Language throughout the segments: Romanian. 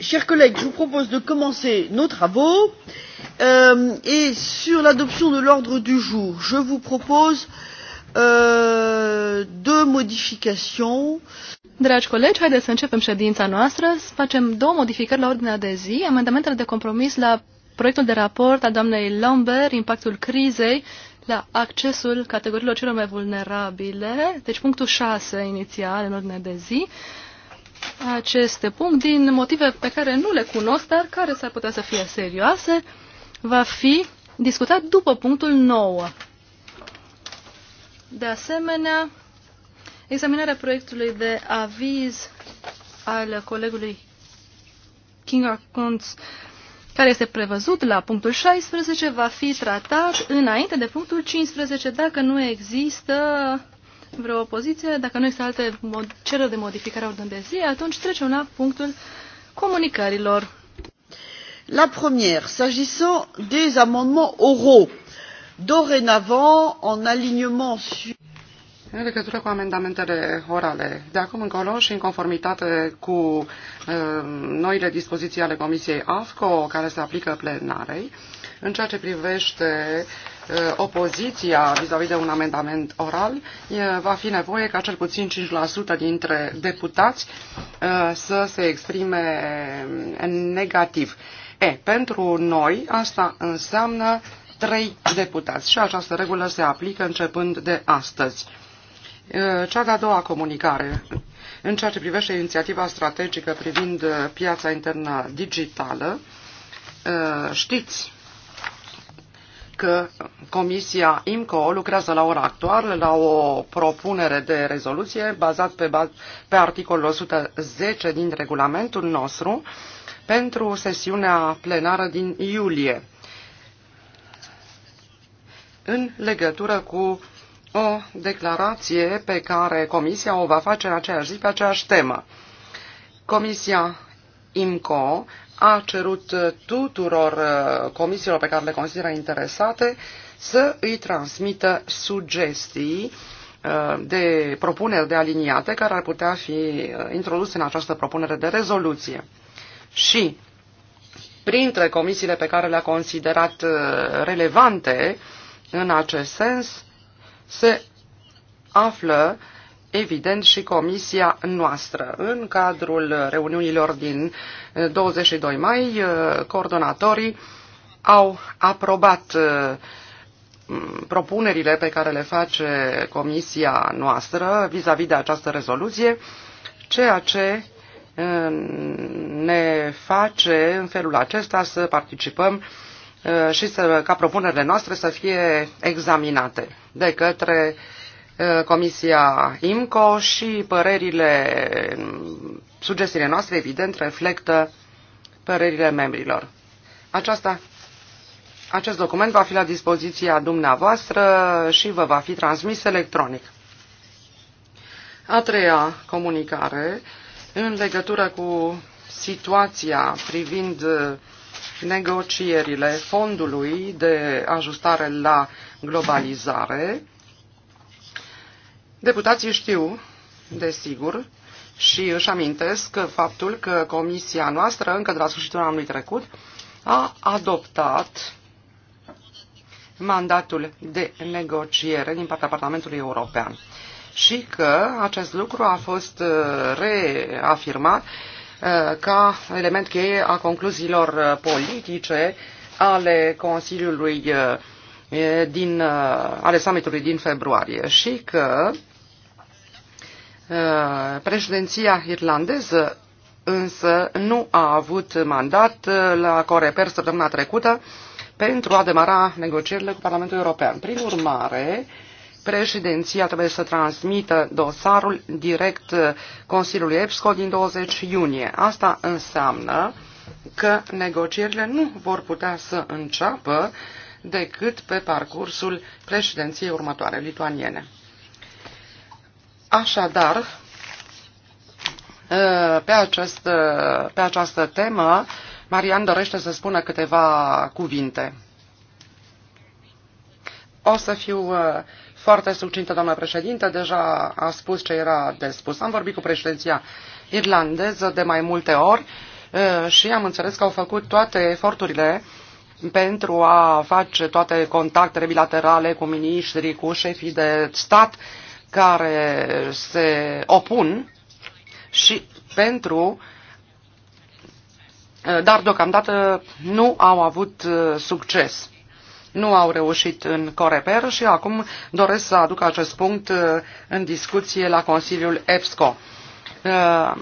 chers collègues je vous propose de commencer nos travaux euh, et sur l'adoption de l'ordre du jour je vous propose euh, deux modifications. Dragi colegi, haideți să începem ședința noastră. Facem două modificări la ordinea de zi. Amendamentele de compromis la proiectul de raport a doamnei Lambert, impactul crizei la accesul categoriilor celor mai vulnerabile, deci punctul 6 inițial în ordinea de zi. Acest punct din motive pe care nu le cunosc, dar care s-ar putea să fie serioase, va fi discutat după punctul 9. De asemenea, examinarea proiectului de aviz al colegului King Kunz, care este prevăzut la punctul 16, va fi tratat înainte de punctul 15, dacă nu există vreo opoziție, dacă nu există alte cereri de modificare a ordinii de zi, atunci trecem la punctul comunicărilor. La première, s'agissant des amendements oraux, dorénavant en alignement sur. În legătură cu amendamentele orale, de acum încolo și în conformitate cu uh, noile dispoziții ale Comisiei AFCO, care se aplică plenarei, în ceea ce privește Uh, opoziția vis-a-vis -vis de un amendament oral, va fi nevoie ca cel puțin 5% dintre deputați uh, să se exprime negativ. E, pentru noi asta înseamnă 3 deputați și această regulă se aplică începând de astăzi. Uh, cea de-a doua comunicare în ceea ce privește inițiativa strategică privind piața internă digitală, știți că Comisia IMCO lucrează la ora actuală la o propunere de rezoluție bazat pe, pe articolul 110 din regulamentul nostru pentru sesiunea plenară din iulie în legătură cu o declarație pe care Comisia o va face în aceeași zi pe aceeași temă. Comisia IMCO a cerut uh, tuturor uh, comisiilor pe care le consideră interesate să îi transmită sugestii uh, de propuneri de aliniate care ar putea fi introduse în această propunere de rezoluție. Și printre comisiile pe care le-a considerat relevante în acest sens se află uh, evident, și comisia noastră. În cadrul reuniunilor din 22 eh, mai, eh, coordonatorii au aprobat eh, propunerile pe care le face comisia noastră vis-a-vis -vis de această rezoluție, ceea ce ne face în felul acesta să participăm și să, ca propunerile noastre să fie examinate de către uh, Eh, Comisia IMCO și părerile, sugestiile noastre, evident, reflectă părerile membrilor. Aceasta, acest document va fi la dispoziția dumneavoastră și vă va fi transmis electronic. A treia comunicare în legătură cu situația privind eh, negocierile fondului de ajustare la globalizare Deputații știu, desigur, și își amintesc faptul că comisia noastră, încă de la sfârșitul anului trecut, a adoptat mandatul de negociere din partea Parlamentului European și că acest lucru a fost uh, reafirmat uh, ca element cheie a concluziilor politice ale Consiliului uh, din, ale summitului din februarie și că Eh, președinția irlandeză însă nu a avut mandat eh, la Coreper săptămâna trecută pentru a demara negocierile cu Parlamentul European. Prin urmare, președinția trebuie să transmită dosarul direct eh, Consiliului EPSCO din 20 iunie. Asta înseamnă că negocierile nu vor putea să înceapă decât pe parcursul președinției următoare lituaniene. Așadar, ă, pe, acest, ă, pe această temă, Marian dorește să spună câteva cuvinte. O să fiu ă, foarte succintă, doamnă președinte, deja a spus ce era de spus. Am vorbit cu președinția irlandeză de mai multe ori și am înțeles că au făcut toate eforturile pentru a face toate contactele bilaterale cu miniștrii, cu șefii de stat care se opun și pentru eh, dar deocamdată nu au avut eh, succes. Nu au reușit în Coreper și acum doresc să aduc acest punct eh, în discuție la Consiliul EPSCO.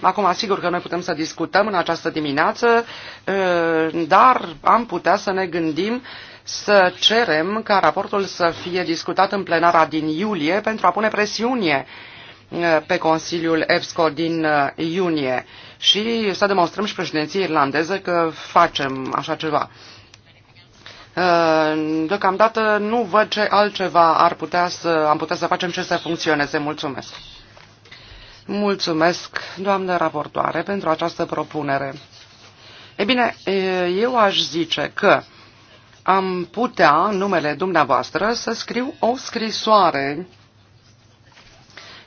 Acum, asigur că noi putem să discutăm în această dimineață, dar am putea să ne gândim să cerem ca raportul să fie discutat în plenara din iulie pentru a pune presiune uh, pe Consiliul EPSCO din uh, iunie și să demonstrăm și președinției irlandeze că facem așa ceva. Uh, deocamdată nu văd ce altceva ar putea să, am putea să facem ce să funcționeze. Mulțumesc. Mulțumesc, doamnă raportoare, pentru această propunere. E bine, eu aș zice că uh, am putea, în numele dumneavoastră, să scriu o scrisoare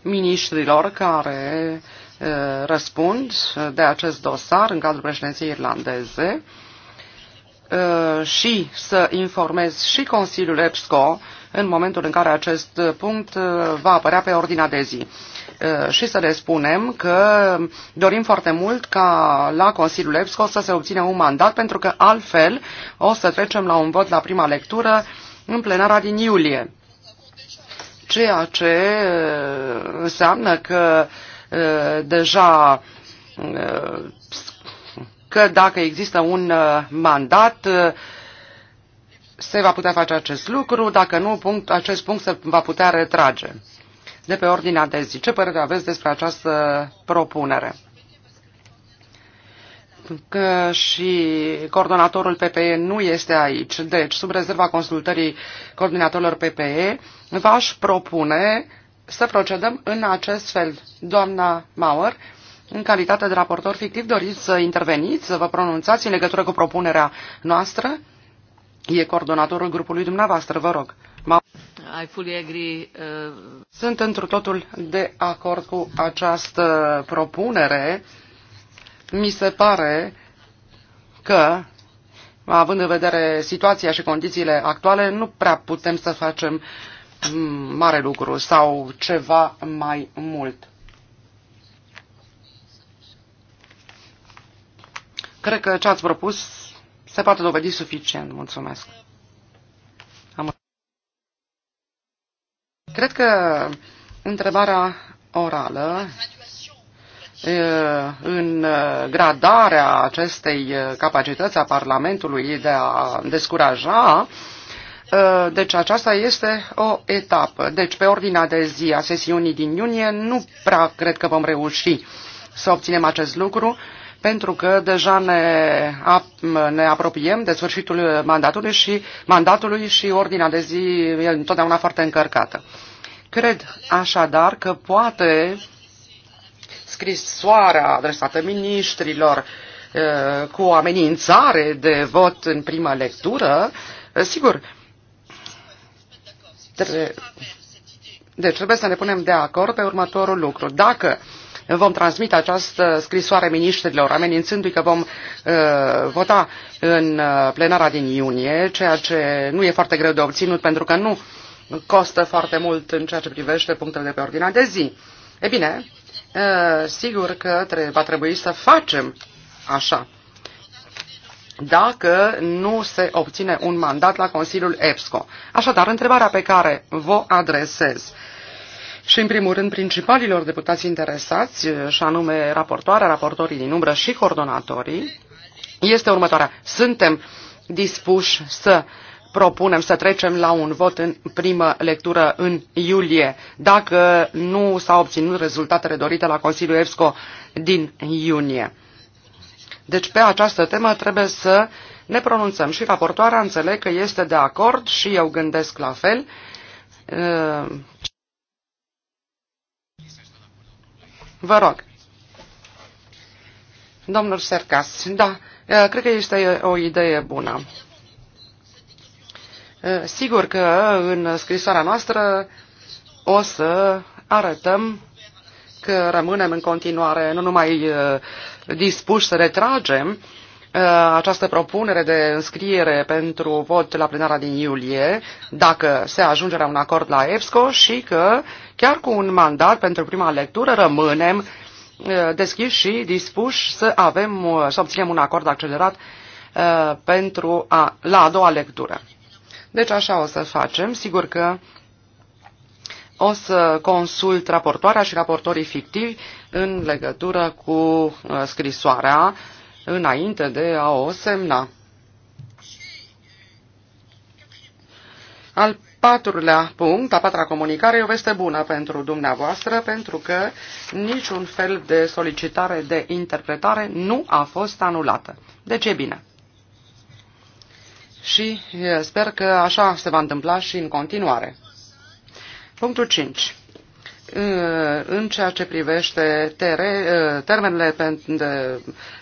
miniștrilor care răspund de acest dosar în cadrul președinției irlandeze și să informez și Consiliul EPSCO în momentul în care acest punct va apărea pe ordinea de zi. Eh, și să le spunem că dorim foarte mult ca la Consiliul EPSCO să se obține un mandat, pentru că altfel o să trecem la un vot la prima lectură în plenara din iulie. Ceea ce eh, înseamnă că eh, deja că dacă există un mandat se va putea face acest lucru, dacă nu, punct, acest punct se va putea retrage de pe ordinea de zi. Ce părere aveți despre această propunere? Că și coordonatorul PPE nu este aici. Deci, sub rezerva consultării coordonatorilor PPE, v-aș propune să procedăm în acest fel. Doamna Mauer, în calitate de raportor fictiv, doriți să interveniți, să vă pronunțați în legătură cu propunerea noastră? E coordonatorul grupului dumneavoastră, vă rog. Ma I fully agree, uh... Sunt într totul de acord cu această propunere. Mi se pare că, având în vedere situația și condițiile actuale, nu prea putem să facem mm, mare lucru sau ceva mai mult. Cred că ce ați propus se poate dovedi suficient. Mulțumesc. Cred că întrebarea orală în gradarea acestei capacități a Parlamentului de a descuraja deci aceasta este o etapă. Deci pe ordinea de zi a sesiunii din iunie nu prea cred că vom reuși să obținem acest lucru pentru că deja ne, ap- ne apropiem de sfârșitul mandatului și, mandatului și ordinea de zi e întotdeauna foarte încărcată. Cred așadar că poate scrisoarea adresată ministrilor cu amenințare de vot în prima lectură, sigur, deci trebuie să ne punem de acord pe următorul lucru. Dacă uh, vom transmite această scrisoare miniștrilor, amenințându-i că vom uh, vota în uh, plenara din iunie, ceea ce nu e foarte greu de obținut pentru că nu costă foarte mult în ceea ce privește punctele de pe ordinea de zi. E bine, uh, sigur că tre va trebui să facem așa dacă nu se obține un mandat la Consiliul EPSCO. Așadar, întrebarea pe care vă adresez și, în primul rând, principalilor deputați interesați, și anume raportoarea, raportorii din umbră și coordonatorii, este următoarea. Suntem dispuși să propunem să trecem la un vot în primă lectură în iulie, dacă nu s-au obținut rezultatele dorite la Consiliul EFSCO din iunie. Deci pe această temă trebuie să ne pronunțăm și raportoarea înțeleg că este de acord și eu gândesc la fel. Vă rog. Domnul Sercas, da, cred că este o idee bună. Sigur că în scrisoarea noastră o să arătăm că rămânem în continuare nu numai dispuși să retragem această propunere de înscriere pentru vot la plenara din iulie, dacă se ajunge la un acord la EPSCO și că chiar cu un mandat pentru prima lectură, rămânem uh, deschiși și dispuși să avem, uh, să obținem un acord accelerat uh, pentru a, la a doua lectură. Deci așa o să facem. Sigur că o să consult raportoarea și raportorii fictivi în legătură cu scrisoarea înainte de a o semna. Al patrulea punct, a patra comunicare, e o veste bună pentru dumneavoastră, pentru că niciun fel de solicitare de interpretare nu a fost anulată. Deci e bine. Și sper că așa se va întâmpla și în continuare. Punctul 5 în ceea ce privește tere, termenele pentru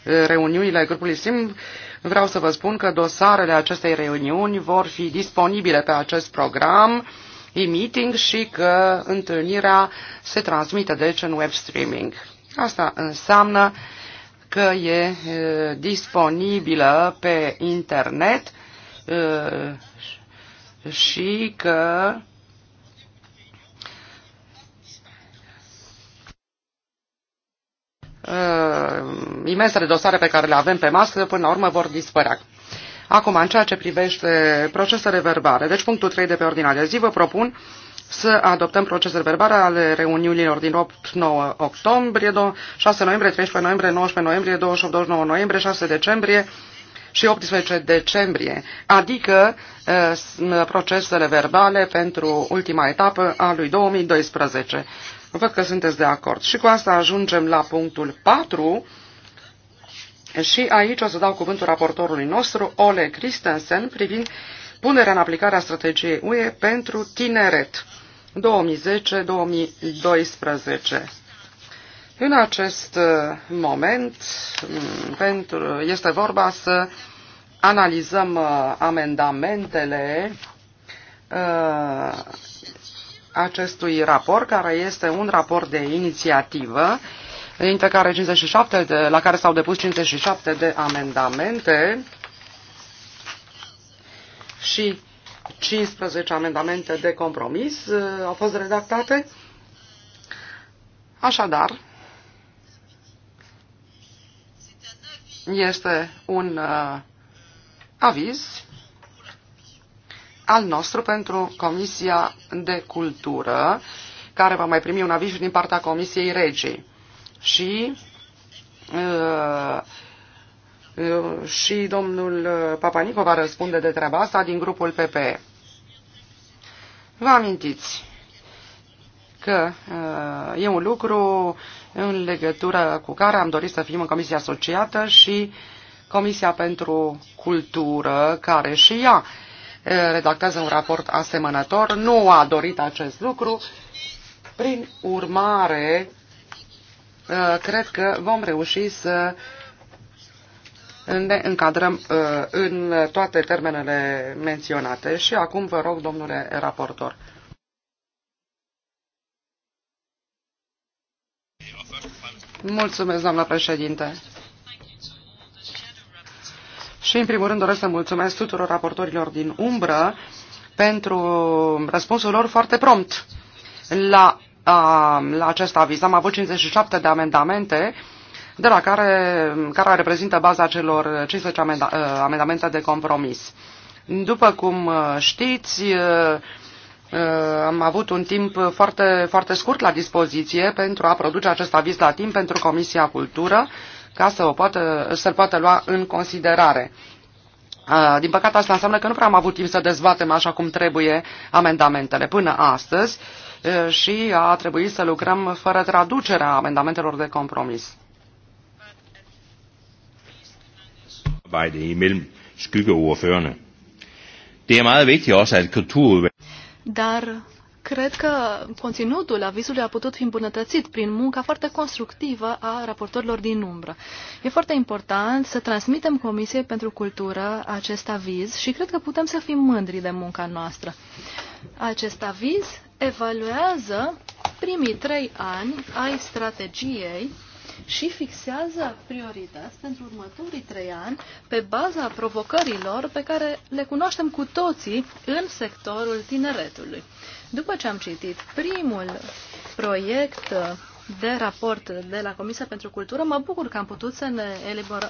reuniunile grupului SIM, Vreau să vă spun că dosarele acestei reuniuni vor fi disponibile pe acest program e-meeting și că întâlnirea se transmite deci în web streaming. Asta înseamnă că e disponibilă pe internet și că uh, imensele dosare pe care le avem pe masă, până la urmă vor dispărea. Acum, în ceea ce privește procesele verbale, deci punctul 3 de pe ordinea de zi, vă propun să adoptăm procesele verbale ale reuniunilor din 8-9 octombrie, 6 noiembrie, 13 noiembrie, 19 noiembrie, 28-29 noiembrie, 6 decembrie și 18 decembrie, adică uh, procesele verbale pentru ultima etapă a lui 2012. Văd că sunteți de acord. Și cu asta ajungem la punctul 4. Și aici o să dau cuvântul raportorului nostru, Ole Christensen, privind punerea în aplicare a strategiei UE pentru tineret 2010-2012. În acest uh, moment mm, pentru, este vorba să analizăm uh, amendamentele uh, acestui raport, care este un raport de inițiativă, dintre care 57 de, la care s-au depus 57 de amendamente și 15 amendamente de compromis uh, au fost redactate. Așadar, este un uh, aviz al nostru pentru Comisia de Cultură, care va mai primi un aviz din partea Comisiei Regii. Și uh, uh, și domnul Papanico va răspunde de treaba asta din grupul PPE. Vă amintiți că uh, e un lucru în legătură cu care am dorit să fim în Comisia Asociată și Comisia pentru Cultură, care și ea redactează un raport asemănător, nu a dorit acest lucru. Prin urmare, uh, cred că vom reuși să ne încadrăm uh, în toate termenele menționate. Și acum vă rog, domnule raportor. Mulțumesc, doamnă președinte și, în primul rând, doresc să mulțumesc tuturor raportorilor din umbră pentru răspunsul lor foarte prompt la, a, la acest aviz. Am avut 57 de amendamente, de la care, care reprezintă baza celor 15 amenda, amendamente de compromis. După cum știți, am avut un timp foarte, foarte scurt la dispoziție pentru a produce acest aviz la timp pentru Comisia Cultură, ca să o poată, să-l poată lua în considerare. Din păcate, asta înseamnă că nu prea am avut timp să dezbatem așa cum trebuie amendamentele până astăzi și a trebuit să lucrăm fără traducerea amendamentelor de compromis. Er Dar Cred că conținutul avizului a putut fi îmbunătățit prin munca foarte constructivă a raportorilor din umbră. E foarte important să transmitem Comisiei pentru Cultură acest aviz și cred că putem să fim mândri de munca noastră. Acest aviz evaluează primii trei ani ai strategiei și fixează priorități pentru următorii trei ani pe baza provocărilor pe care le cunoaștem cu toții în sectorul tineretului. După ce am citit primul proiect de raport de la Comisia pentru Cultură, mă bucur că am putut să ne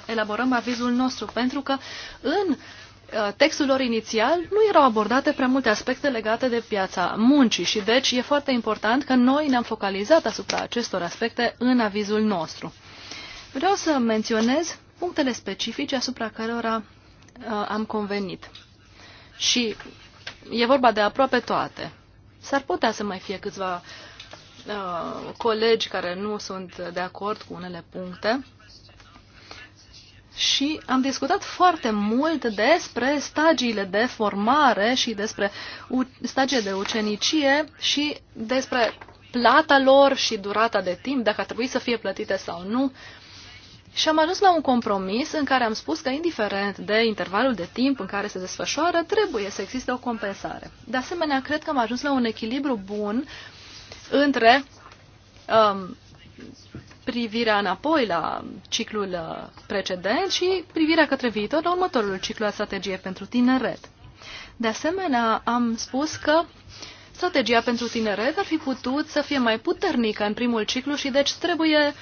elaborăm avizul nostru, pentru că în uh, textul lor inițial nu erau abordate prea multe aspecte legate de piața muncii și deci e foarte important că noi ne-am focalizat asupra acestor aspecte în avizul nostru. Vreau să menționez punctele specifice asupra cărora uh, am convenit. Și e vorba de aproape toate. S-ar putea să mai fie câțiva uh, colegi care nu sunt de acord cu unele puncte. Și am discutat foarte mult despre stagiile de formare și despre stagiile de ucenicie și despre plata lor și durata de timp, dacă ar trebui să fie plătite sau nu. Uh, și am ajuns la un compromis în care am spus că, indiferent de intervalul de timp în care se desfășoară, trebuie să existe o compensare. De asemenea, cred că am ajuns la un echilibru bun între um, privirea înapoi la ciclul uh, precedent și privirea către viitor la următorul ciclu al strategiei pentru tineret. De asemenea, am spus că strategia pentru tineret ar fi putut să fie mai puternică în primul ciclu și deci trebuie uh,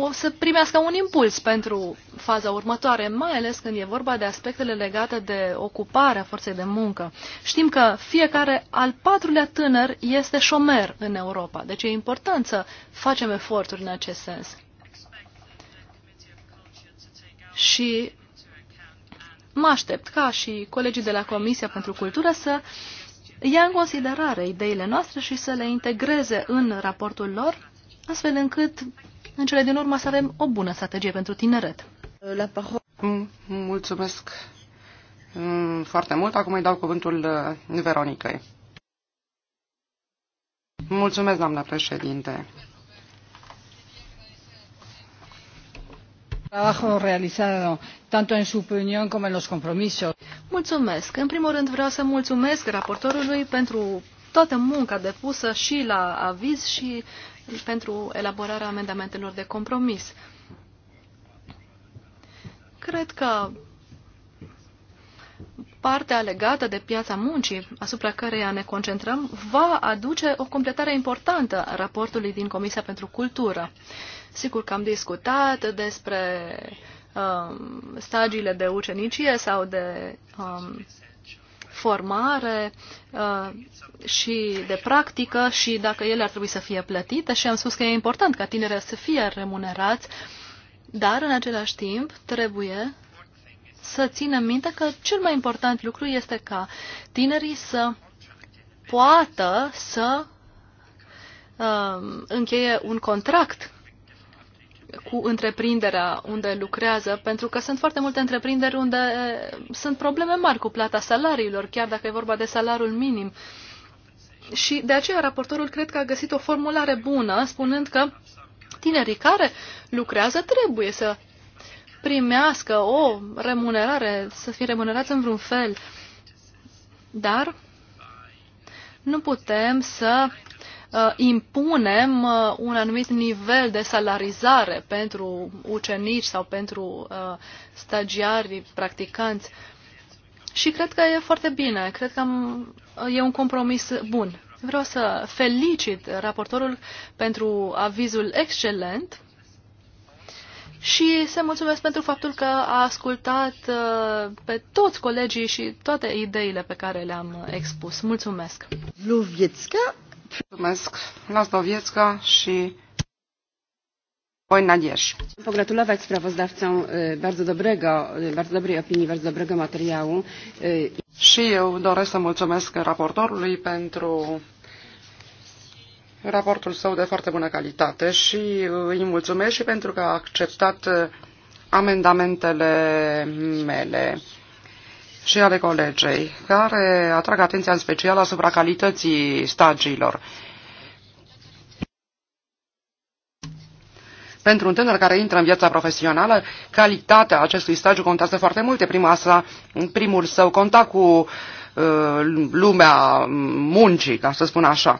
o să primească un impuls pentru faza următoare, mai ales când e vorba de aspectele legate de ocuparea forței de muncă. Știm că fiecare al patrulea tânăr este șomer în Europa, deci e important să facem eforturi în acest sens. Și mă aștept ca și colegii de la Comisia pentru Cultură să ia în considerare ideile noastre și să le integreze în raportul lor, astfel încât în cele din urmă să avem o bună strategie pentru tineret. La Mulțumesc mm, foarte mult. Acum îi dau cuvântul uh, Veronicăi. Mulțumesc, doamna președinte. trabajo realizado tanto en su opinión como en los compromisos. Mulțumesc. În primul rând vreau să mulțumesc raportorului pentru toată munca depusă și la aviz și pentru elaborarea amendamentelor de compromis. Cred că partea legată de piața muncii, asupra căreia ne concentrăm, va aduce o completare importantă a raportului din Comisia pentru Cultură. Sigur că am discutat despre um, stagiile de ucenicie sau de um, formare uh, și de practică și dacă ele ar trebui să fie plătite și am spus că e important ca tinerii să fie remunerați, dar în același timp trebuie să ținem minte că cel mai important lucru este ca tinerii să poată să uh, încheie un contract cu întreprinderea unde lucrează, pentru că sunt foarte multe întreprinderi unde sunt probleme mari cu plata salariilor, chiar dacă e vorba de salariul minim. Și de aceea raportorul cred că a găsit o formulare bună, spunând că tinerii care lucrează trebuie să primească o remunerare, să fie remunerați în vreun fel. Dar nu putem să Uh, impunem uh, un anumit nivel de salarizare pentru ucenici sau pentru uh, stagiari, practicanți. Și cred că e foarte bine, cred că e un compromis bun. Vreau să felicit raportorul pentru avizul excelent și să mulțumesc pentru faptul că a ascultat pe toți colegii și toate ideile pe care le-am expus. Mulțumesc! Mulțumesc, Lasloviecka și Wojna Dzierż. Pogratulować sprawozdawcom bardzo dobrego, bardzo dobrej opinii, bardzo dobrego materiału. Și eu doresc să mulțumesc raportorului pentru raportul său de foarte bună calitate și îi mulțumesc și pentru că a acceptat amendamentele mele și ale colegei, care atrag atenția în special asupra calității stagiilor. Pentru un tânăr care intră în viața profesională, calitatea acestui stagiu contează foarte mult. Prima sa, primul său contact cu uh, lumea muncii, ca să spun așa.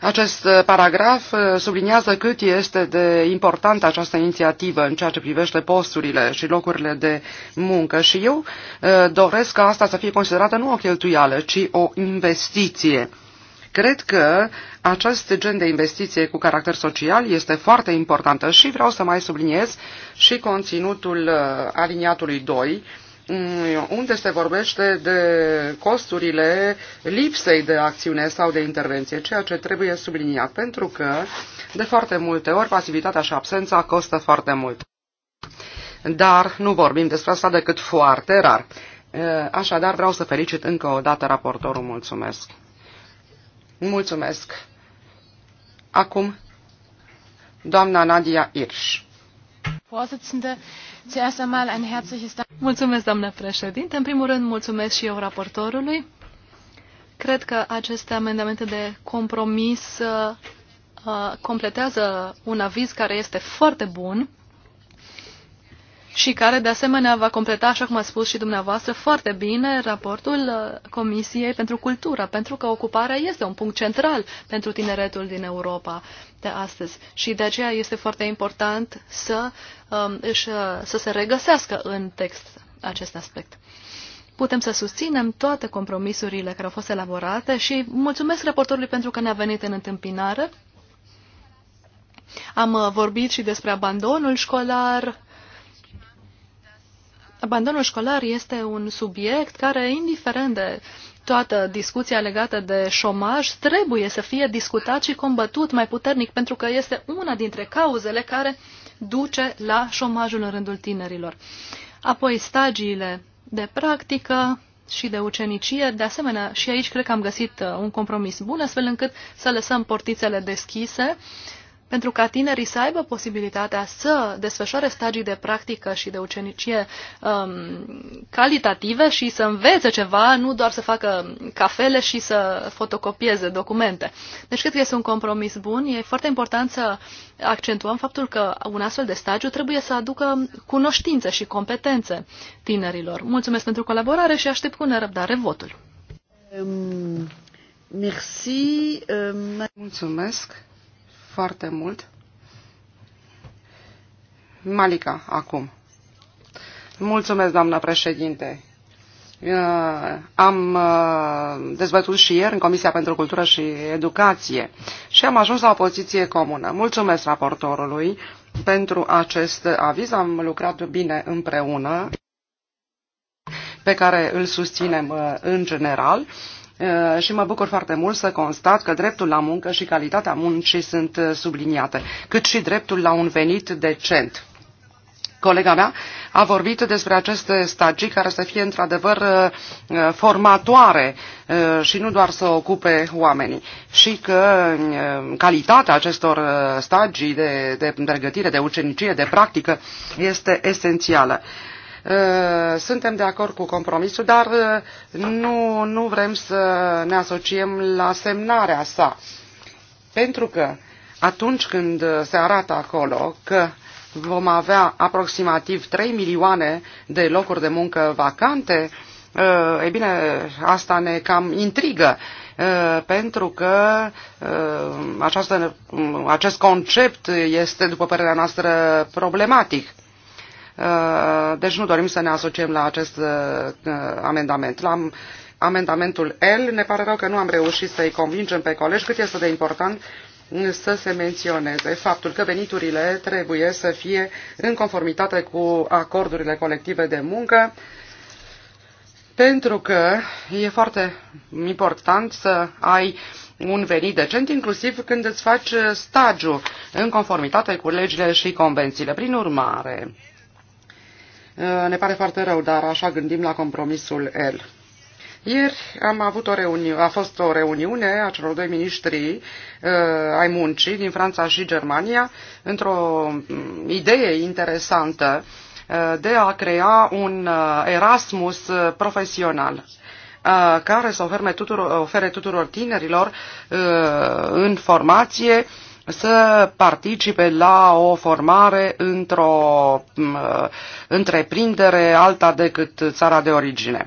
Acest uh, paragraf uh, subliniază cât este de importantă această inițiativă în ceea ce privește posturile și locurile de muncă și eu uh, doresc ca asta să fie considerată nu o cheltuială, ci o investiție. Cred că acest gen de investiție cu caracter social este foarte importantă și vreau să mai subliniez și conținutul aliniatului 2, unde se vorbește de costurile lipsei de acțiune sau de intervenție, ceea ce trebuie subliniat, pentru că de foarte multe ori pasivitatea și absența costă foarte mult. Dar nu vorbim despre asta decât foarte rar. Așadar, vreau să felicit încă o dată raportorul. Mulțumesc! Mulțumesc! Acum, doamna Nadia Irș. Mulțumesc, doamnă președinte. În primul rând, mulțumesc și eu raportorului. Cred că aceste amendamente de compromis uh, completează un aviz care este foarte bun și care, de asemenea, va completa, așa cum a spus și dumneavoastră, foarte bine raportul uh, Comisiei pentru Cultură, pentru că ocuparea este un punct central pentru tineretul din Europa de astăzi. Și de aceea este foarte important să, um, își, uh, să se regăsească în text acest aspect putem să susținem toate compromisurile care au fost elaborate și mulțumesc raportorului pentru că ne-a venit în întâmpinare. Am uh, vorbit și despre abandonul școlar, abandonul școlar este un subiect care, indiferent de toată discuția legată de șomaj, trebuie să fie discutat și combătut mai puternic, pentru că este una dintre cauzele care duce la șomajul în rândul tinerilor. Apoi stagiile de practică și de ucenicie. De asemenea, și aici cred că am găsit uh, un compromis bun, astfel încât să lăsăm portițele deschise uh, pentru ca tinerii să aibă posibilitatea să desfășoare stagii de practică și de ucenicie um, calitative și să învețe ceva, nu doar să facă cafele și să fotocopieze documente. Deci cred că este un compromis bun. E foarte important să accentuăm faptul că un astfel de stagiu trebuie să aducă cunoștințe și competențe tinerilor. Mulțumesc pentru colaborare și aștept cu nerăbdare votul. Um, merci, um... Mulțumesc foarte mult. Malica, acum. Mulțumesc, doamnă președinte. Uh, am uh, dezbătut și ieri în Comisia pentru Cultură și Educație și am ajuns la o poziție comună. Mulțumesc raportorului pentru acest aviz. Am lucrat bine împreună pe care îl susținem uh, în general Eh, și mă bucur foarte mult să constat că dreptul la muncă și calitatea muncii sunt eh, subliniate, cât și dreptul la un venit decent. Colega mea a vorbit despre aceste stagii care să fie într-adevăr eh, formatoare și nu doar să ocupe oamenii. Și că calitatea acestor stagii de, de pregătire, de ucenicie, de practică este esențială. Eh, suntem de acord cu compromisul, dar eh, nu, nu vrem să ne asociem la semnarea sa. Pentru că atunci când eh, se arată acolo că vom avea aproximativ 3 milioane de locuri de muncă vacante, e bine, asta ne cam intrigă, pentru că această, mm, acest concept este, după părerea noastră, problematic. Uh, deci nu dorim să ne asociem la acest uh, uh, amendament. La amendamentul L ne pare rău că nu am reușit să-i convingem pe colegi cât este de important să se menționeze faptul că veniturile trebuie să fie în conformitate cu acordurile colective de muncă, pentru că e foarte important să ai un venit decent, inclusiv când îți faci stagiu, în conformitate cu legile și convențiile. Prin urmare, ne pare foarte rău, dar așa gândim la compromisul L. Ieri am avut o reuniune, a fost o reuniune a celor doi miniștri uh, ai muncii din Franța și Germania într-o mm, idee interesantă uh, de a crea un uh, Erasmus uh, profesional uh, care să ofere tuturor, ofere tuturor tinerilor uh, în formație uh, să participe la o formare într-o întreprindere alta decât țara de origine.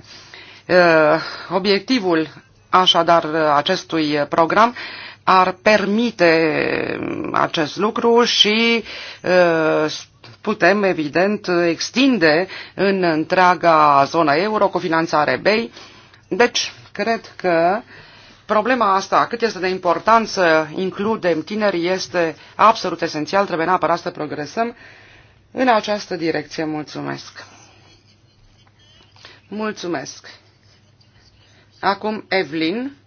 Obiectivul așadar acestui program ar permite acest lucru și putem, evident, extinde în întreaga zonă euro cu finanțare BEI. Deci, cred că uh, Problema asta, cât este de important să includem tineri, este absolut esențial. Trebuie neapărat să progresăm în această direcție. Mulțumesc! Mulțumesc! Acum Evelyn.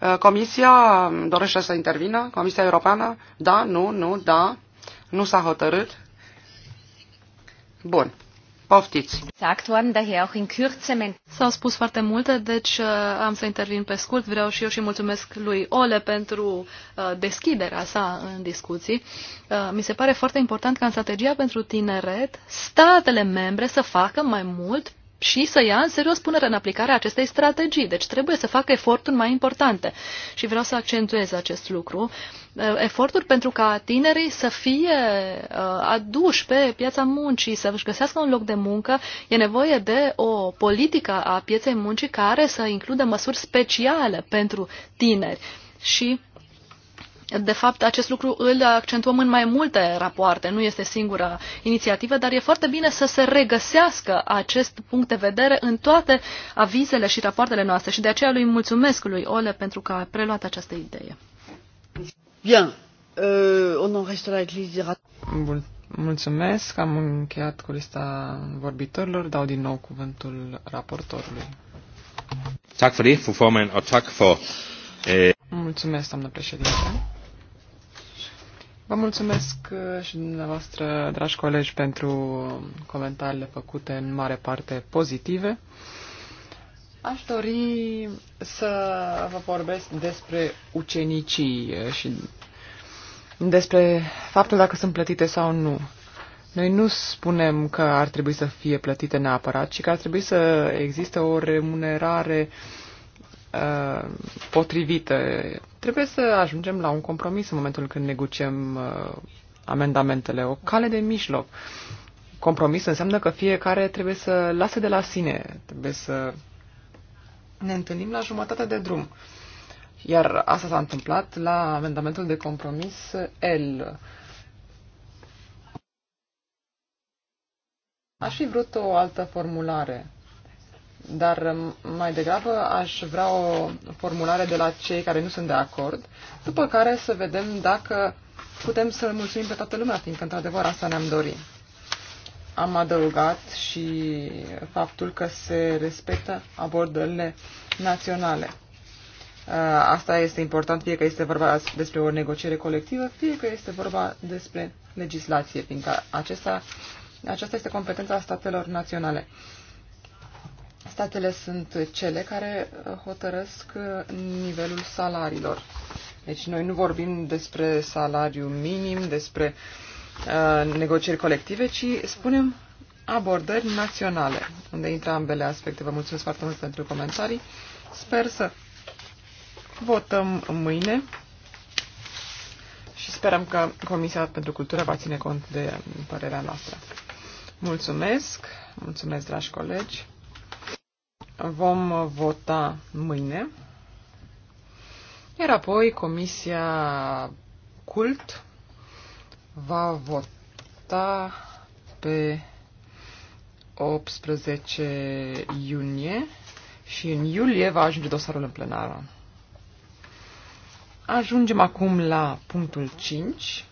Uh, Comisia dorește să intervină? Comisia Europeană? Da, nu, nu, da. Nu s-a hotărât. Bun. Poftiți! S-au spus foarte multe, deci uh, am să intervin pe scurt. Vreau și eu și mulțumesc lui Ole pentru uh, deschiderea sa în discuții. Uh, mi se pare foarte important ca în strategia pentru tineret statele membre să facă mai mult și să ia în serios punerea în aplicare a acestei strategii. Deci trebuie să facă eforturi mai importante. Și vreau să accentuez acest lucru. Eh, eforturi pentru ca tinerii să fie eh, aduși pe piața muncii, să își găsească un loc de muncă. E nevoie de o politică a pieței muncii care să includă măsuri speciale pentru tineri. Și de fapt, acest lucru îl accentuăm în mai multe rapoarte, nu este singura inițiativă, dar e foarte bine să se regăsească acest punct de vedere în toate avizele și rapoartele noastre și de aceea lui mulțumesc lui Ole pentru că a preluat această idee. Bien, uh, on en reste la Bun. Mulțumesc, am încheiat cu lista vorbitorilor, dau din nou cuvântul raportorului. Tak for det, fru formand, og tak for... Eh... Mulțumesc, doamnă președinte. Vă mulțumesc uh, și dumneavoastră, dragi colegi, pentru comentariile făcute în mare parte pozitive. Aș dori să vă vorbesc despre ucenicii și despre faptul dacă sunt plătite sau nu. Noi nu spunem că ar trebui să fie plătite neapărat, ci că ar trebui să existe o remunerare uh, potrivită. Uh, potrivite. Trebuie să ajungem la un compromis în momentul când negociem uh, amendamentele, o cale de mijloc. Compromis înseamnă că fiecare trebuie să lase de la sine, trebuie să ne întâlnim la jumătate de drum. Iar asta s-a întâmplat la amendamentul de compromis L. Aș fi vrut o altă formulare. Dar um, mai degrabă aș vrea o formulare de la cei care nu sunt de acord, după care să vedem dacă putem să-l mulțumim pe toată lumea, fiindcă într-adevăr asta ne-am dorit. Am adăugat și faptul că se respectă abordările naționale. Uh, asta este important, fie că este vorba despre o negociere colectivă, fie că este vorba despre legislație, fiindcă acesta, aceasta este competența statelor naționale statele sunt cele care uh, hotărăsc uh, nivelul salariilor. Deci noi nu vorbim despre salariu minim, despre uh, negocieri colective, ci spunem abordări naționale, unde intră ambele aspecte. Vă mulțumesc foarte mult pentru comentarii. Sper să votăm mâine și sperăm că Comisia pentru Cultură va ține cont de părerea noastră. Mulțumesc, mulțumesc dragi colegi vom vota mâine. Iar apoi Comisia Cult va vota pe 18 iunie și în iulie va ajunge dosarul în plenară. Ajungem acum la punctul 5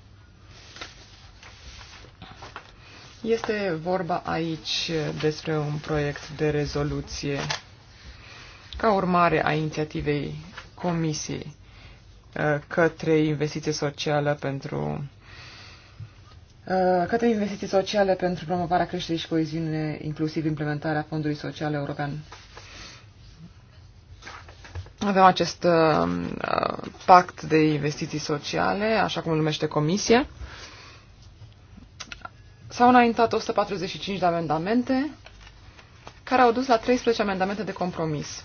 Este vorba aici despre un proiect de rezoluție ca urmare a inițiativei Comisiei uh, către investiție socială pentru uh, către investiții sociale pentru promovarea creșterii și coeziune, inclusiv implementarea Fondului Social European. Avem acest uh, uh, pact de investiții sociale, așa cum îl numește Comisia. S-au înaintat 145 de amendamente, care au dus la 13 amendamente de compromis,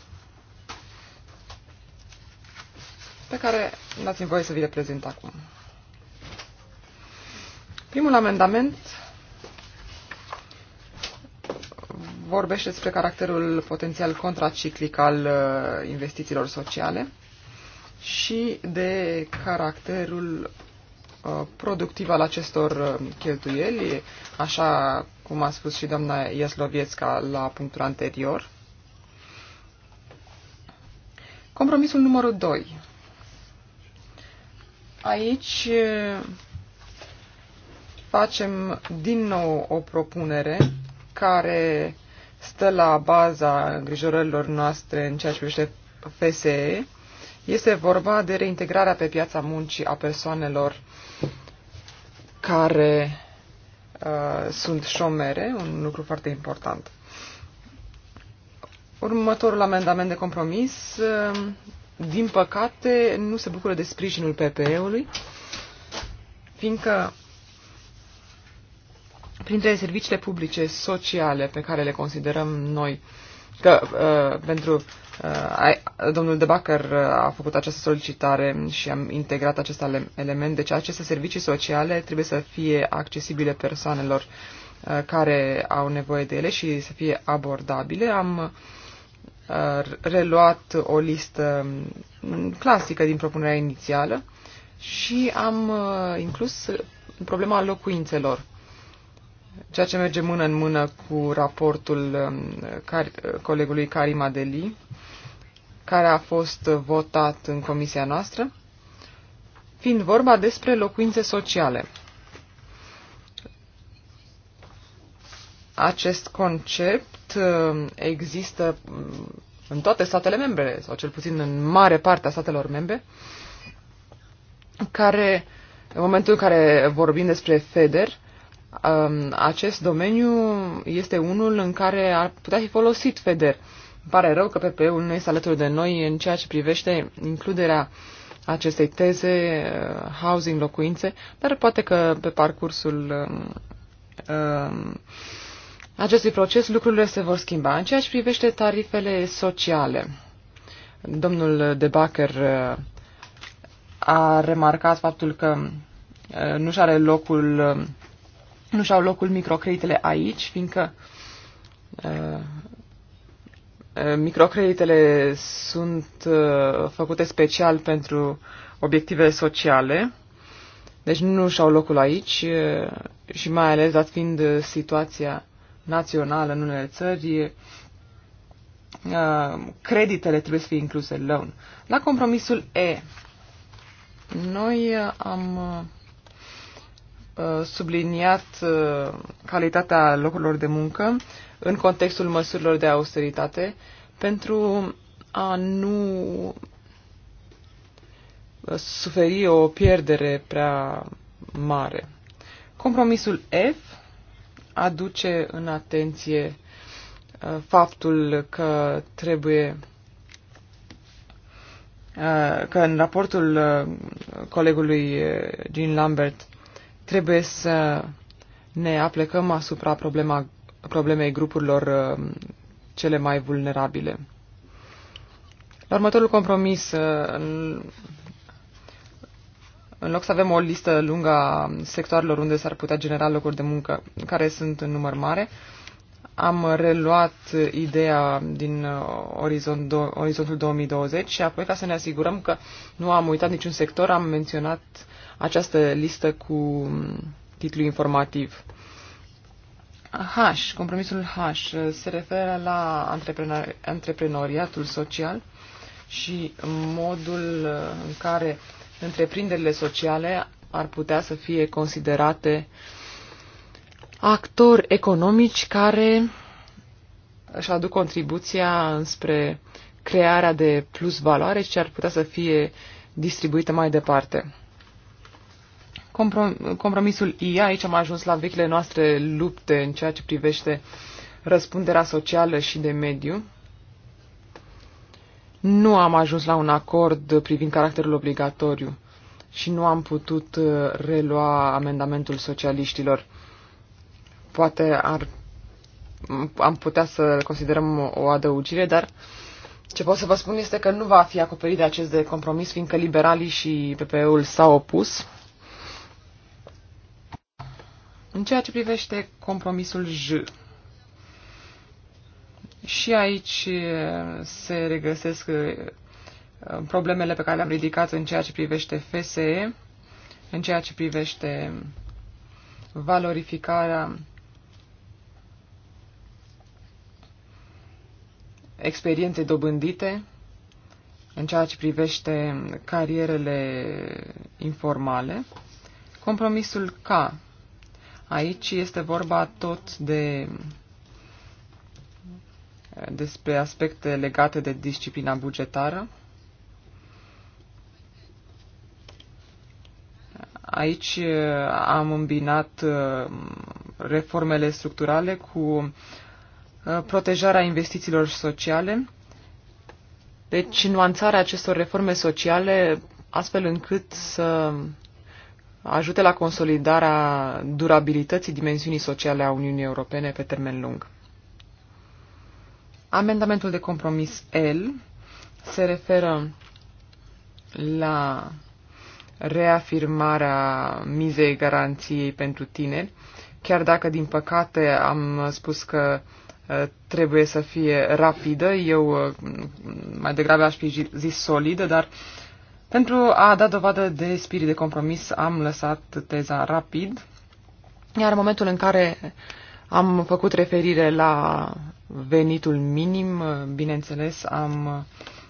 pe care dați-mi voie să vi le prezint acum. Primul amendament vorbește despre caracterul potențial contraciclic al uh, investițiilor sociale și de caracterul Uh, productiv al acestor uh, cheltuieli, așa cum a spus și doamna Iaslovietska la punctul anterior. Compromisul numărul 2. Aici uh, facem din nou o propunere care stă la baza îngrijorărilor noastre în ceea ce privește FSE este vorba de reintegrarea pe piața muncii a persoanelor care uh, sunt șomere, un lucru foarte important. Următorul amendament de compromis, uh, din păcate, nu se bucură de sprijinul PPE-ului, fiindcă printre serviciile publice sociale pe care le considerăm noi că uh, pentru Uh, domnul Debacker uh, a făcut această solicitare și am integrat acest element. Deci aceste servicii sociale trebuie să fie accesibile persoanelor uh, care au nevoie de ele și să fie abordabile. Am reluat o listă um, clasică din propunerea inițială și am inclus problema locuințelor ceea ce merge mână în mână cu raportul um, colegului Karim Adeli care a fost votat în comisia noastră, fiind vorba despre locuințe sociale. Acest concept uh, există mm, în toate statele membre, sau cel puțin în mare parte a statelor membre, care, în momentul în care vorbim despre FEDER, um, acest domeniu este unul în care ar putea fi folosit FEDER îmi pare rău că PP-ul nu este alături de noi în ceea ce privește includerea acestei teze, uh, housing, locuințe, dar poate că pe parcursul um, um, acestui proces lucrurile se vor schimba. În ceea ce privește tarifele sociale, domnul De Bacher uh, a remarcat faptul că uh, nu și are locul, nu și-au locul microcreditele aici, fiindcă Eh, microcreditele sunt eh, făcute special pentru obiective sociale, deci nu și-au locul aici eh, și mai ales dat fiind situația națională în unele țări, creditele trebuie să fie incluse în loan. La compromisul E, noi am subliniat calitatea locurilor de muncă în contextul măsurilor de austeritate pentru a nu uh, suferi o pierdere prea mare. Compromisul F aduce în atenție uh, faptul că trebuie uh, că în raportul colegului Jean Lambert trebuie să ne aplecăm asupra problema problemei grupurilor uh, cele mai vulnerabile. La următorul compromis, uh, în, loc să avem o listă lungă a sectoarelor unde s-ar putea genera locuri de muncă care sunt în număr mare, am reluat ideea din uh, orizont, do, orizontul 2020 și apoi ca să ne asigurăm că nu am uitat niciun sector, am menționat această listă cu um, titlu informativ. H, compromisul H, se referă la antreprenori, antreprenoriatul social și modul uh, în care întreprinderile sociale ar putea să fie considerate actori economici care își aduc contribuția înspre crearea de plus valoare și ar putea să fie distribuită mai departe compromisul I, aici am ajuns la vechile noastre lupte în ceea ce privește răspunderea socială și de mediu. Nu am ajuns la un acord privind caracterul obligatoriu și nu am putut uh, relua amendamentul socialiștilor. Poate ar, am putea să considerăm o adăugire, dar ce pot să vă spun este că nu va fi acoperit de acest de compromis, fiindcă liberalii și PPE-ul s-au opus. În ceea ce privește compromisul J, și aici se regăsesc uh, problemele pe care le-am ridicat în ceea ce privește FSE, în ceea ce privește valorificarea experiențe dobândite în ceea ce privește carierele informale. Compromisul K Aici este vorba tot de despre aspecte legate de disciplina bugetară. Aici uh, am îmbinat uh, reformele structurale cu uh, protejarea investițiilor sociale, deci nuanțarea acestor reforme sociale astfel încât să ajute la consolidarea durabilității dimensiunii sociale a Uniunii Europene pe termen lung. Amendamentul de compromis L se referă la reafirmarea mizei garanției pentru tineri, chiar dacă, din păcate, am spus că ă, trebuie să fie rapidă, eu ă, mai degrabă aș fi zis solidă, dar pentru a da dovadă de spirit de compromis am lăsat teza rapid, iar în momentul în care am făcut referire la venitul minim, bineînțeles, am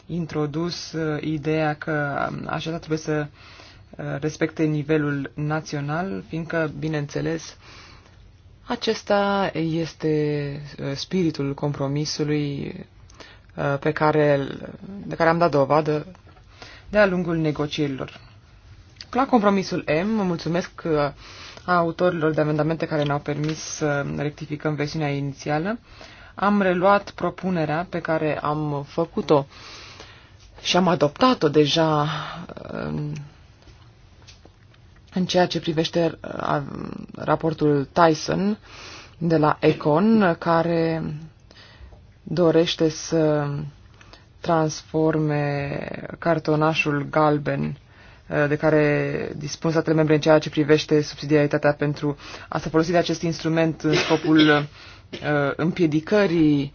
introdus ideea că așa trebuie să respecte nivelul național, fiindcă, bineînțeles, acesta este spiritul compromisului uh, pe care, de care am dat dovadă de-a lungul negocierilor. La compromisul M, mulțumesc uh, autorilor de amendamente care ne-au permis să rectificăm versiunea inițială. Am reluat propunerea pe care am făcut-o și am adoptat-o deja uh, în ceea ce privește uh, raportul Tyson de la Econ, care dorește să transforme cartonașul galben uh, de care dispun statele membre în ceea ce privește subsidiaritatea pentru a se folosi de acest instrument în scopul uh, împiedicării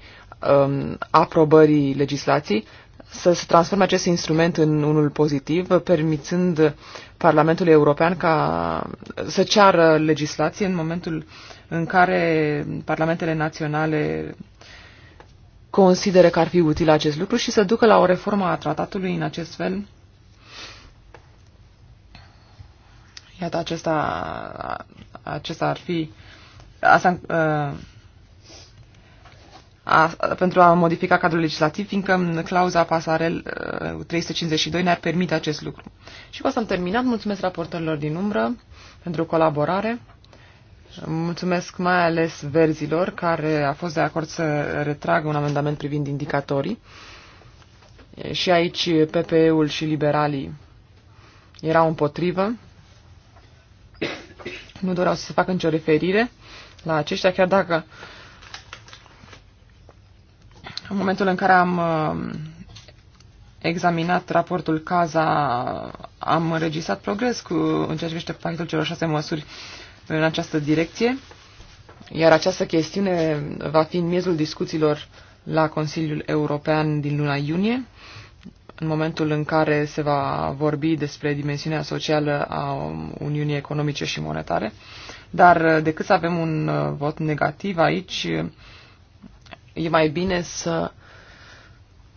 um, aprobării legislației, să se transforme acest instrument în unul pozitiv, permițând Parlamentului European ca să ceară legislație în momentul în care parlamentele naționale considere că ar fi util acest lucru și să ducă la o reformă a tratatului în acest fel. Iată, acesta, acesta ar fi... Asta, uh, a, pentru a modifica cadrul legislativ, fiindcă clauza pasarel 352 uh, ne-ar permite acest lucru. Și cu asta am terminat. Mulțumesc raportorilor din umbră pentru colaborare. Mulțumesc mai ales verzilor, care a fost de acord să retragă un amendament privind indicatorii. Și aici PPE-ul și liberalii erau împotrivă. Nu doreau să se facă nicio referire la aceștia, chiar dacă în momentul în care am uh, examinat raportul CAZA, am înregistrat progres cu, în ceea ce privește pachetul celor șase măsuri uh, în această direcție, iar această chestiune va fi în miezul discuțiilor la Consiliul European din luna iunie, în momentul în care se va vorbi despre dimensiunea socială a Uniunii Economice și Monetare. Dar uh, decât să avem un uh, vot negativ aici, e mai bine să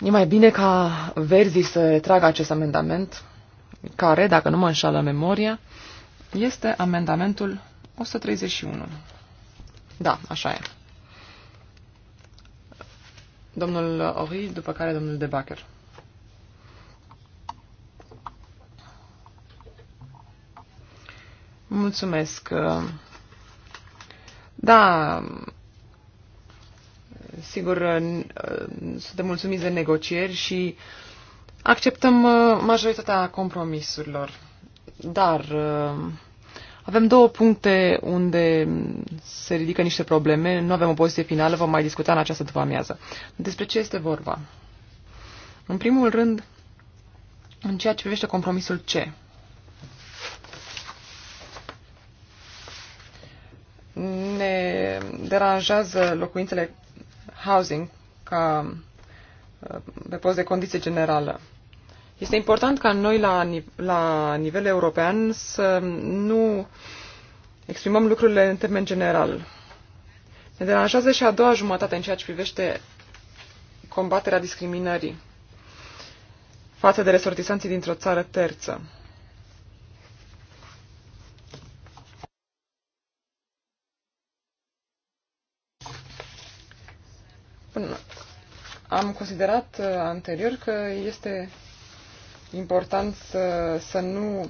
E mai bine ca verzii să tragă acest amendament, care, dacă nu mă înșală memoria, este amendamentul 131. Da, așa e. Domnul Ori, după care domnul De Bacher. Mulțumesc. Da, sigur, suntem mulțumiți de negocieri și acceptăm majoritatea compromisurilor. Dar avem două puncte unde se ridică niște probleme. Nu avem o poziție finală, vom mai discuta în această după-amiază. Despre ce este vorba? În primul rând, în ceea ce privește compromisul C. Ne deranjează locuințele housing ca uh, pe post de condiție generală. Este important ca noi la, la nivel european să nu exprimăm lucrurile în termen general. Ne deranjează și a doua jumătate în ceea ce privește combaterea discriminării față de resortisanții dintr-o țară terță. Până am considerat uh, anterior că este important să, să nu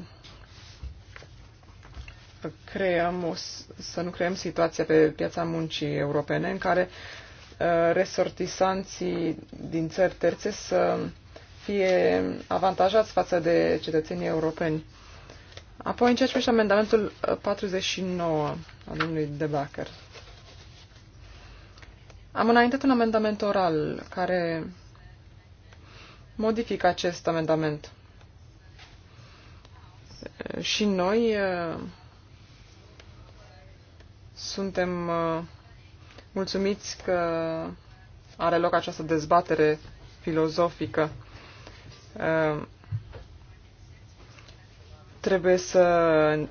creăm o, să nu creăm situația pe piața muncii europene în care uh, resortisanții din țări terțe să fie avantajați față de cetățenii europeni. Apoi, în ceea ce privește amendamentul 49 uh, al domnului De Bacher. Am înaintat un amendament oral care modific acest amendament. Și noi uh, suntem uh, mulțumiți că are loc această dezbatere filozofică. Uh, trebuie să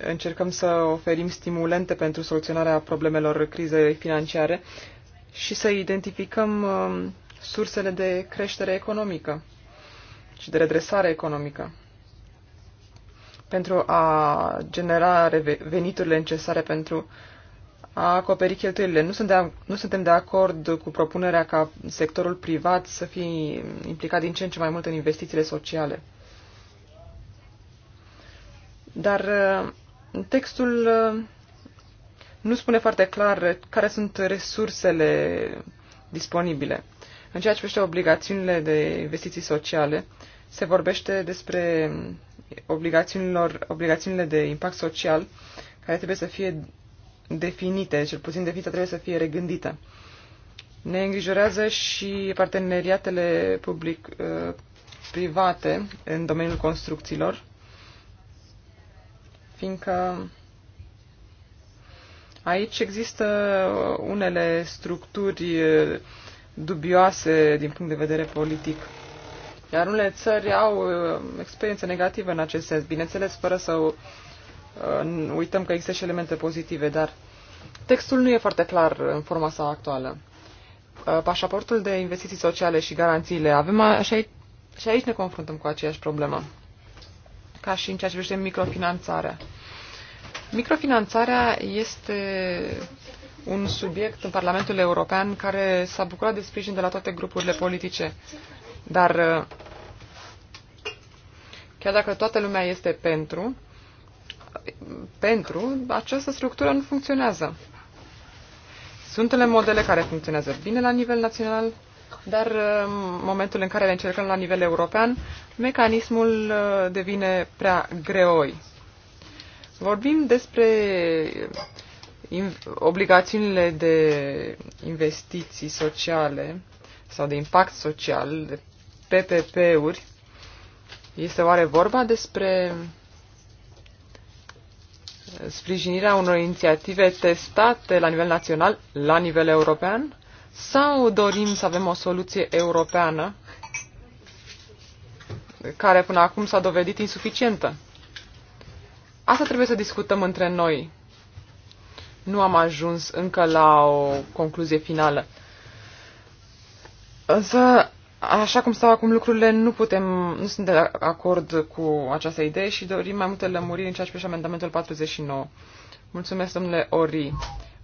încercăm să oferim stimulente pentru soluționarea problemelor crizei financiare și să identificăm sursele de creștere economică și de redresare economică pentru a genera veniturile necesare pentru a acoperi cheltuielile. Nu, sunt nu suntem de acord cu propunerea ca sectorul privat să fie implicat din ce în ce mai mult în investițiile sociale. Dar uh, textul uh, nu spune foarte clar care sunt resursele disponibile. În ceea ce privește obligațiunile de investiții sociale, se vorbește despre obligațiunilor, obligațiunile de impact social care trebuie să fie definite, cel puțin definită trebuie să fie regândită. Ne îngrijorează și parteneriatele public-private uh, în domeniul construcțiilor, fiindcă aici există unele structuri uh, dubioase din punct de vedere politic. Iar unele țări au uh, experiențe negative în acest sens, bineînțeles, fără să uh, uităm că există și elemente pozitive, dar textul nu e foarte clar în forma sa actuală. Uh, pașaportul de investiții sociale și garanțiile, avem așa și, aici, și aici ne confruntăm cu aceeași problemă, ca și în ceea ce privește microfinanțarea. Microfinanțarea este un subiect în Parlamentul European care s-a bucurat de sprijin de la toate grupurile politice. Dar uh, chiar dacă toată lumea este pentru, pentru, această structură nu funcționează. Sunt ele modele care funcționează bine la nivel național, dar în uh, momentul în care le încercăm la nivel european, mecanismul uh, devine prea greoi. Vorbim despre obligațiunile de investiții sociale sau de impact social, de PPP-uri, este oare vorba despre sprijinirea unor inițiative testate la nivel național, la nivel european? Sau dorim să avem o soluție europeană care până acum s-a dovedit insuficientă? Asta trebuie să discutăm între noi nu am ajuns încă la o concluzie finală. Însă, așa cum stau acum lucrurile, nu putem, nu sunt de acord cu această idee și dorim mai multe lămuriri în ceea ce privește amendamentul 49. Mulțumesc, domnule Ori.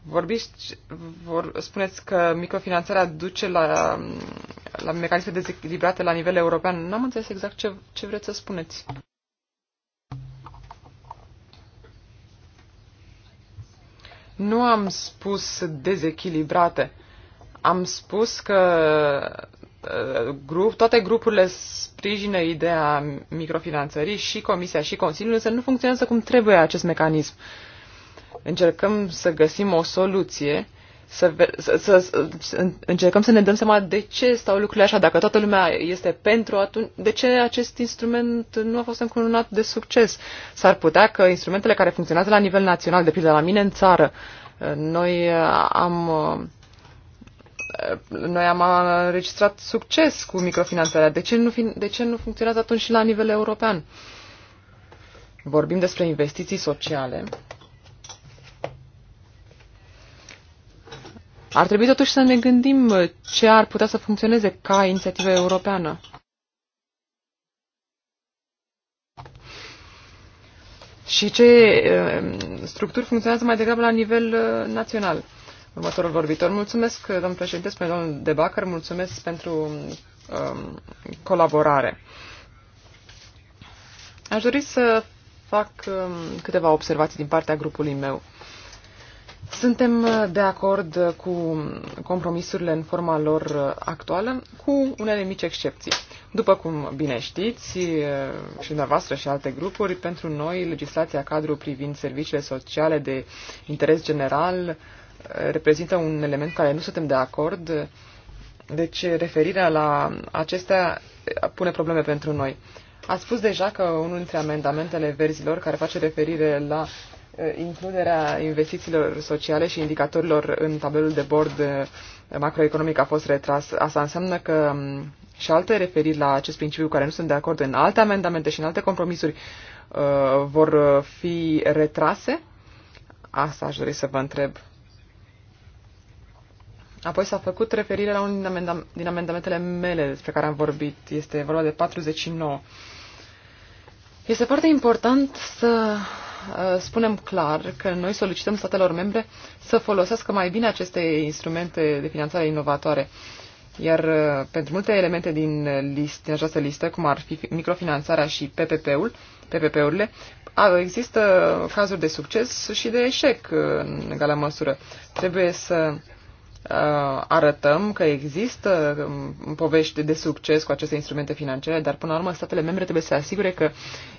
Vorbiți, vor, spuneți că microfinanțarea duce la, la mecanisme dezechilibrate la nivel european. Nu am înțeles exact ce, ce vreți să spuneți. Nu am spus dezechilibrate. Am spus că uh, grup, toate grupurile sprijină ideea microfinanțării și Comisia și Consiliul, însă nu funcționează cum trebuie acest mecanism. Încercăm să găsim o soluție uh, să, să, să, să încercăm să ne dăm seama de ce stau lucrurile așa. Dacă toată lumea este pentru, atunci de ce acest instrument nu a fost încununat de succes? S-ar putea că instrumentele care funcționează la nivel național, de pildă la mine în țară, noi am noi am înregistrat succes cu microfinanțarea. De ce nu, fi, de ce nu funcționează atunci și la nivel european? Vorbim despre investiții sociale Ar trebui totuși să ne gândim ce ar putea să funcționeze ca inițiativă europeană. Și ce structuri funcționează mai degrabă la nivel național. Următorul vorbitor. Mulțumesc, domnul președinte, spune domnul Debacăr, mulțumesc pentru um, colaborare. Aș dori să fac um, câteva observații din partea grupului meu. Suntem uh, de acord uh, cu compromisurile în forma lor uh, actuală, cu unele mici excepții. După cum bine știți, și dumneavoastră și alte grupuri, pentru noi legislația cadru privind serviciile sociale de interes general reprezintă un element care nu suntem de acord, deci referirea la acestea pune probleme pentru noi. A spus deja că unul dintre amendamentele verzilor care face referire la Eh, includerea investițiilor sociale și indicatorilor în tabelul de bord eh, macroeconomic a fost retras. Asta înseamnă că mm, și alte referiri la acest principiu care nu sunt de acord în alte amendamente și în alte compromisuri eh, vor fi retrase? Asta aș dori să vă întreb. Apoi s-a făcut referire la unul din, amendam- din amendamentele mele despre care am vorbit. Este vorba de 49. Este foarte important să Eh, spunem clar că noi solicităm statelor membre să folosească mai bine aceste instrumente de finanțare inovatoare. Iar eh, pentru multe elemente din, list, din această listă, cum ar fi microfinanțarea și PPP-ul, PPP-urile, există cazuri de succes și de eșec eh, în egală măsură. Trebuie să Uh, arătăm că există um, povești de succes cu aceste instrumente financiare, dar până la urmă statele membre trebuie să se asigure că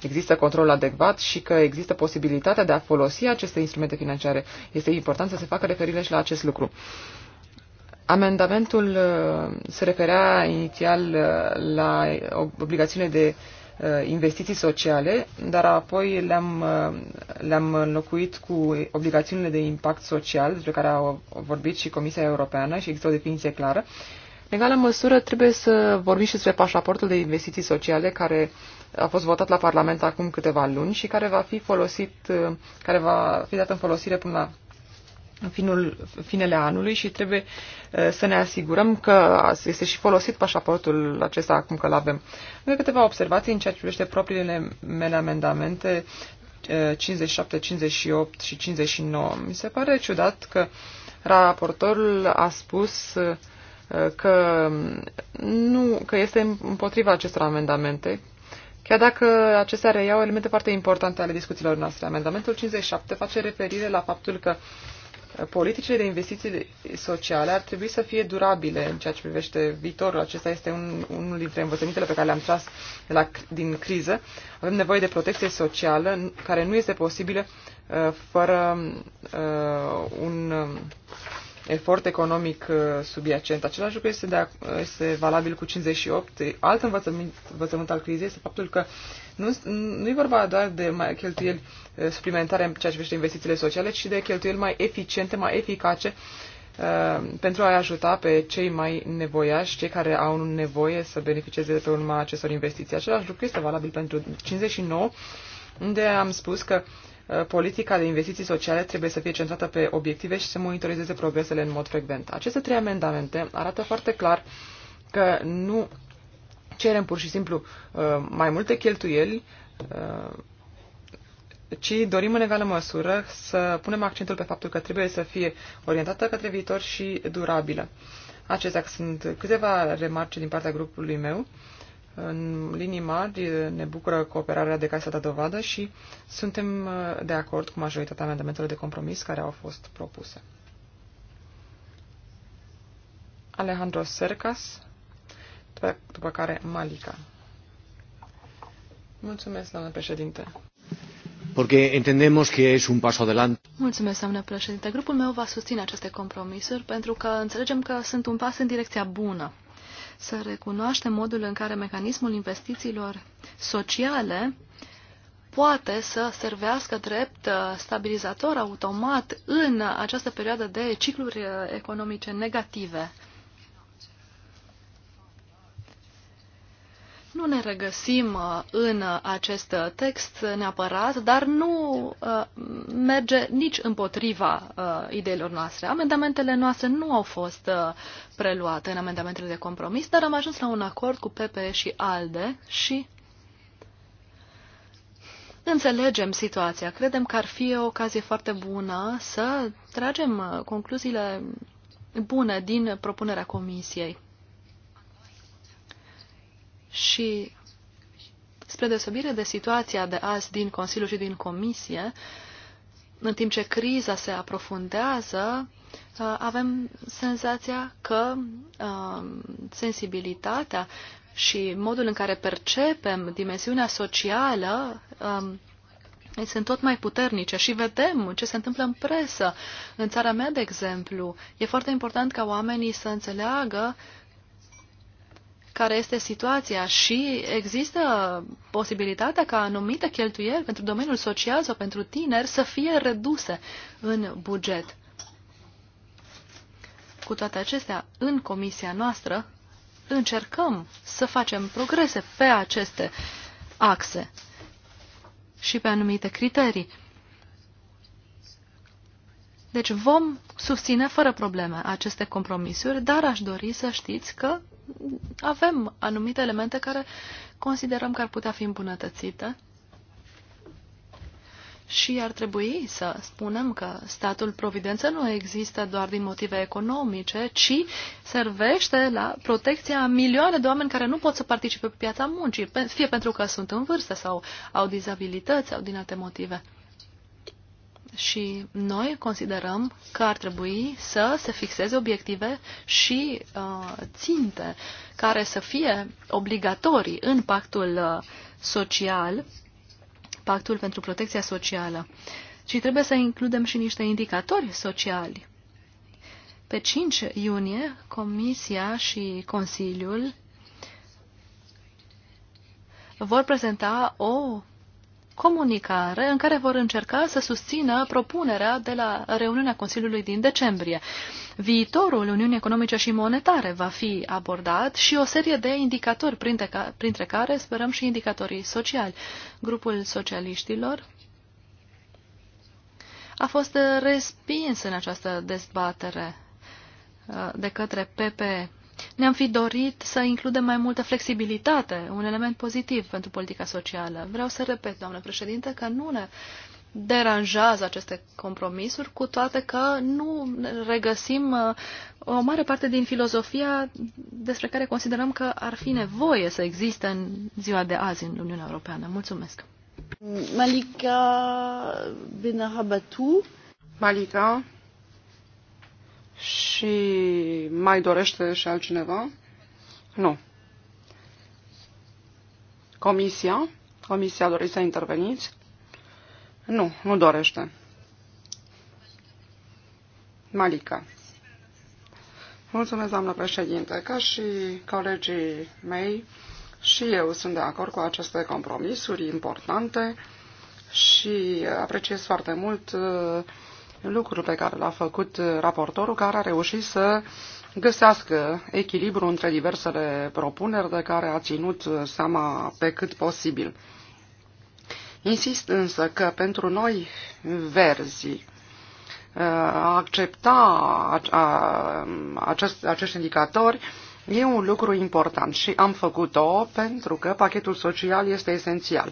există control adecvat și că există posibilitatea de a folosi aceste instrumente financiare. Este important să se facă referire și la acest lucru. Amendamentul uh, se referea inițial uh, la obligațiune de uh, Uh, investiții sociale, dar apoi le-am, uh, le-am înlocuit cu obligațiunile de impact social, despre care a vorbit și Comisia Europeană și există o definiție clară. În egală măsură trebuie să vorbim și despre pașaportul de investiții sociale care a fost votat la Parlament acum câteva luni și care va fi folosit, uh, care va fi dat în folosire până la în finul, finele anului și trebuie să ne asigurăm că este și folosit pașaportul acesta acum că l-avem. Încă câteva observații în ceea ce privește propriile mele amendamente 57, 58 și 59. Mi se pare ciudat că raportorul a spus că, nu, că este împotriva acestor amendamente, Chiar dacă acestea reiau elemente foarte importante ale discuțiilor noastre, amendamentul 57 face referire la faptul că politicile de investiții sociale ar trebui să fie durabile în ceea ce privește viitorul. Acesta este un, unul dintre învățămintele pe care le-am tras de la, din criză. Avem nevoie de protecție socială care nu este posibilă uh, fără uh, un, efort economic uh, subiacent. Același lucru este, de, este valabil cu 58. Alt învățământ, învățământ al crizei este faptul că nu, nu e vorba doar de mai cheltuieli uh, suplimentare în ceea ce privește investițiile sociale, ci de cheltuieli mai eficiente, mai eficace uh, pentru a-i ajuta pe cei mai nevoiași, cei care au nevoie să beneficieze de pe urma acestor investiții. Același lucru este valabil pentru 59, unde am spus că uh, Uh, politica de investiții sociale trebuie să fie centrată pe obiective și să monitorizeze progresele în mod frecvent. Aceste trei amendamente arată foarte clar că nu cerem pur și simplu uh, mai multe cheltuieli, uh, ci dorim în egală măsură să punem accentul pe faptul că trebuie să fie orientată către viitor și durabilă. Acestea sunt câteva remarce din partea grupului meu în linii mari ne bucură cooperarea de care s-a dat dovadă și suntem uh, de acord cu majoritatea amendamentelor de compromis care au fost propuse. Alejandro Sercas, după care Malika. Mulțumesc, doamnă președinte. Porque entendemos que es un paso adelante. Mulțumesc, doamnă președinte. Grupul meu va susține aceste compromisuri pentru că înțelegem că sunt un pas în direcția bună să recunoaște modul în care mecanismul investițiilor sociale poate să servească drept uh, stabilizator automat în această perioadă de cicluri uh, economice negative. Nu ne regăsim uh, în uh, acest uh, text neapărat, dar nu merge nici împotriva ideilor noastre. Amendamentele noastre nu au fost preluate în amendamentele de compromis, dar am ajuns la un acord cu PPE și ALDE și înțelegem situația. Credem că ar fi o ocazie foarte bună să tragem concluziile bune din propunerea Comisiei și spre deosebire de situația de azi din Consiliu și din Comisie, în timp ce criza se aprofundează, uh, avem senzația că uh, sensibilitatea și modul în care percepem dimensiunea socială um, sunt tot mai puternice și vedem ce se întâmplă în presă. În țara mea, de exemplu, e foarte important ca oamenii să înțeleagă care este situația și există posibilitatea ca anumite cheltuieli pentru domeniul social sau pentru tineri să fie reduse în buget. Cu toate acestea, în comisia noastră încercăm să facem progrese pe aceste axe și pe anumite criterii. Deci vom susține fără probleme aceste compromisuri, dar aș dori să știți că avem anumite elemente care considerăm că ar putea fi îmbunătățite și ar trebui să spunem că statul providență nu există doar din motive economice, ci servește la protecția a milioane de oameni care nu pot să participe pe piața muncii, fie pentru că sunt în vârstă sau au dizabilități sau din alte motive și noi considerăm că ar trebui să se fixeze obiective și uh, ținte care să fie obligatorii în pactul uh, social, pactul pentru protecția socială. Și trebuie să includem și niște indicatori sociali. Pe 5 iunie, Comisia și Consiliul vor prezenta o comunicare în care vor încerca să susțină propunerea de la reuniunea Consiliului din decembrie. Viitorul Uniunii Economice și Monetare va fi abordat și o serie de indicatori, printre, ca, printre care sperăm și indicatorii sociali. Grupul socialiștilor a fost respins în această dezbatere uh, de către PP. Ne-am fi dorit să includem mai multă flexibilitate, un element pozitiv pentru politica socială. Vreau să repet, doamnă președinte, că nu ne deranjează aceste compromisuri, cu toate că nu regăsim uh, o mare parte din filozofia despre care considerăm că ar fi nevoie să existe în ziua de azi în Uniunea Europeană. Mulțumesc! Malika Benarabatou. Malika și mai dorește și altcineva? Nu. Comisia? Comisia doriți să interveniți? Nu, nu dorește. Malica. Mulțumesc, doamnă președinte. Ca și colegii mei, și eu sunt de acord cu aceste compromisuri importante și apreciez foarte mult uh, lucru pe care l-a făcut uh, raportorul, care a reușit să găsească echilibru între diversele propuneri de care a ținut uh, seama pe cât posibil. Insist însă că pentru noi verzi uh, a accepta acest, acești indicatori E un lucru important și am făcut-o pentru că pachetul social este esențial.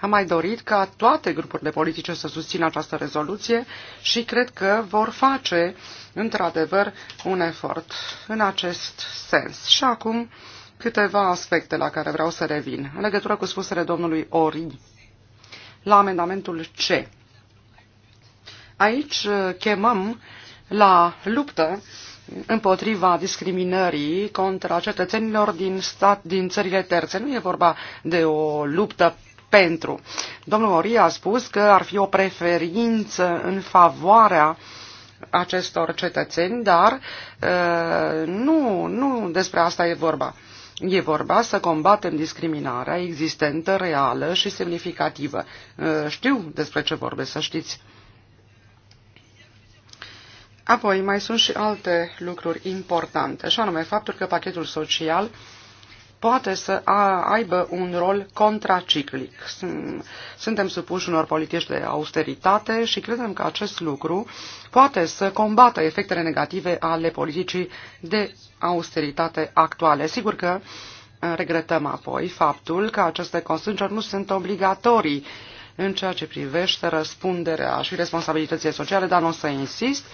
Am mai dorit ca toate grupurile politice să susțină această rezoluție și cred că vor face, într-adevăr, un efort în acest sens. Și acum câteva aspecte la care vreau să revin, în legătură cu spusele domnului Ori, la amendamentul C. Aici uh, chemăm la luptă împotriva discriminării contra cetățenilor din, stat, din țările terțe. Nu e vorba de o luptă pentru. Domnul Ori a spus că ar fi o preferință în favoarea acestor cetățeni, dar uh, nu, nu despre asta e vorba. E vorba să combatem discriminarea existentă, reală și semnificativă. Uh, știu despre ce vorbesc, să știți. Apoi mai sunt și alte lucruri importante, și anume faptul că pachetul social poate să aibă un rol contraciclic. Suntem supuși unor politici de austeritate și credem că acest lucru poate să combată efectele negative ale politicii de austeritate actuale. Sigur că uh, regretăm apoi faptul că aceste constrângeri nu sunt obligatorii în ceea ce privește răspunderea și responsabilitățile sociale, dar nu o să insist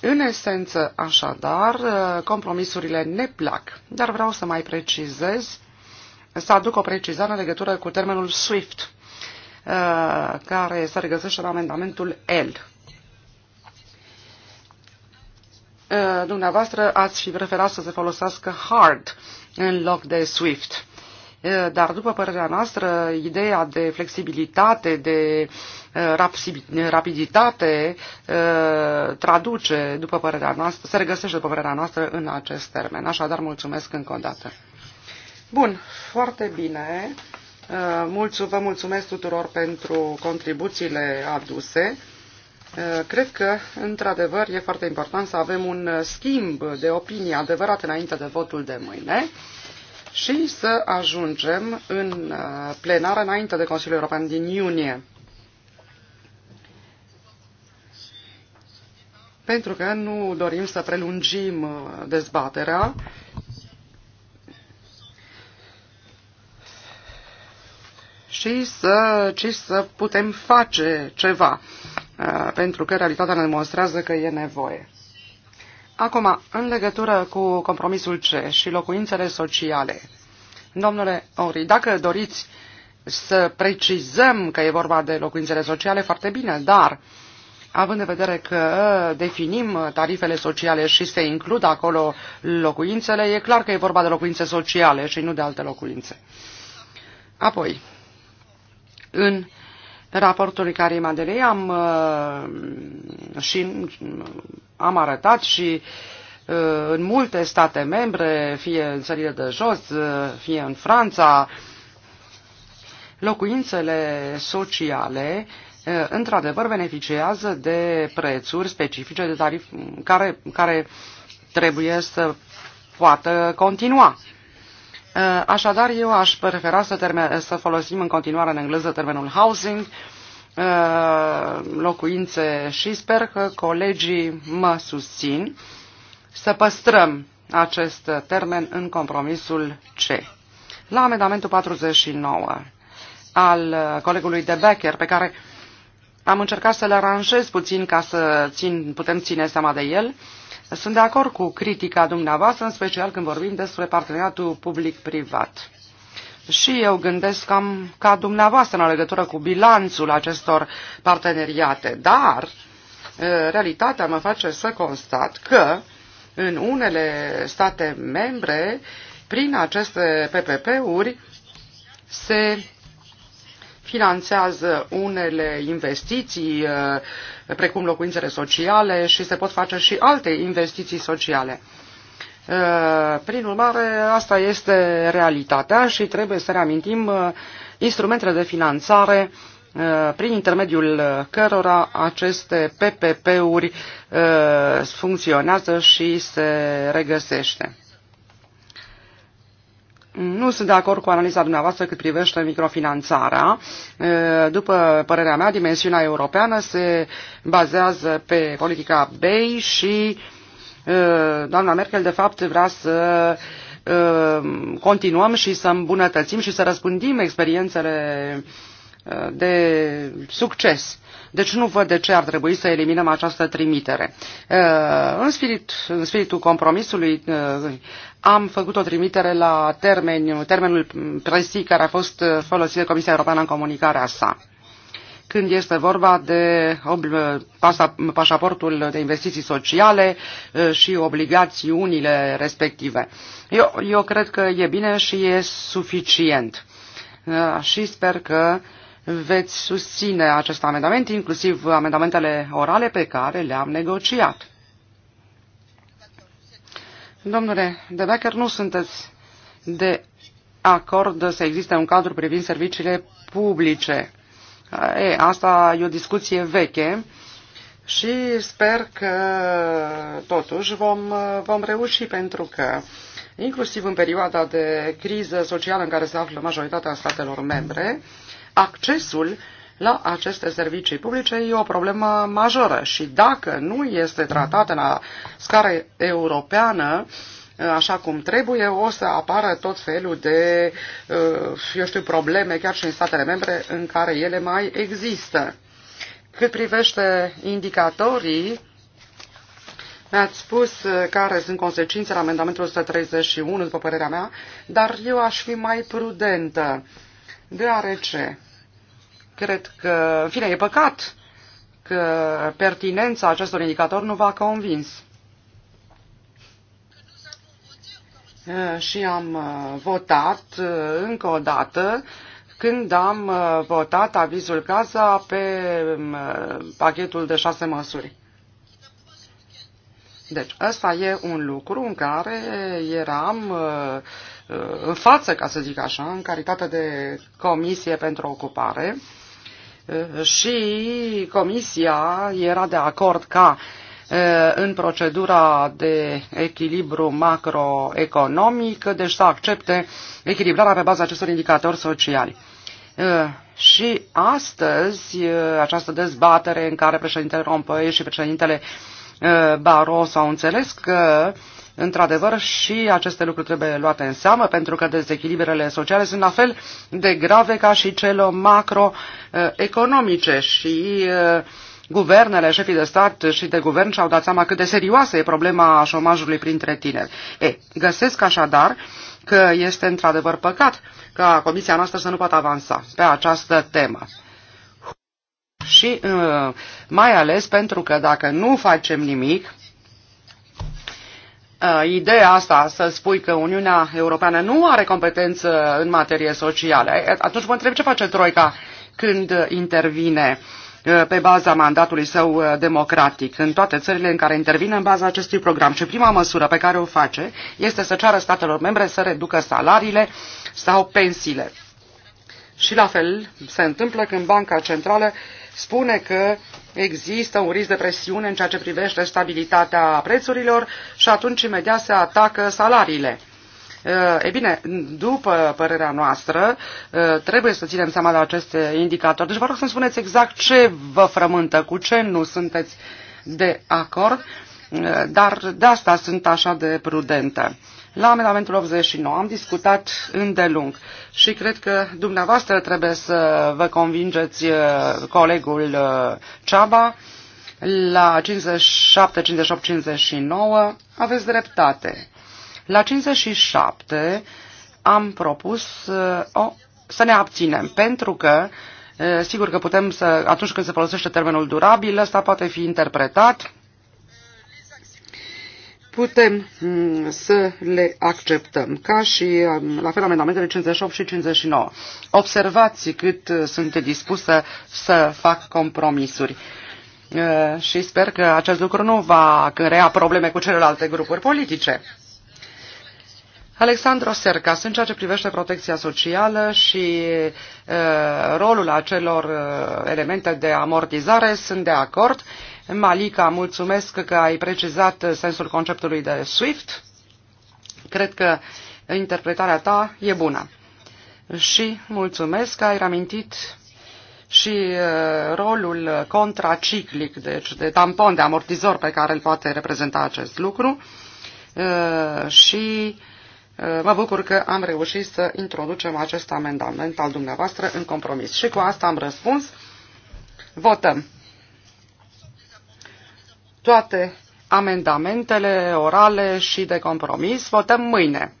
în esență, așadar, compromisurile ne plac, dar vreau să mai precizez, să aduc o precizare în legătură cu termenul SWIFT, uh, care se regăsește la amendamentul L. Uh, dumneavoastră ați fi preferat să se folosească hard în loc de SWIFT dar după părerea noastră, ideea de flexibilitate, de rapiditate traduce, după părerea noastră, se regăsește, după părerea noastră, în acest termen. Așadar, mulțumesc încă o dată. Bun, foarte bine. vă mulțumesc tuturor pentru contribuțiile aduse. Cred că, într-adevăr, e foarte important să avem un schimb de opinie adevărat înainte de votul de mâine și să ajungem în uh, plenară înainte de Consiliul European din iunie. Pentru că nu dorim să prelungim uh, dezbaterea, și să, ci să putem face ceva, uh, pentru că realitatea ne demonstrează că e nevoie. Acum, în legătură cu compromisul C și locuințele sociale, domnule Ori, dacă doriți să precizăm că e vorba de locuințele sociale, foarte bine, dar având în vedere că definim tarifele sociale și se includ acolo locuințele, e clar că e vorba de locuințe sociale și nu de alte locuințe. Apoi, în raportului Karim Adelei am, uh, și, uh, am arătat și uh, în multe state membre, fie în țările de jos, fie în Franța, locuințele sociale într-adevăr beneficiază de prețuri specifice de tarif care, care trebuie să poată continua. Uh, așadar, eu aș prefera să, termen, să folosim în continuare în engleză termenul housing, uh, locuințe și sper că colegii mă susțin să păstrăm acest termen în compromisul C. La amendamentul 49 al uh, colegului de Becker, pe care am încercat să-l aranjez puțin ca să țin, putem ține seama de el, uh, sunt de acord cu critica dumneavoastră, în special când vorbim despre parteneriatul public-privat. Și eu gândesc cam ca dumneavoastră în legătură cu bilanțul acestor parteneriate, dar realitatea mă face să constat că în unele state membre, prin aceste PPP-uri, se finanțează unele investiții, uh, precum locuințele sociale și se pot face și alte investiții sociale. Uh, prin urmare, asta este realitatea și trebuie să reamintim uh, instrumentele de finanțare prin intermediul cărora aceste PPP-uri funcționează și se regăsește. Nu sunt de acord cu analiza dumneavoastră cât privește microfinanțarea. După părerea mea, dimensiunea europeană se bazează pe politica BEI și doamna Merkel, de fapt, vrea să continuăm și să îmbunătățim și să răspândim experiențele de succes deci nu văd de ce ar trebui să eliminăm această trimitere. Uh, în, spirit, în spiritul compromisului uh, am făcut o trimitere la termen, termenul presii care a fost uh, folosit de Comisia Europeană în comunicarea sa când este vorba de pașaportul de investiții sociale și obligațiunile respective. Eu, eu cred că e bine și e suficient și sper că veți susține acest amendament, inclusiv amendamentele orale pe care le-am negociat. Domnule De Becker, nu sunteți de acord să existe un cadru privind serviciile publice. E, asta e o discuție veche și sper că totuși vom, vom reuși pentru că inclusiv în perioada de criză socială în care se află majoritatea statelor membre, uh, accesul la aceste servicii publice e o problemă majoră și dacă nu este tratată la scară europeană, uh, așa cum trebuie, o să apară tot felul de, uh, eu știu, probleme chiar și în statele membre în care ele mai există. Cât privește indicatorii, mi-ați spus uh, care sunt consecințele amendamentul 131, după părerea mea, dar eu aș fi mai prudentă, deoarece Cred că, în fine, e păcat că pertinența acestor indicatori nu va convins. Eh, și am eh, votat eh, încă o dată când am votat avizul Casa pe mm, pachetul de șase măsuri. Deci, ăsta e un lucru în care eram în față, ca să zic așa, în caritate de comisie pentru ocupare și Comisia era de acord ca în procedura de echilibru macroeconomic, deci să accepte echilibrarea pe baza acestor indicatori sociali. Și astăzi, această dezbatere în care președintele Rompăie și președintele Barroso au înțeles că uh, Într-adevăr, și aceste lucruri trebuie luate în seamă, pentru că dezechilibrele sociale sunt la fel de grave ca și cele macroeconomice și uh, guvernele, șefii de stat și de guvern și-au dat seama cât de serioasă e problema șomajului printre tineri. E, găsesc așadar că este într-adevăr păcat ca comisia noastră să nu poată avansa pe această temă. Și uh, mai ales pentru că dacă nu facem nimic, Uh, ideea asta să spui că Uniunea Europeană nu are competență în materie socială, atunci mă întreb ce face Troica când intervine uh, pe baza mandatului său uh, democratic în toate țările în care intervine în baza acestui program. Și prima măsură pe care o face este să ceară statelor membre să reducă salariile sau pensiile. Și la fel se întâmplă când Banca Centrală uh, spune că există un risc de presiune în ceea ce privește stabilitatea prețurilor și atunci imediat se atacă salariile. Uh, e bine, după părerea noastră, uh, trebuie să ținem seama de aceste indicatori. Deci vă rog să-mi spuneți exact ce vă frământă, cu ce nu sunteți de acord, uh, dar de asta sunt așa de prudentă. La amendamentul 89 am discutat îndelung și cred că dumneavoastră trebuie să vă convingeți uh, colegul uh, Ceaba la 57, 58, 59 aveți dreptate. La 57 am propus uh, o, să ne abținem, pentru că sigur că putem să, atunci când se folosește termenul durabil, ăsta poate fi interpretat putem mm, să le acceptăm, ca și um, la fel amendamentele 58 și 59. Observați cât uh, sunt dispusă să fac compromisuri uh, și sper că acest lucru nu va crea probleme cu celelalte grupuri politice. Alexandru Sercas, în ceea ce privește protecția socială și uh, rolul acelor uh, elemente de amortizare, sunt de acord. Uh, Malika, mulțumesc că ai precizat sensul conceptului de SWIFT. Cred că interpretarea ta e bună. Și mulțumesc că ai ramintit și uh, rolul contraciclic, deci de tampon, de amortizor pe care îl poate reprezenta acest lucru. Uh, și uh, mă bucur că am reușit să introducem acest amendament al dumneavoastră în compromis. Și cu asta am răspuns. Votăm toate amendamentele orale și de compromis. Votăm mâine.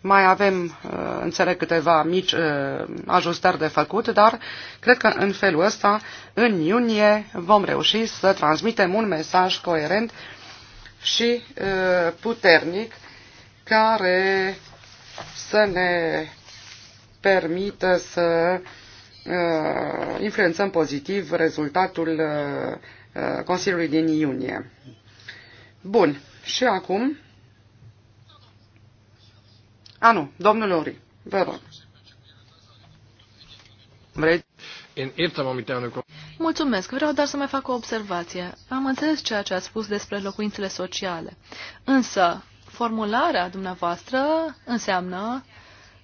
Mai avem, uh, înțeleg, câteva mici uh, ajustări de făcut, dar cred că în felul ăsta, în iunie, vom reuși să transmitem un mesaj coerent și uh, puternic care să ne permită să influențăm pozitiv rezultatul Uh, Consiliului din iunie. Bun. Și acum... A, nu. Domnul Ori. Vă rog. Vrei? Mulțumesc. Vreau doar să mai fac o observație. Am înțeles ceea ce ați spus despre locuințele sociale. Însă, formularea dumneavoastră înseamnă,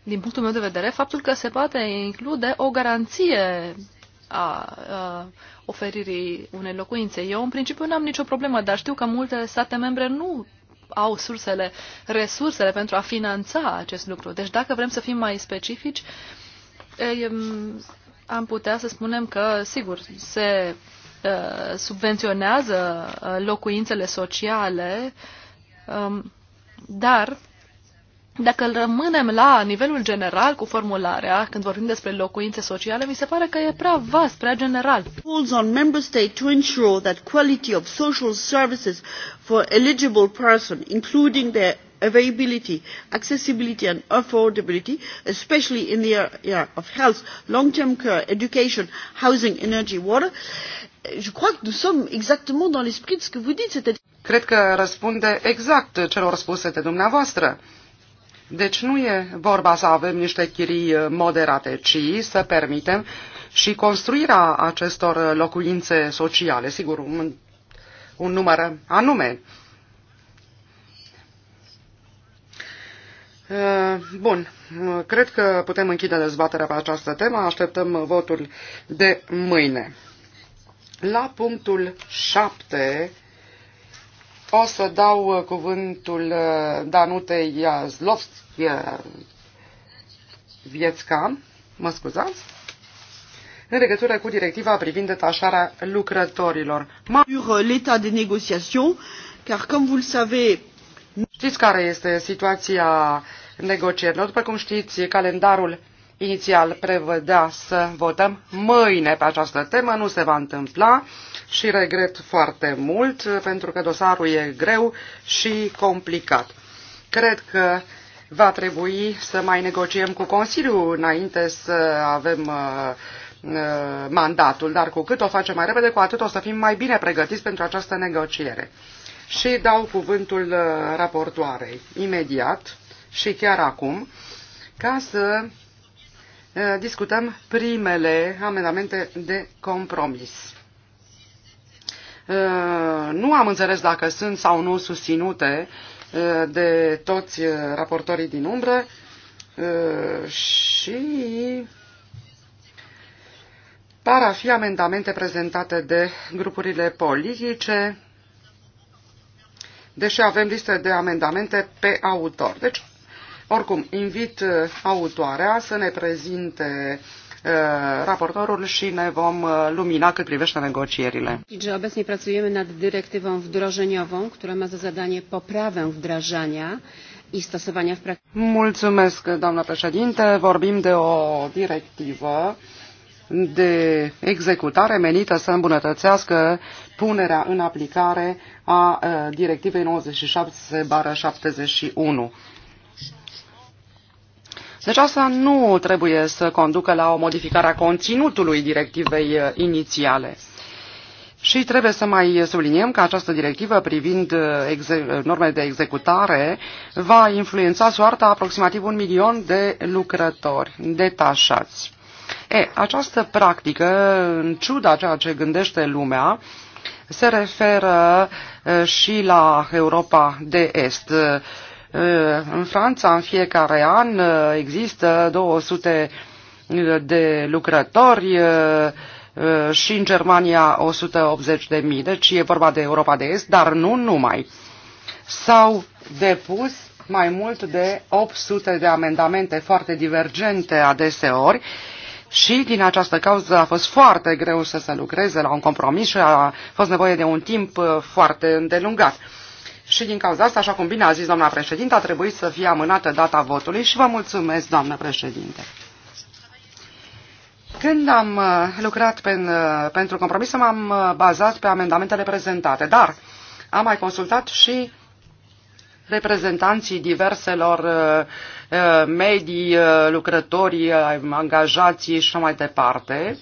din punctul meu de vedere, faptul că se poate include o garanție a, a oferirii unei locuințe. Eu, în principiu, n-am nicio problemă, dar știu că multe state membre nu au sursele, resursele pentru a finanța acest lucru. Deci, dacă vrem să fim mai specifici, am putea să spunem că, sigur, se subvenționează locuințele sociale, dar dacă rămânem la nivelul general cu formularea, când vorbim despre locuințe sociale, mi se pare că e prea vast, prea general. Calls on member state to ensure that quality of social services for eligible person, including their availability, accessibility and affordability, especially in the area of health, long-term care, education, housing, energy, water. Je crois que nous sommes exactement dans l'esprit de ce que vous dites, c'est-à-dire Cred că răspunde exact celor spuse de dumneavoastră. Deci nu e vorba să avem niște chirii uh, moderate, ci să permitem și construirea acestor uh, locuințe sociale, sigur, un, un număr anume. Uh, bun, cred că putem închide dezbaterea pe această temă. Așteptăm votul de mâine. La punctul 7 o să dau uh, cuvântul uh, Danutei Zloviețca, mă scuzați, în legătură cu directiva privind detașarea lucrătorilor. Uh, l'état de négociation, car comme vous le savez, Știți care este situația negocierilor? După cum știți, calendarul inițial prevedea să votăm mâine pe această temă, nu se va întâmpla și regret foarte mult pentru că dosarul e greu și complicat. Cred că va trebui să mai negociem cu Consiliul înainte să avem uh, uh, mandatul, dar cu cât o facem mai repede, cu atât o să fim mai bine pregătiți pentru această negociere. Și dau cuvântul uh, raportoarei imediat și chiar acum ca să Eh, discutăm primele amendamente de compromis. Eh, nu am înțeles dacă sunt sau nu susținute eh, de toți raportorii din umbră și par a fi amendamente prezentate de grupurile politice, deși avem liste de amendamente pe autor. Deci oricum, invit uh, autoarea să ne prezinte uh, raportorul și ne vom uh, lumina cât privește negocierile. że deci, obecnie pracujemy nad dyrektywą wdrożeniową, która ma za zadanie poprawę wdrażania i stosowania w praktyce. Mulțumesc, doamna președinte. Vorbim de o directivă de executare menită să îmbunătățească punerea în aplicare a directivei 97-71 deci asta nu trebuie să conducă la o modificare a conținutului directivei uh, inițiale. Și trebuie să mai subliniem că această directivă privind uh, uh, normele de executare va influența soarta aproximativ un milion de lucrători detașați. E, această practică, în ciuda ceea ce gândește lumea, se referă și la Europa de Est. În Franța, în fiecare an, uh, există 200 de lucrători uh, uh, și în Germania 180 de mii. Deci e vorba de Europa de Est, dar nu numai. S-au depus mai mult de 800 de amendamente foarte divergente adeseori și din această cauză a fost foarte greu să se lucreze la un compromis și a fost nevoie de un timp foarte îndelungat. Și din cauza asta, așa cum bine a zis doamna președinte, a trebuit să fie amânată data votului și vă mulțumesc, doamnă președinte. Când am uh, lucrat pen, uh, pentru compromis, m-am uh, bazat pe amendamentele prezentate, dar am mai consultat și reprezentanții diverselor medii, lucrători, angajații și așa mai departe,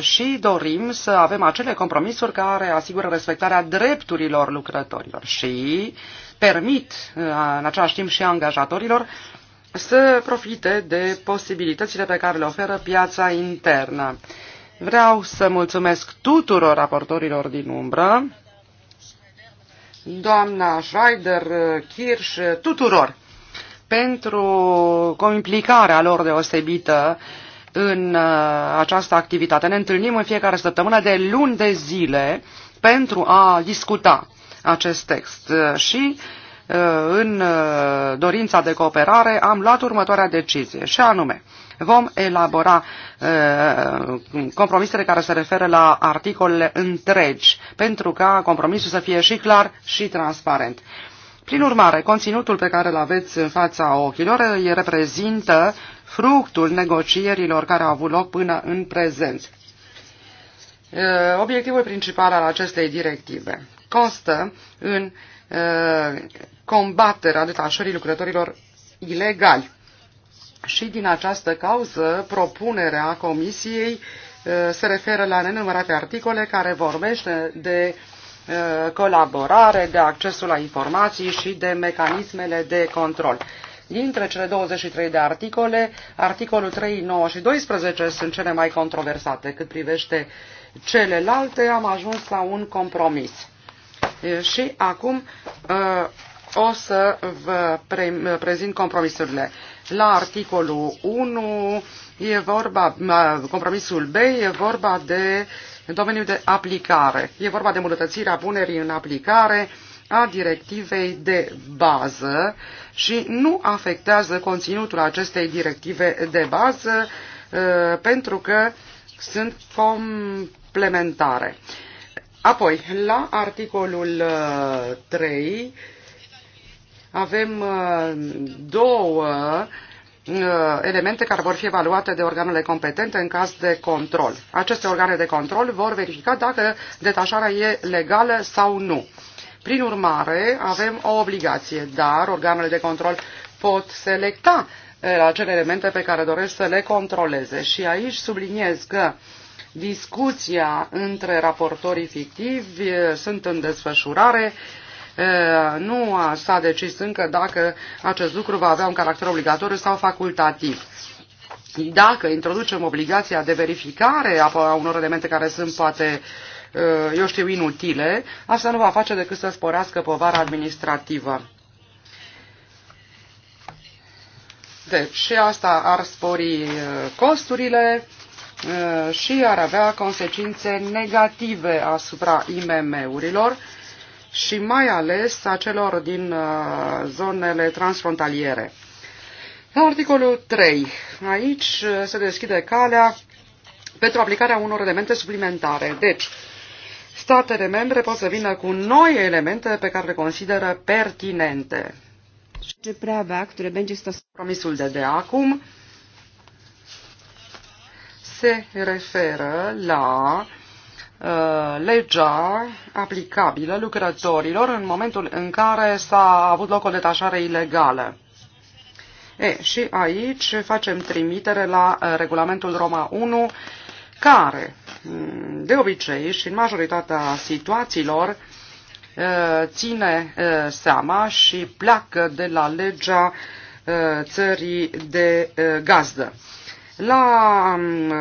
și dorim să avem acele compromisuri care asigură respectarea drepturilor lucrătorilor și permit în același timp și angajatorilor să profite de posibilitățile pe care le oferă piața internă. Vreau să mulțumesc tuturor raportorilor din umbră, doamna Schreider, Kirsch, tuturor, pentru implicarea lor deosebită uh, în uh, această activitate. Ne întâlnim în fiecare săptămână de luni de zile pentru a discuta acest text uh, și uh, în dorința de cooperare am luat următoarea decizie și anume vom elabora compromisele care se referă la articolele întregi pentru ca compromisul să fie și clar și transparent. Prin urmare, conținutul pe care îl aveți în fața ochilor reprezintă fructul negocierilor care au avut loc până în prezent. Obiectivul principal al acestei directive constă în combaterea detașării lucrătorilor ilegali. Și din această cauză, propunerea Comisiei se referă la nenumărate articole care vorbește de colaborare, de accesul la informații și de mecanismele de control. Dintre cele 23 de articole, articolul 3, 9 și 12 sunt cele mai controversate. Cât privește celelalte, am ajuns la un compromis. Și acum o să vă prezint compromisurile. La articolul 1 e vorba, compromisul B e vorba de domeniul de aplicare. E vorba de îmbunătățirea punerii în aplicare uh, a directivei de bază și nu afectează conținutul acestei directive de bază uh, pentru că sunt complementare. Apoi, la articolul 3 uh, avem uh, două elemente care vor fi evaluate de organele competente în caz de control. Aceste organe de control vor verifica dacă detașarea e legală sau nu. Prin urmare, avem o obligație, dar organele de control pot selecta eh, acele elemente pe care doresc să le controleze. Și aici subliniez că discuția între raportorii fictivi eh, sunt în desfășurare. Eh, nu s-a decis încă dacă acest lucru va avea un caracter obligatoriu sau facultativ. Dacă introducem obligația de verificare a unor elemente care sunt poate uh, Uh, eu știu, inutile, asta nu va face decât să sporească povara administrativă. Deci și asta ar spori uh, costurile uh, și ar avea consecințe negative asupra IMM-urilor și mai ales a celor din zonele transfrontaliere. La articolul 3, aici se deschide calea pentru aplicarea unor elemente suplimentare. Deci, statele membre pot să vină cu noi elemente pe care le consideră pertinente. Ce preavea, care będzie Promisul de de acum se referă la uh, legea aplicabilă lucrătorilor în momentul în care s-a avut loc o detașare ilegală. E, și aici facem trimitere la uh, regulamentul Roma 1, care Mm, de obicei și în majoritatea situațiilor uh, ține uh, seama și pleacă de la legea uh, țării de gazdă. La um,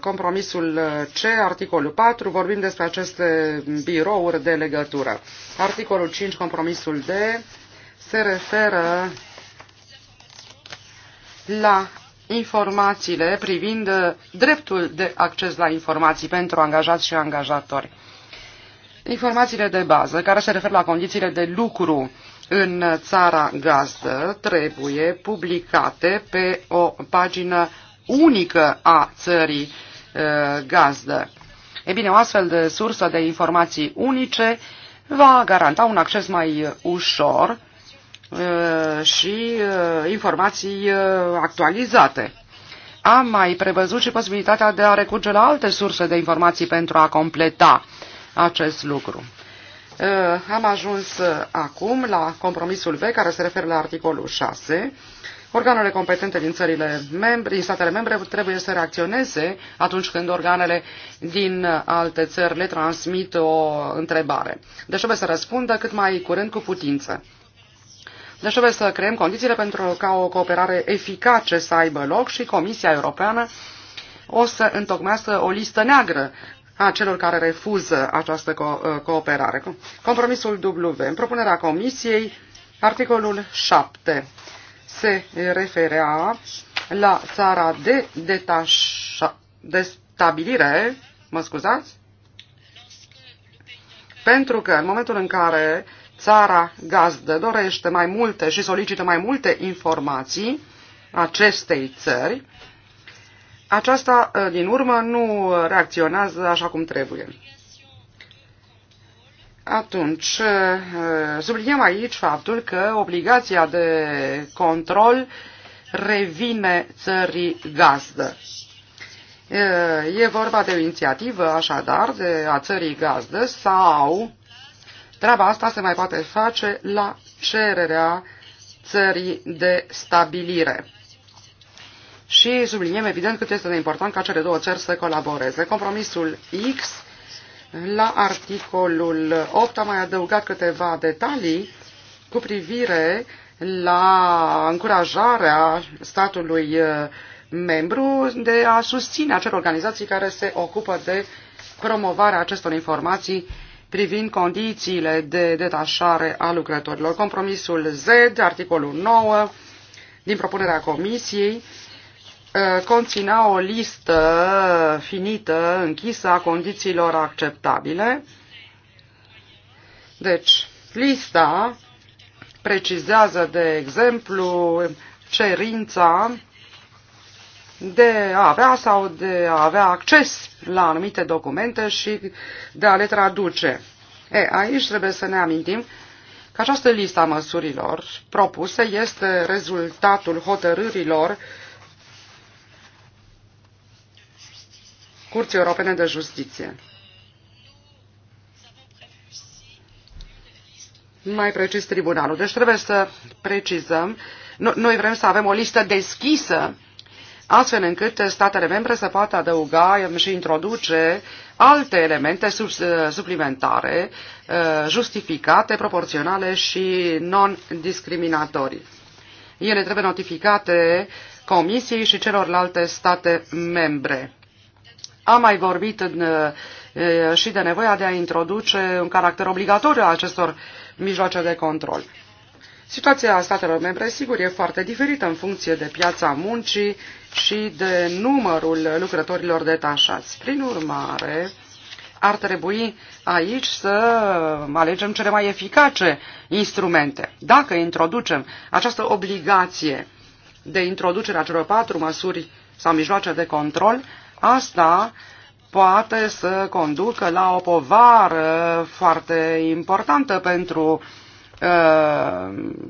compromisul C, articolul 4, vorbim despre aceste birouri de legătură. Articolul 5, compromisul D, se referă la informațiile privind uh, dreptul de acces la informații pentru angajați și angajatori. Informațiile de bază care se referă la condițiile de lucru în țara gazdă trebuie publicate pe o pagină unică a țării uh, gazdă. E bine, o astfel de sursă de informații unice va garanta un acces mai ușor Uh, și uh, informații uh, actualizate. Am mai prevăzut și posibilitatea de a recurge la alte surse de informații pentru a completa acest lucru. Am ajuns acum la compromisul V, care se referă la articolul 6. Organele competente din țările membre, din statele membre trebuie să reacționeze atunci când organele din alte țări le transmit o întrebare. Deci trebuie să răspundă cât mai curând cu putință. Deci trebuie să creăm condițiile pentru ca o cooperare eficace să aibă loc și Comisia Europeană o să întocmească o listă neagră a celor care refuză această co- uh, cooperare. Compromisul W. În propunerea Comisiei, articolul 7 se referea la țara de detașa, de stabilire, mă scuzați, pentru că în momentul în care țara gazdă dorește mai multe și solicită mai multe informații acestei țări, aceasta, ă, din urmă, nu reacționează așa cum trebuie. Atunci, ă, subliniem aici faptul că obligația de control revine țării gazdă. Ă, e vorba de o inițiativă, așadar, de a țării gazdă sau Treaba asta se mai poate face la cererea țării de stabilire. Și subliniem evident cât este de important ca cele două țări să colaboreze. Compromisul X la articolul 8 am mai adăugat câteva detalii cu privire la încurajarea statului uh, membru de a susține acele organizații care se ocupă de promovarea acestor informații privind condițiile de detașare a lucrătorilor. Compromisul Z, articolul 9 din propunerea Comisiei, uh, conținea o listă finită, închisă a condițiilor acceptabile. Deci, lista precizează, de exemplu, cerința de a avea sau de a avea acces la anumite documente și de a le traduce. E, aici trebuie să ne amintim că această listă a măsurilor propuse este rezultatul hotărârilor Curții Europene de Justiție. Mai precis tribunalul. Deci trebuie să precizăm. Noi vrem să avem o listă deschisă astfel încât statele membre să poată adăuga și introduce alte elemente eh, suplimentare, eh, justificate, proporționale și non-discriminatorii. Ele trebuie notificate Comisiei și celorlalte state membre. Am mai vorbit în, eh, și de nevoia de a introduce un caracter obligatoriu a acestor mijloace de control. Situația statelor membre, sigur, e foarte diferită în funcție de piața muncii, și de numărul lucrătorilor detașați. Prin urmare, ar trebui aici să alegem cele mai eficace instrumente. Dacă introducem această obligație de introducere a celor patru măsuri sau mijloace de control, asta poate să conducă la o povară foarte importantă pentru uh,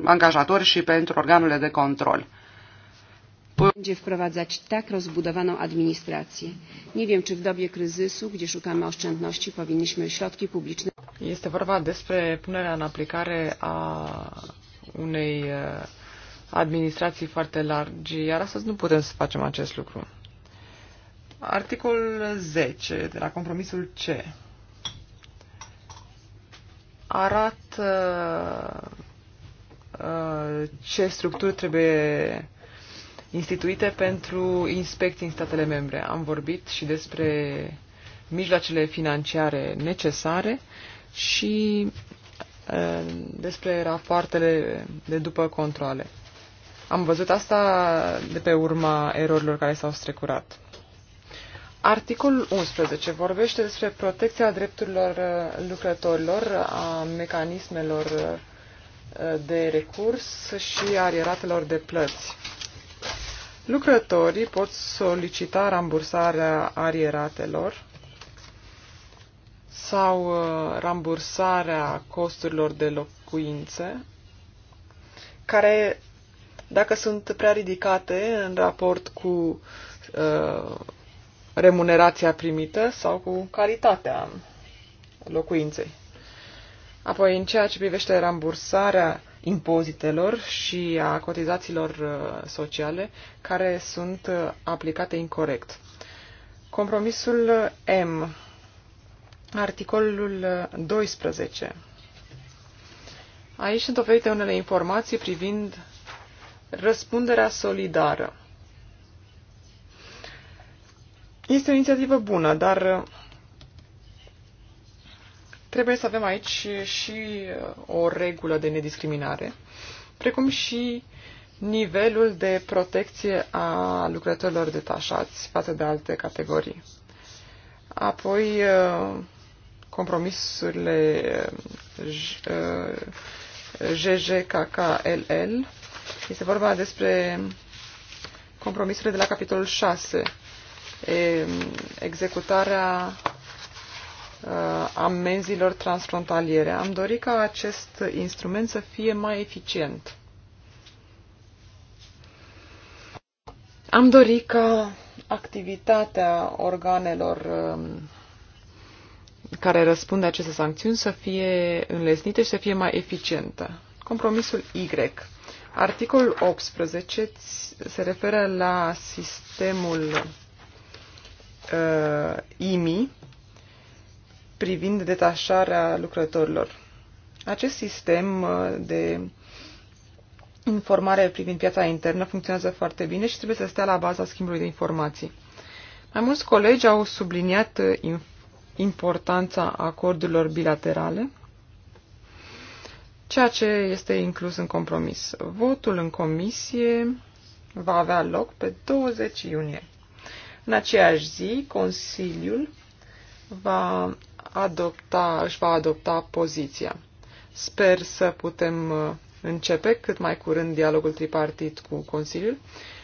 angajatori și pentru organele de control będzie wprowadzać tak rozbudowaną administrację. Nie wiem, czy w dobie kryzysu, gdzie szukamy oszczędności, powinniśmy środki publiczne. Este vorba despre punerea în aplicare a unei administrații foarte largi, iar astăzi nu putem să facem acest lucru. Articolul 10 de la compromisul C arată ce structuri trebuie instituite pentru inspecții în statele membre. Am vorbit și despre mijloacele financiare necesare și despre rapoartele de după controle. Am văzut asta de pe urma erorilor care s-au strecurat. Articolul 11 vorbește despre protecția drepturilor lucrătorilor, a mecanismelor de recurs și a de plăți. Lucrătorii pot solicita rambursarea arieratelor sau uh, rambursarea costurilor de locuințe, care, dacă sunt prea ridicate în raport cu uh, remunerația primită sau cu calitatea locuinței. Apoi, în ceea ce privește rambursarea impozitelor și a cotizațiilor uh, sociale care sunt uh, aplicate incorrect. Compromisul M, articolul 12. Uh, Aici sunt oferite unele informații privind răspunderea solidară. Este o inițiativă bună, dar Trebuie să avem aici și uh, o regulă de nediscriminare, precum și nivelul de protecție a lucrătorilor detașați față de alte categorii. Apoi, uh, compromisurile uh, GGKKLL. Este vorba despre compromisurile de la capitolul 6, um, executarea Uh, amenzilor transfrontaliere. Am dorit ca acest instrument să fie mai eficient. Am dorit ca activitatea organelor um, care răspunde aceste sancțiuni să fie înlesnite și să fie mai eficientă. Compromisul Y. Articolul 18 se referă la sistemul uh, IMI privind detașarea lucrătorilor. Acest sistem uh, de informare privind piața internă funcționează foarte bine și trebuie să stea la baza schimbului de informații. Mai mulți colegi au subliniat uh, importanța acordurilor bilaterale, ceea ce este inclus în compromis. Votul în comisie va avea loc pe 20 iunie. În aceeași zi, Consiliul va adopta, își va adopta poziția. Sper să putem uh, începe cât mai curând dialogul tripartit cu Consiliul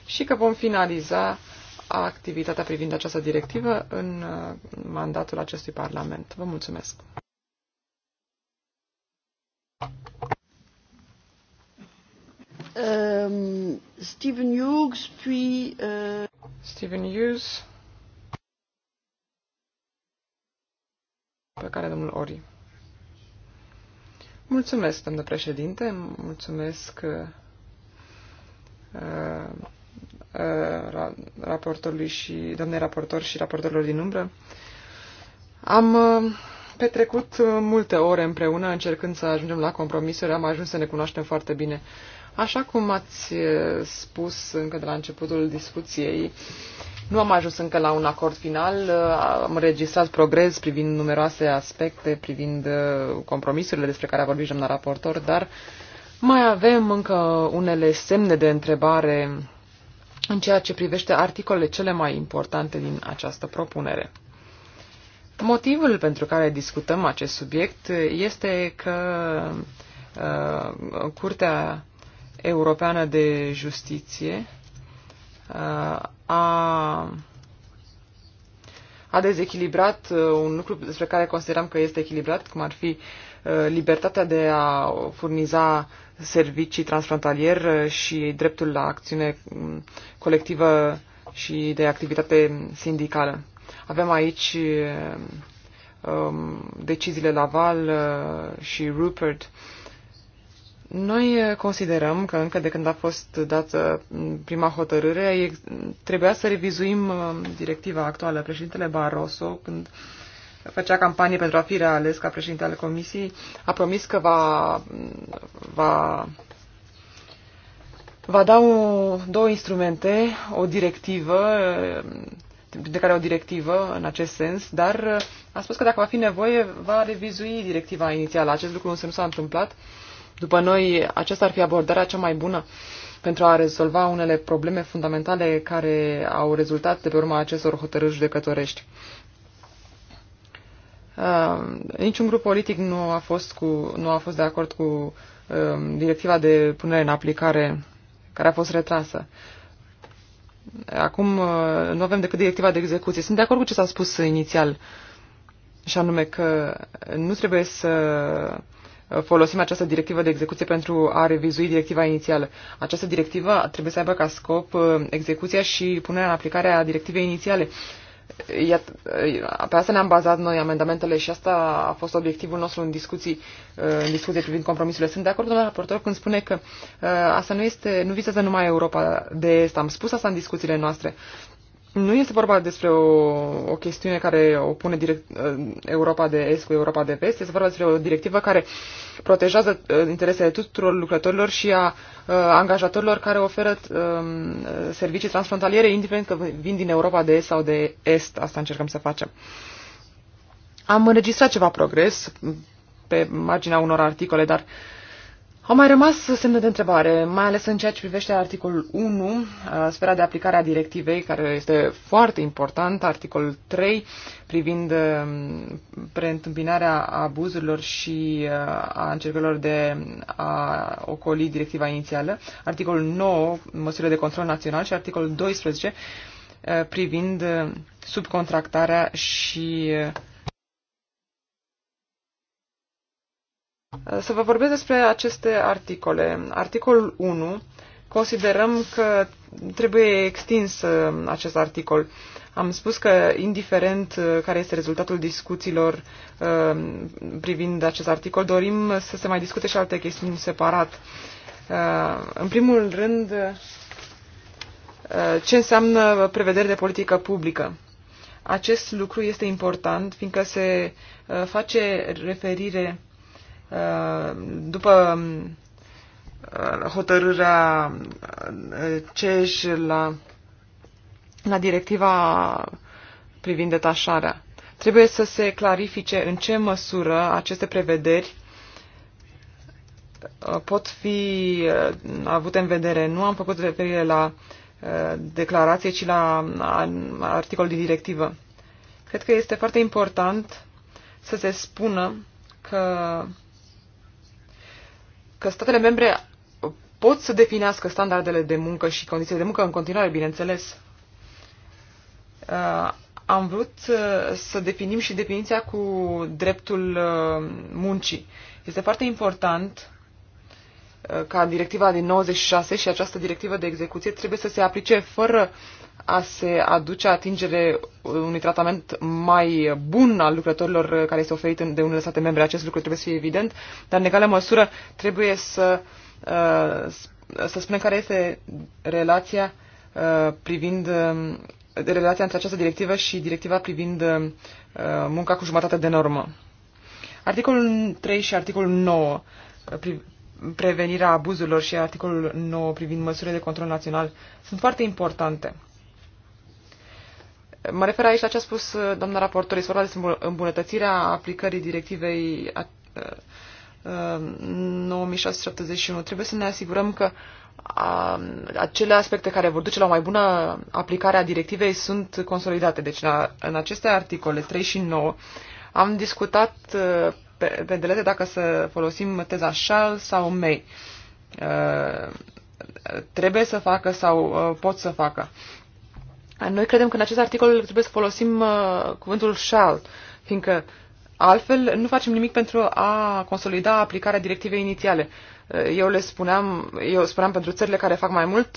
și că vom finaliza activitatea privind această directivă în uh, mandatul acestui Parlament. Vă mulțumesc! Um, Stephen Hughes, puis... Uh... Stephen Hughes pe care domnul Ori. Mulțumesc, domnule președinte, mulțumesc uh, uh, raportorului și doamnei raportor și raportorilor din umbră. Am uh, petrecut uh, multe ore împreună încercând să ajungem la compromisuri, am ajuns să ne cunoaștem foarte bine. Așa cum ați uh, spus încă de la începutul discuției, uh, nu am ajuns încă la un acord final, uh, am înregistrat progres privind numeroase aspecte, privind uh, compromisurile despre care a vorbit doamna raportor, dar mai avem încă unele semne de întrebare în ceea ce privește articolele cele mai importante din această propunere. Motivul pentru care discutăm acest subiect este că uh, Curtea Europeană de Justiție uh, a, a dezechilibrat uh, un lucru despre care consideram că este echilibrat, cum ar fi uh, libertatea de a furniza servicii transfrontalier uh, și dreptul la acțiune um, colectivă și de activitate sindicală. Avem aici um, um deciziile Laval și Rupert uh, noi eh, considerăm că încă de când a fost dată mm, prima hotărâre, trebuia să revizuim mm, directiva actuală. Președintele Barroso, când făcea campanie pentru a fi reales ca președinte al Comisiei, a promis că va, mm, va, va da o, două instrumente, o directivă de care o directivă în acest sens, dar a spus că dacă va fi nevoie, va revizui directiva inițială. Acest lucru însă nu s-a întâmplat. Uh, după noi, aceasta ar fi abordarea cea mai bună pentru a rezolva unele probleme fundamentale care au rezultat de pe urma acestor hotărâri judecătorești. Uh, niciun grup politic nu a fost, cu, nu a fost de acord cu uh, directiva de punere în aplicare care a fost retrasă. Acum uh, nu avem decât directiva de execuție. Sunt de acord cu ce s-a spus inițial, și anume că nu trebuie să folosim această directivă de execuție pentru a revizui directiva inițială. Această directivă trebuie să aibă ca scop uh, execuția și punerea în aplicare a directivei inițiale. Uh, pe asta ne-am bazat noi amendamentele și asta a fost obiectivul nostru în discuții, uh, în discuții privind compromisurile. Sunt de acord cu raportor când spune că asta nu, este, nu visează numai Europa de Est. Am spus asta în discuțiile noastre nu este vorba despre o, o chestiune care o pune direct, uh, Europa de Est cu Europa de Vest, este vorba despre o directivă care protejează uh, interesele tuturor lucrătorilor și a, a uh, angajatorilor care oferă a, um, servicii transfrontaliere, indiferent că vin din Europa de Est sau de Est. Asta încercăm să facem. Am înregistrat ceva progres pe marginea unor articole, dar uh, au mai rămas semne de întrebare, mai ales în ceea ce privește articolul 1, uh, sfera de aplicare a directivei, care este foarte important, articolul 3, privind um, preîntâmpinarea abuzurilor și uh, a încercărilor de a ocoli directiva inițială, articolul 9, măsurile de control național și articolul 12, uh, privind subcontractarea și Să vă vorbesc despre aceste articole. Articolul 1, considerăm că trebuie extins uh, acest articol. Am spus că, indiferent uh, care este rezultatul discuțiilor uh, privind acest articol, dorim să se mai discute și alte chestiuni separat. În primul rând, ce înseamnă prevederi de politică publică? Acest lucru este important, fiindcă se face referire după uh, hotărârea uh, CEJ la, la directiva privind detașarea. Trebuie să se clarifice în ce măsură aceste prevederi uh, pot fi avute în vedere. Nu am făcut referire la declarație, ci la articolul din directivă. Cred că este foarte important să se spună că că statele membre pot să definească standardele de muncă și condițiile de muncă în continuare, bineînțeles. Uh, am vrut uh, să definim și definiția cu dreptul uh, muncii. Este foarte important uh, ca directiva din 96 și această directivă de execuție trebuie să se aplice fără a se aduce atingere unui tratament mai bun al lucrătorilor care este oferit de unele state membre. Acest lucru trebuie să fie evident, dar în egală măsură trebuie să, uh, să spunem care este relația uh, privind uh, relația între această directivă și directiva privind munca cu jumătate de normă. Articolul 3 și articolul 9 prevenirea abuzurilor și articolul 9 privind măsurile de control național sunt foarte importante. Mă refer aici la ce a spus uh, doamna raportor. Este vorba despre îmbunătățirea aplicării directivei 9671. Uh, uh, trebuie să ne asigurăm că um, acele aspecte care vor duce la o mai bună aplicare a directivei sunt consolidate. Deci, la, în aceste articole 3 și 9 am discutat pe, pe delete dacă să folosim teza shall sau may. Uh, trebuie să facă sau uh, pot să facă. Noi credem că în acest articol trebuie să folosim uh, cuvântul shall, fiindcă altfel nu facem nimic pentru a consolida aplicarea directivei inițiale. Uh, eu le spuneam, eu spuneam pentru țările care fac mai mult,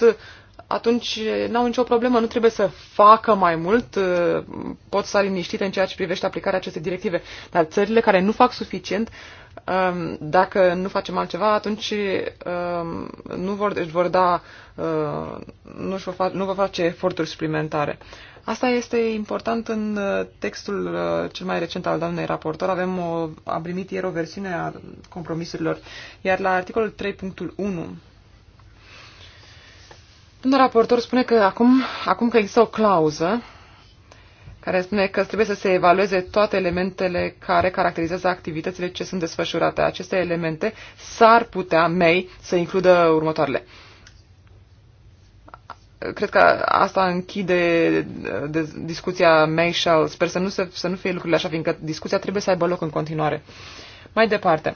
atunci n-au nicio problemă, nu trebuie să facă mai mult, uh, pot să liniștite în ceea ce privește aplicarea acestei directive. Dar țările care nu fac suficient, um, dacă nu facem altceva, atunci um, nu vor, deci da, uh, își vor da, nu, vor face, nu vor face eforturi suplimentare. Asta este important în uh, textul cel mai recent al doamnei raportor. Avem o, am primit ieri o versiune a compromisurilor, iar la articolul 3.1 Domnul raportor spune că acum, acum că există o clauză care spune că trebuie să se evalueze toate elementele care caracterizează activitățile ce sunt desfășurate. Aceste elemente s-ar putea, mei, să includă următoarele. Cred că asta închide discuția mei și Sper să nu, se, să nu fie lucrurile așa, fiindcă discuția trebuie să aibă loc în continuare. Mai departe,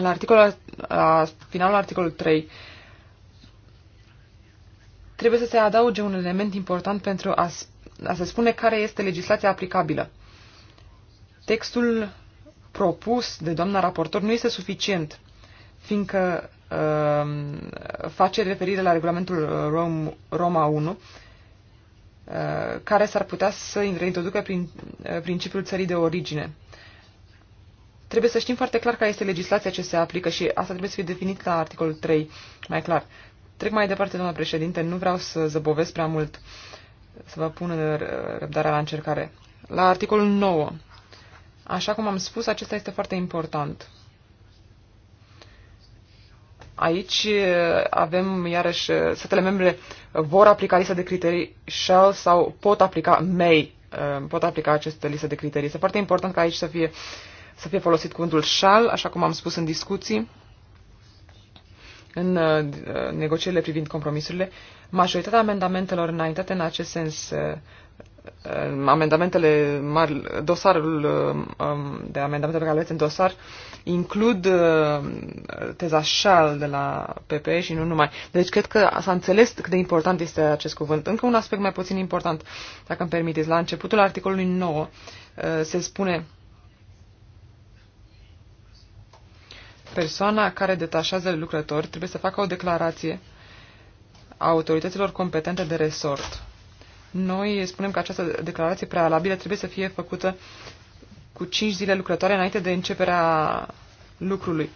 la, articolul, la finalul articolului 3, trebuie să se adauge un element important pentru a, a se spune care este legislația aplicabilă. Textul propus de doamna raportor nu este suficient, fiindcă uh, face referire la regulamentul Rom, Roma 1, uh, care s-ar putea să reintroducă prin, uh, principiul țării de origine. Trebuie să știm foarte clar care este legislația ce se aplică și asta trebuie să fie definit la articolul 3 mai clar. Trec mai departe, doamna președinte, nu vreau să zăbovesc prea mult, să vă pun răbdarea la încercare. La articolul 9, așa cum am spus, acesta este foarte important. Aici avem iarăși statele membre vor aplica lista de criterii shall sau pot aplica may, pot aplica această listă de criterii. Este foarte important ca aici să fie, să fie folosit cuvântul shall, așa cum am spus în discuții în uh, uh, negocierile privind compromisurile, majoritatea amendamentelor înaintate în acest sens, uh, amendamentele mari, dosarul um, de amendamente pe care le aveți în dosar, includ teza șal de la PPE și nu numai. Deci cred că s-a înțeles cât de important este acest cuvânt. Încă un aspect mai puțin important, dacă îmi permiteți. La începutul articolului 9 se spune persoana care detașează lucrători trebuie să facă o declarație a autorităților competente de resort. Noi spunem că această declarație prealabilă trebuie să fie făcută cu 5 zile lucrătoare înainte de începerea lucrului.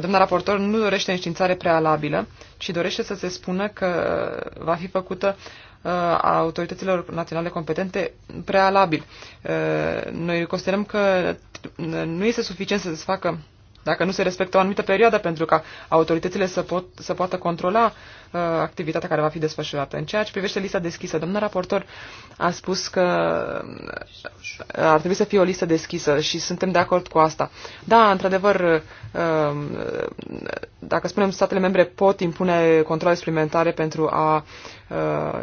Domnul raportor nu dorește înștiințare prealabilă, ci dorește să se spună că va fi făcută uh, a autorităților naționale competente prealabil. Uh, noi considerăm că nu este suficient să se facă dacă nu se respectă o anumită perioadă pentru ca autoritățile să, pot, să poată controla Uh, activitatea care va fi desfășurată. În ceea ce privește lista deschisă, domnul raportor a spus că uh, ar trebui să fie o listă deschisă și suntem de acord cu asta. Da, într-adevăr, uh, dacă spunem statele membre pot impune controle suplimentare pentru a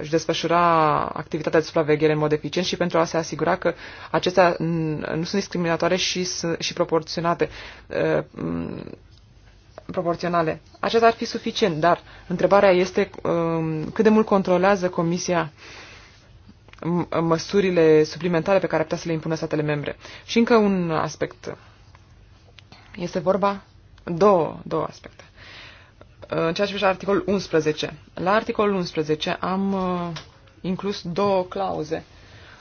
își desfășura activitatea de supraveghere în mod eficient și pentru a se asigura că acestea nu sunt discriminatoare și, și proporționate proporționale. Acesta ar fi suficient, dar întrebarea este um, cât de mult controlează Comisia măsurile suplimentare pe care ar putea să le impună statele membre. Și încă un aspect. Este vorba două, două aspecte. În ceea ce privește articolul 11. La articolul 11 am uh, inclus două clauze.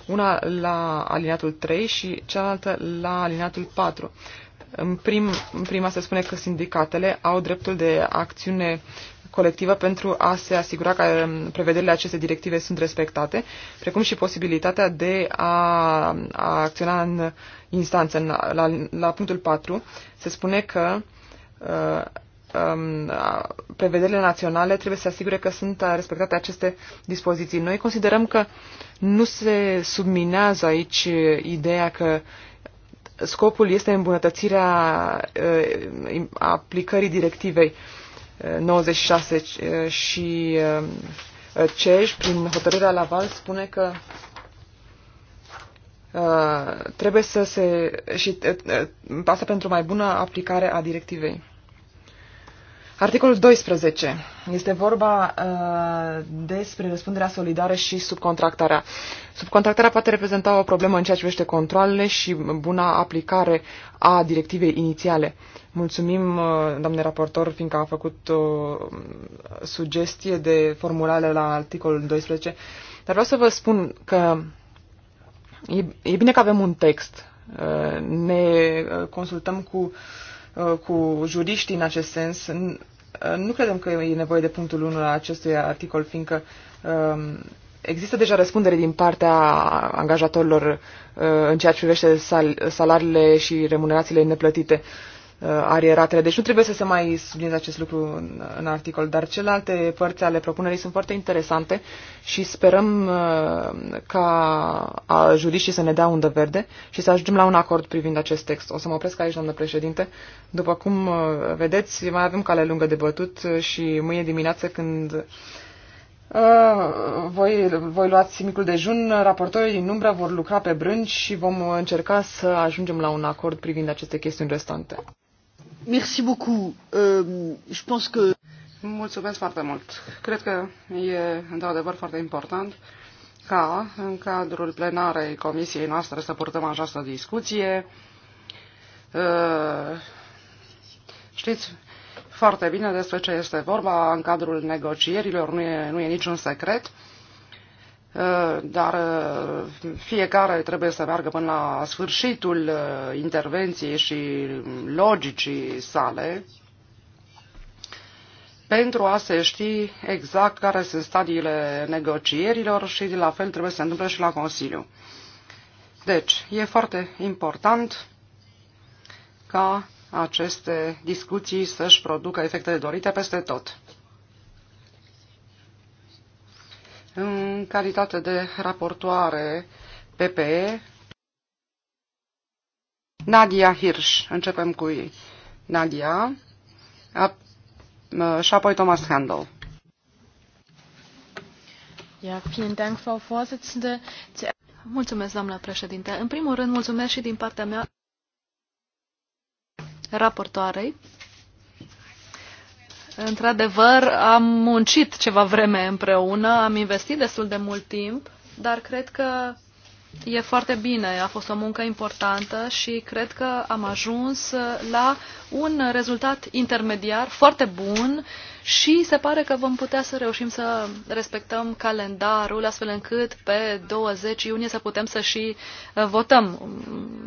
Una la alineatul 3 și cealaltă la alineatul 4. În, prim, în prima se spune că sindicatele au dreptul de acțiune colectivă pentru a se asigura că um, prevederile acestei directive sunt respectate, precum și posibilitatea de a, a acționa în instanță. În, la, la punctul 4 se spune că uh, um, prevederile naționale trebuie să asigure că sunt uh, respectate aceste dispoziții. Noi considerăm că nu se subminează aici ideea că scopul este îmbunătățirea uh, aplicării directivei 96 uh, și uh, CEJ, prin hotărârea Laval, spune că trebuie să se... și pasă pentru mai bună aplicare a directivei. Articolul 12. Este vorba uh, despre răspunderea solidară și subcontractarea. Subcontractarea poate reprezenta o problemă în ceea ce privește controlele și buna aplicare a directivei inițiale. Mulțumim, uh, doamne raportor, fiindcă a făcut o um, sugestie de formulare la articolul 12. Dar vreau să vă spun că e, e bine că avem un text. Uh, ne uh, consultăm cu uh, Uh, cu juriștii în acest sens. Uh, nu credem că e nevoie de punctul 1 la acestui articol, fiindcă um, există deja răspundere din partea angajatorilor uh, în ceea ce privește salariile și remunerațiile neplătite. Uh, arieratele. Deci nu trebuie să se mai sublinieze acest lucru în, în articol, dar celelalte părți ale propunerii sunt foarte interesante și sperăm uh, ca a, juriștii să ne dea undă verde și să ajungem la un acord privind acest text. O să mă opresc aici, doamnă președinte. După cum uh, vedeți, mai avem cale lungă de bătut uh, și mâine dimineață când Uh, voi, voi luați micul dejun, raportorii din umbră vor lucra pe brânci și vom încerca să ajungem la un acord privind aceste chestiuni restante. Euh, Mulțumesc foarte mult. Cred că e, într-adevăr, foarte important ca, în cadrul plenarei comisiei noastre, să purtăm această discuție. Uh, știți foarte bine despre ce este vorba în cadrul negocierilor, nu e, nu e niciun secret. Uh, dar uh, fiecare trebuie să meargă până la sfârșitul uh, intervenției și logicii sale pentru a se ști exact care sunt stadiile negocierilor și de la fel trebuie să se întâmple și la Consiliu. Deci, e foarte important ca aceste discuții să-și producă efectele dorite peste tot. În calitate de raportoare PPE, Nadia Hirsch. Începem cu Nadia a, și apoi Thomas Handel. Ja, vielen Dank, Frau Vorsitzende. Mulțumesc, doamnă președinte. În primul rând, mulțumesc și din partea mea raportoarei Într-adevăr, am muncit ceva vreme împreună, am investit destul de mult timp, dar cred că e foarte bine. A fost o muncă importantă și cred că am ajuns la un rezultat intermediar foarte bun și se pare că vom putea să reușim să respectăm calendarul astfel încât pe 20 iunie să putem să și uh, votăm.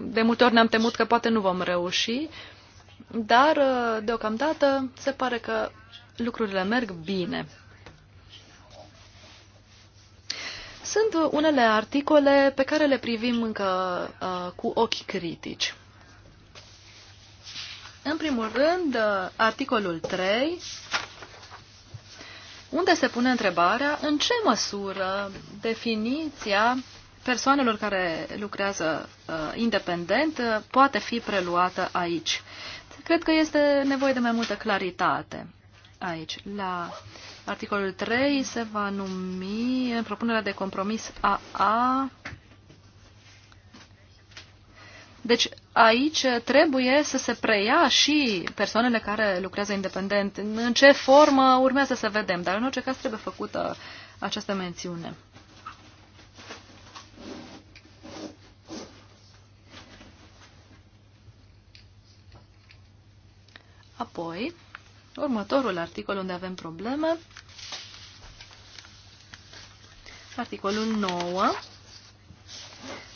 De multe ori ne-am temut că poate nu vom reuși, dar uh, deocamdată se pare că lucrurile merg bine. Sunt uh, unele articole pe care le privim încă uh, cu ochi critici. În primul rând, uh, articolul 3, unde se pune întrebarea în ce măsură definiția persoanelor care lucrează uh, independent uh, poate fi preluată aici. Cred că este nevoie de mai multă claritate aici. La articolul 3 se va numi propunerea de compromis AA. Deci aici trebuie să se preia și persoanele care lucrează independent. În ce formă urmează să vedem, dar în orice caz trebuie făcută această mențiune. Apoi, Următorul articol unde avem probleme, articolul 9,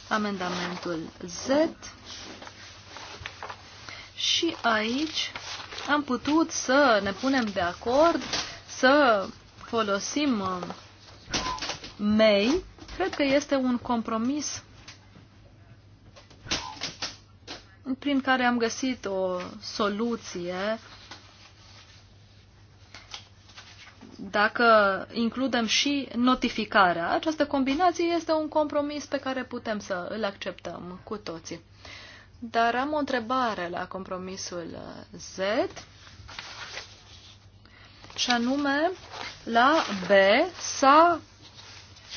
amendamentul Z și aici am putut să ne punem de acord să folosim uh, mei. Cred că este un compromis prin care am găsit o soluție dacă includem și notificarea, această combinație este un compromis pe care putem să îl acceptăm cu toții. Dar am o întrebare la compromisul Z și anume la B s-a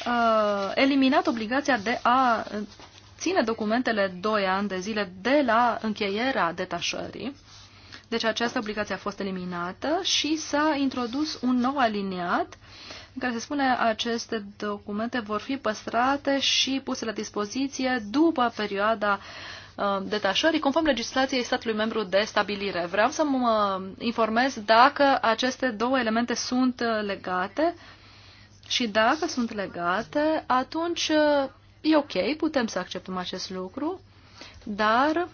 uh, eliminat obligația de a ține documentele 2 ani de zile de la încheierea detașării deci această obligație a fost eliminată și s-a introdus un nou aliniat în care se spune aceste documente vor fi păstrate și puse la dispoziție după perioada uh, detașării, conform legislației statului membru de stabilire. Vreau să mă informez dacă aceste două elemente sunt uh, legate și dacă sunt legate, atunci uh, e ok, putem să acceptăm acest lucru, dar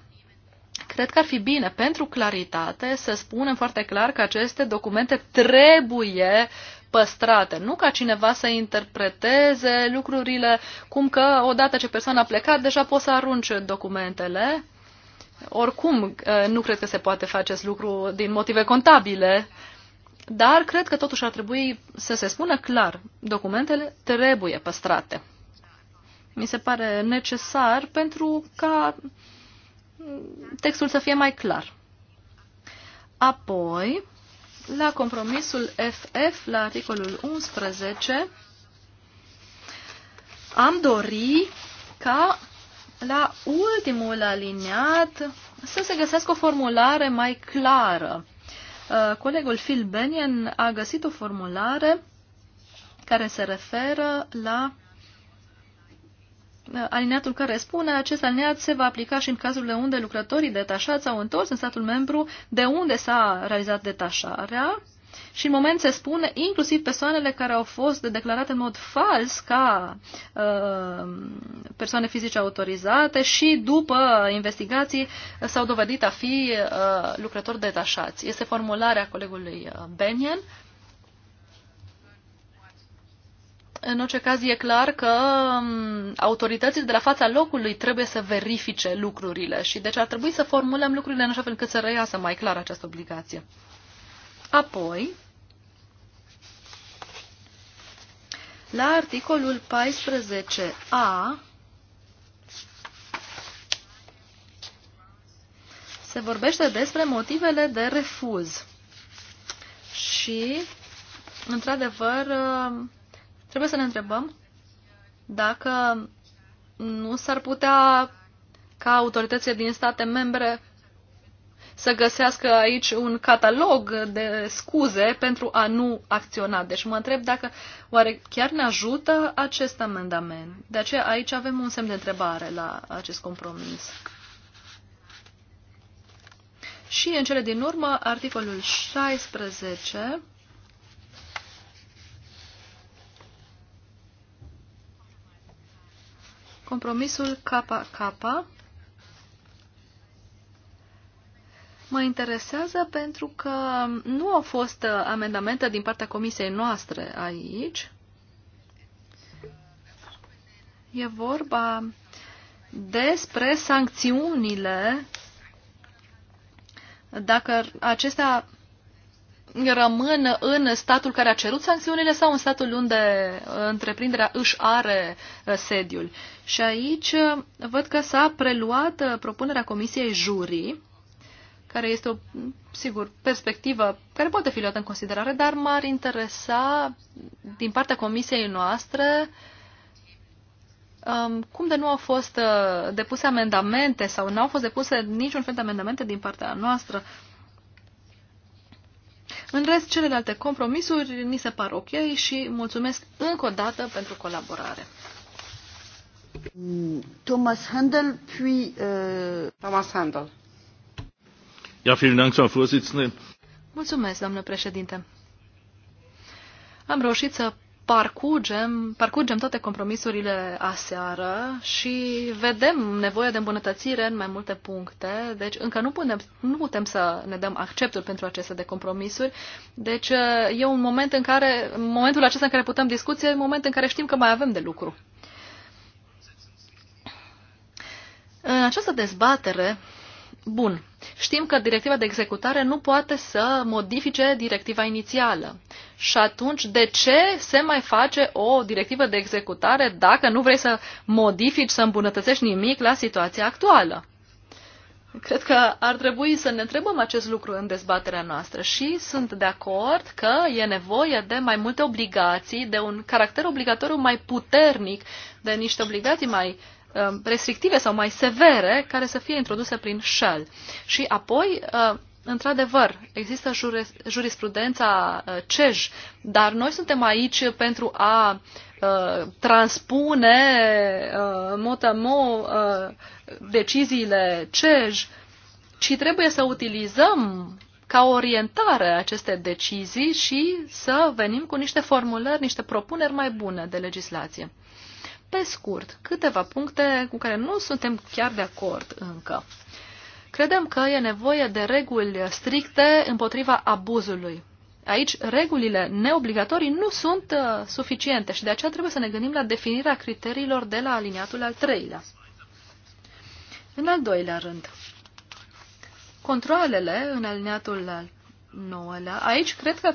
Cred că ar fi bine pentru claritate să spunem foarte clar că aceste documente trebuie păstrate, nu ca cineva să interpreteze lucrurile cum că odată ce persoana a plecat deja poți să arunci documentele. Oricum, ă, nu cred că se poate face acest lucru din motive contabile, dar cred că totuși ar trebui să se spună clar, documentele trebuie păstrate. Mi se pare necesar pentru ca textul să fie mai clar. Apoi, la compromisul FF, la articolul 11, am dori ca la ultimul aliniat să se găsească o formulare mai clară. Uh, colegul Phil Benyon a găsit o formulare care se referă la alineatul care spune acest alineat se va aplica și în cazurile unde lucrătorii detașați au întors în statul membru de unde s-a realizat detașarea și în moment se spune inclusiv persoanele care au fost declarate în mod fals ca uh, persoane fizice autorizate și după investigații s-au dovedit a fi uh, lucrători detașați. Este formularea colegului uh, Benien În orice caz, e clar că um, autoritățile de la fața locului trebuie să verifice lucrurile și deci ar trebui să formulăm lucrurile în așa fel încât să reiasă mai clar această obligație. Apoi, la articolul 14a se vorbește despre motivele de refuz. Și, într-adevăr, um, Trebuie să ne întrebăm dacă nu s-ar putea ca autoritățile din state membre să găsească aici un catalog de scuze pentru a nu acționa. Deci mă întreb dacă oare chiar ne ajută acest amendament. De aceea aici avem un semn de întrebare la acest compromis. Și în cele din urmă, articolul 16 Compromisul KK mă interesează pentru că nu au fost uh, amendamente din partea comisiei noastre aici. E vorba despre sancțiunile dacă acestea rămân în statul care a cerut sancțiunile sau în statul unde întreprinderea își are uh, sediul. Și aici uh, văd că s-a preluat uh, propunerea Comisiei Jurii, care este o, sigur, perspectivă care poate fi luată în considerare, dar m-ar interesa din partea Comisiei noastre um, cum de nu au fost uh, depuse amendamente sau nu au fost depuse niciun fel de amendamente din partea noastră. În rest, celelalte compromisuri ni se par ok și mulțumesc încă o dată pentru colaborare. Thomas Handel, puis... Uh... Thomas Handel. Ja, vielen Dank, Frau Vorsitzende. Mulțumesc, doamnă președinte. Am reușit să parcurgem, parcurgem toate compromisurile aseară și vedem nevoia de îmbunătățire în mai multe puncte. Deci încă nu putem, nu putem să ne dăm acceptul pentru aceste de compromisuri. Deci e un moment în care, momentul acesta în care putem discuție, e un moment în care știm că mai avem de lucru. În această dezbatere, bun, știm că directiva de executare nu poate să modifice directiva inițială. Și atunci, de ce se mai face o directivă de executare dacă nu vrei să modifici, să îmbunătățești nimic la situația actuală? Cred că ar trebui să ne întrebăm acest lucru în dezbaterea noastră și sunt de acord că e nevoie de mai multe obligații, de un caracter obligatoriu mai puternic, de niște obligații mai Um, restrictive sau mai severe care să fie introduse prin Shell. Și apoi, uh, într-adevăr, există jurisprudența uh, CEJ, dar noi suntem aici pentru a uh, transpune motamo deciziile CEJ, ci trebuie să utilizăm ca orientare aceste decizii și să venim cu niște formulări, niște propuneri mai bune de legislație pe scurt, câteva puncte cu care nu suntem chiar de acord încă. Credem că e nevoie de reguli stricte împotriva abuzului. Aici regulile neobligatorii nu sunt uh, suficiente și de aceea trebuie să ne gândim la definirea criteriilor de la aliniatul al treilea. În al doilea rând, controlele în aliniatul al nouălea, aici cred că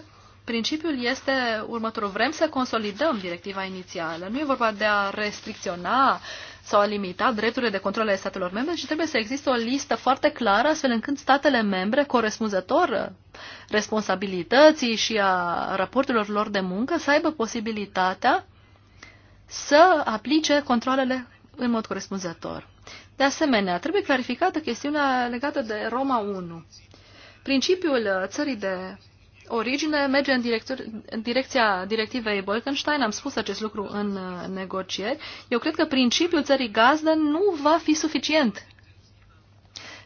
Principiul este următorul. Vrem să consolidăm directiva inițială. Nu e vorba de a restricționa sau a limita drepturile de control ale statelor membre, ci trebuie să existe o listă foarte clară, astfel încât statele membre, corespunzător responsabilității și a raporturilor lor de muncă, să aibă posibilitatea să aplice controlele în mod corespunzător. De asemenea, trebuie clarificată chestiunea legată de Roma 1. Principiul țării de origine merge în, director, în direcția directivei Bolkenstein, am spus acest lucru în uh, negocieri. Eu cred că principiul țării gazdă nu va fi suficient.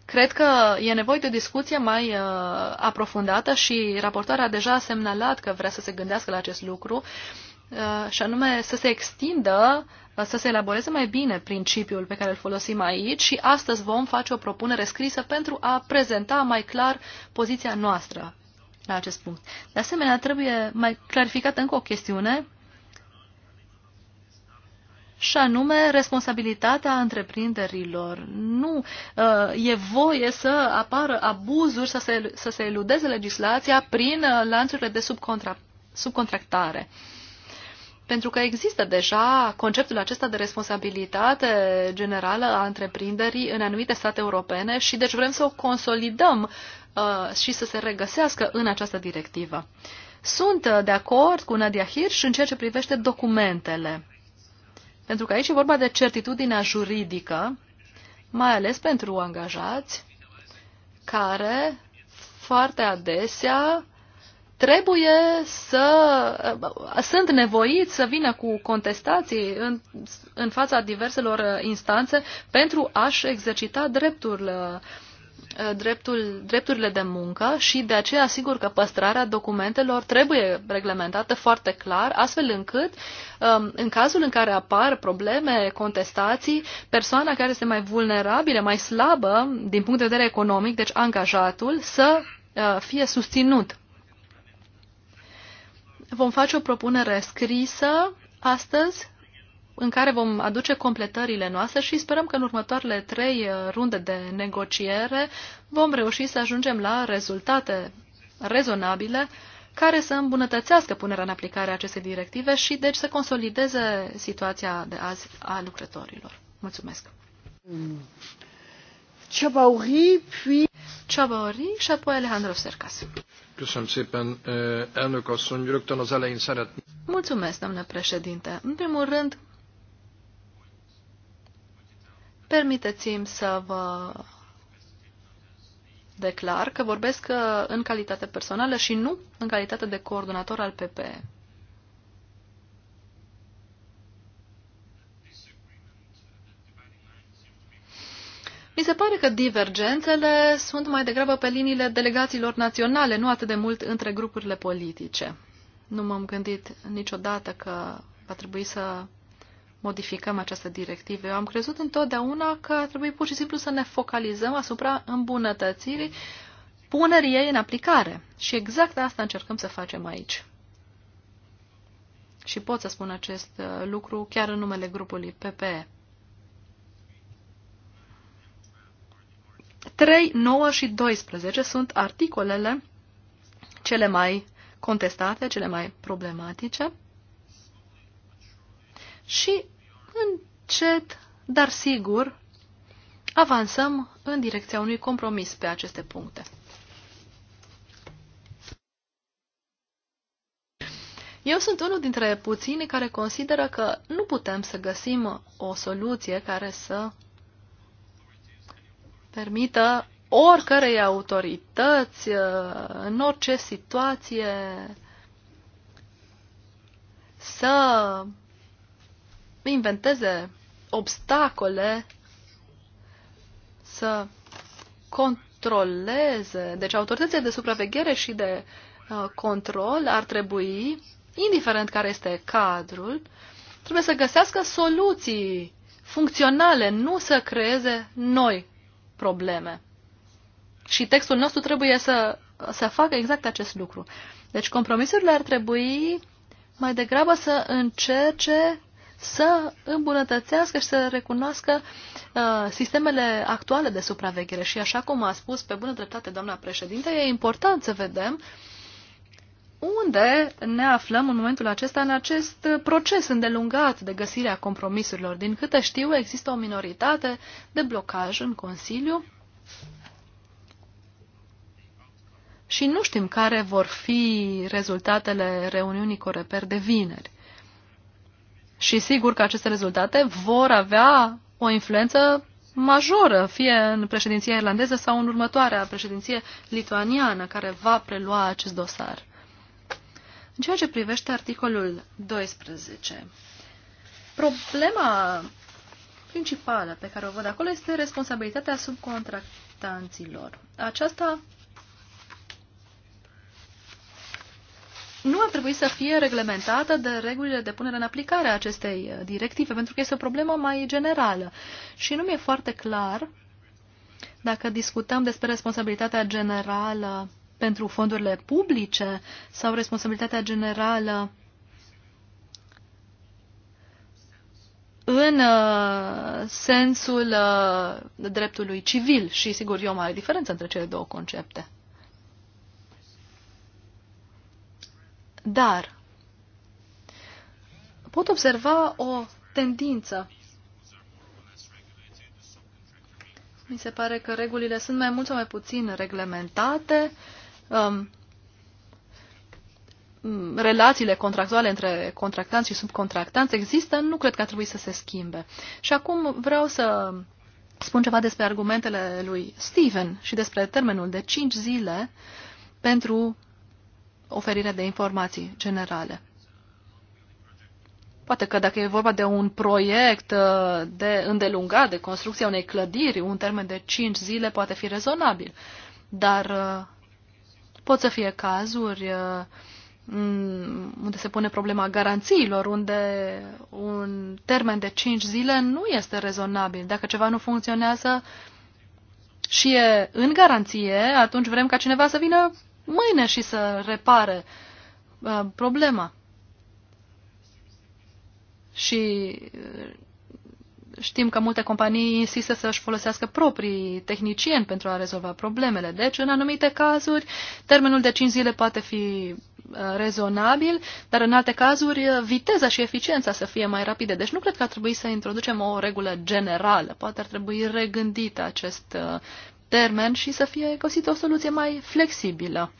Cred că e nevoie de o discuție mai uh, aprofundată și raportoarea deja a semnalat că vrea să se gândească la acest lucru uh, și anume să se extindă, uh, să se elaboreze mai bine principiul pe care îl folosim aici și astăzi vom face o propunere scrisă pentru a prezenta mai clar poziția noastră la acest punct. De asemenea, trebuie mai clarificată încă o chestiune și anume responsabilitatea întreprinderilor. Nu uh, e voie să apară abuzuri, să se, să se eludeze legislația prin uh, lanțurile de subcontra, subcontractare. Pentru că există deja conceptul acesta de responsabilitate generală a întreprinderii în anumite state europene și deci vrem să o consolidăm uh, Uh, și să se regăsească în această directivă. Sunt uh, de acord cu Nadia Hirsch în ceea ce privește documentele. Pentru că aici e vorba de certitudinea juridică, mai ales pentru angajați care foarte adesea trebuie să uh, sunt nevoiți să vină cu contestații în, în fața diverselor instanțe pentru a-și exercita dreptul Uh, dreptul, drepturile de muncă și de aceea asigur că păstrarea documentelor trebuie reglementată foarte clar, astfel încât um, în cazul în care apar probleme, contestații, persoana care este mai vulnerabilă, mai slabă din punct de vedere economic, deci angajatul, să uh, fie susținut. Vom face o propunere scrisă astăzi în care vom aduce completările noastre și sperăm că în următoarele trei uh, runde de negociere vom reuși să ajungem la rezultate rezonabile care să îmbunătățească punerea în aplicare a acestei directive și deci să consolideze situația de azi a lucrătorilor. Mulțumesc! Ciabauri, puis... Ciabauri și apoi Alejandro Sercas. Eh, Mulțumesc, domnule președinte. În primul rând, Permiteți-mi să vă declar că vorbesc uh, în calitate personală și nu în calitate de coordonator al PPE. Mi se pare că divergențele sunt mai degrabă pe liniile delegațiilor naționale, nu atât de mult între grupurile politice. Nu m-am gândit niciodată că va trebui să modificăm această directivă. Eu am crezut întotdeauna că ar trebui pur și simplu să ne focalizăm asupra îmbunătățirii punerii ei în aplicare. Și exact asta încercăm să facem aici. Și pot să spun acest uh, lucru chiar în numele grupului PPE. 3, 9 și 12 sunt articolele cele mai contestate, cele mai problematice. Și încet, dar sigur, avansăm în direcția unui compromis pe aceste puncte. Eu sunt unul dintre puținii care consideră că nu putem să găsim o soluție care să permită oricărei autorități, uh, în orice situație, să inventeze obstacole, să controleze. Deci autoritățile de supraveghere și de uh, control ar trebui, indiferent care este cadrul, trebuie să găsească soluții funcționale, nu să creeze noi probleme. Și textul nostru trebuie să, să facă exact acest lucru. Deci compromisurile ar trebui mai degrabă să încerce să îmbunătățească și să recunoască uh, sistemele actuale de supraveghere. Și așa cum a spus pe bună dreptate doamna președinte, e important să vedem unde ne aflăm în momentul acesta în acest proces îndelungat de găsirea compromisurilor. Din câte știu, există o minoritate de blocaj în Consiliu și nu știm care vor fi rezultatele reuniunii Coreper de vineri. Și sigur că aceste rezultate vor avea o influență majoră, fie în președinția irlandeză sau în următoarea președinție lituaniană care va prelua acest dosar. În ceea ce privește articolul 12, problema principală pe care o văd acolo este responsabilitatea subcontractanților. Aceasta nu ar trebui să fie reglementată de regulile de punere în aplicare a acestei uh, directive, pentru că este o problemă mai generală. Și nu mi-e foarte clar dacă discutăm despre responsabilitatea generală pentru fondurile publice sau responsabilitatea generală în uh, sensul uh, dreptului civil. Și, sigur, e o mare diferență între cele două concepte. Dar pot observa o tendință. Mi se pare că regulile sunt mai mult sau mai puțin reglementate. Um, relațiile contractuale între contractanți și subcontractanți există, nu cred că ar trebui să se schimbe. Și acum vreau să spun ceva despre argumentele lui Steven și despre termenul de 5 zile pentru oferirea de informații generale. Poate că dacă e vorba de un proiect uh, de îndelungat, de construcția unei clădiri, un termen de 5 zile poate fi rezonabil. Dar uh, pot să fie cazuri uh, unde se pune problema garanțiilor, unde un termen de 5 zile nu este rezonabil. Dacă ceva nu funcționează și e în garanție, atunci vrem ca cineva să vină mâine și să repare uh, problema. Și uh, știm că multe companii insistă să-și folosească proprii tehnicieni pentru a rezolva problemele. Deci, în anumite cazuri, termenul de 5 zile poate fi uh, rezonabil, dar în alte cazuri viteza și eficiența să fie mai rapide. Deci nu cred că ar trebui să introducem o regulă generală. Poate ar trebui regândită acest termen și să fie găsită o soluție mai flexibilă.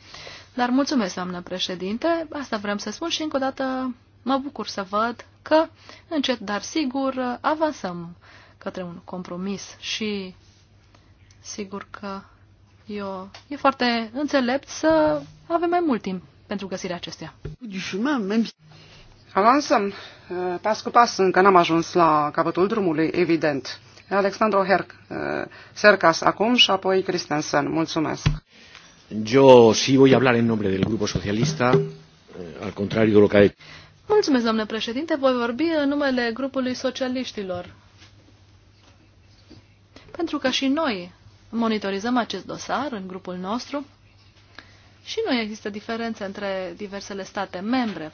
Dar mulțumesc, doamnă președinte, asta vrem să spun și încă o dată mă bucur să văd că, încet dar sigur, avansăm către un compromis și sigur că eu, e foarte înțelept să avem mai mult timp pentru găsirea acesteia. Avansăm pas cu pas, încă n-am ajuns la capătul drumului, evident. Alexandru Herc, uh, Sercas acum și apoi Christensen. Mulțumesc. Yo sí voy a hablar en nombre del Grupo Socialista, eh, al contrario de lo que ha hecho. Mulțumesc, domnule președinte. Voi vorbi în numele grupului socialiștilor. Pentru că și noi monitorizăm acest dosar în grupul nostru și nu există diferențe între diversele state membre.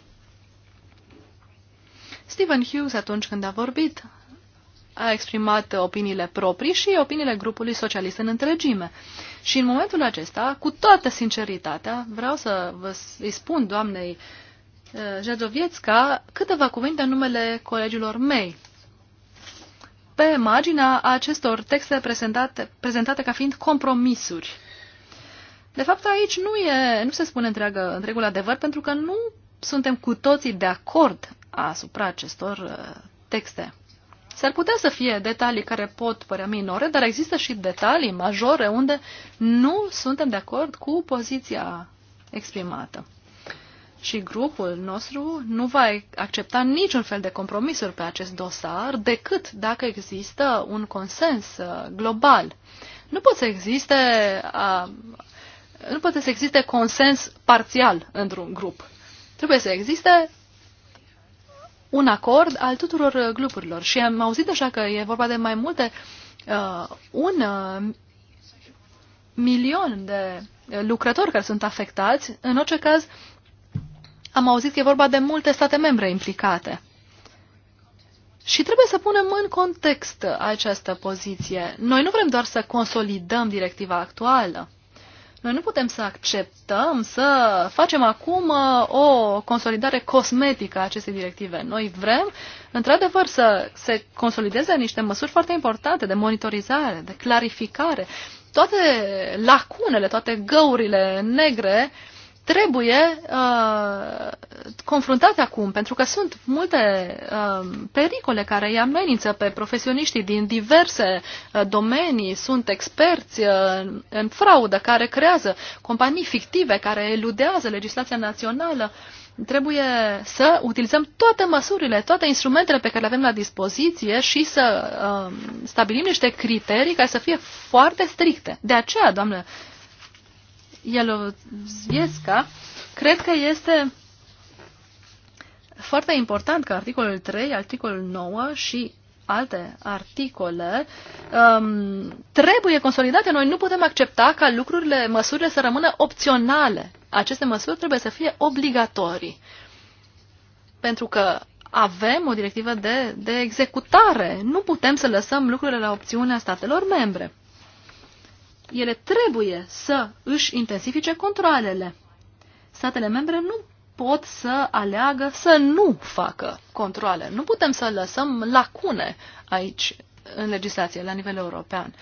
Stephen Hughes, atunci când a vorbit, a exprimat opiniile proprii și opiniile grupului socialist în întregime. Și în momentul acesta, cu toată sinceritatea, vreau să vă îi spun doamnei uh, Jadovietska câteva cuvinte în numele colegilor mei. Pe marginea acestor texte prezentate, prezentate ca fiind compromisuri. De fapt, aici nu, e, nu se spune întreagă, întregul adevăr, pentru că nu suntem cu toții de acord asupra acestor uh, texte. S-ar putea să fie detalii care pot părea minore, dar există și detalii majore unde nu suntem de acord cu poziția exprimată. Și grupul nostru nu va accepta niciun fel de compromisuri pe acest dosar decât dacă există un consens uh, global. Nu poate să existe, a, uh, nu poate să existe consens parțial într-un grup. Trebuie să existe un acord al tuturor uh, grupurilor. Și am auzit așa că e vorba de mai multe, uh, un uh, milion de uh, lucrători care sunt afectați. În orice caz, am auzit că e vorba de multe state membre implicate. Și trebuie să punem în context această poziție. Noi nu vrem doar să consolidăm directiva actuală. Noi nu putem să acceptăm să facem acum uh, o consolidare cosmetică a acestei directive. Noi vrem, într-adevăr, să se consolideze niște măsuri foarte importante de monitorizare, de clarificare. Toate lacunele, toate găurile negre uh, trebuie uh, confruntați acum, pentru că sunt multe uh, pericole care îi amenință pe profesioniștii din diverse uh, domenii. Sunt experți uh, în fraudă care creează companii fictive care eludează legislația națională. Trebuie să utilizăm toate măsurile, toate instrumentele pe care le avem la dispoziție și să uh, stabilim niște criterii care să fie foarte stricte. De aceea, doamnă Ielovzviesca, cred că este foarte important că articolul 3, articolul 9 și alte articole um, trebuie consolidate. Noi nu putem accepta ca lucrurile, măsurile să rămână opționale. Aceste măsuri trebuie să fie obligatorii. Pentru că avem o directivă de, de executare. Nu putem să lăsăm lucrurile la opțiunea statelor membre ele trebuie să își intensifice controlele. Statele membre nu pot să aleagă să nu facă controle. Nu putem să lăsăm lacune aici în legislație la nivel european.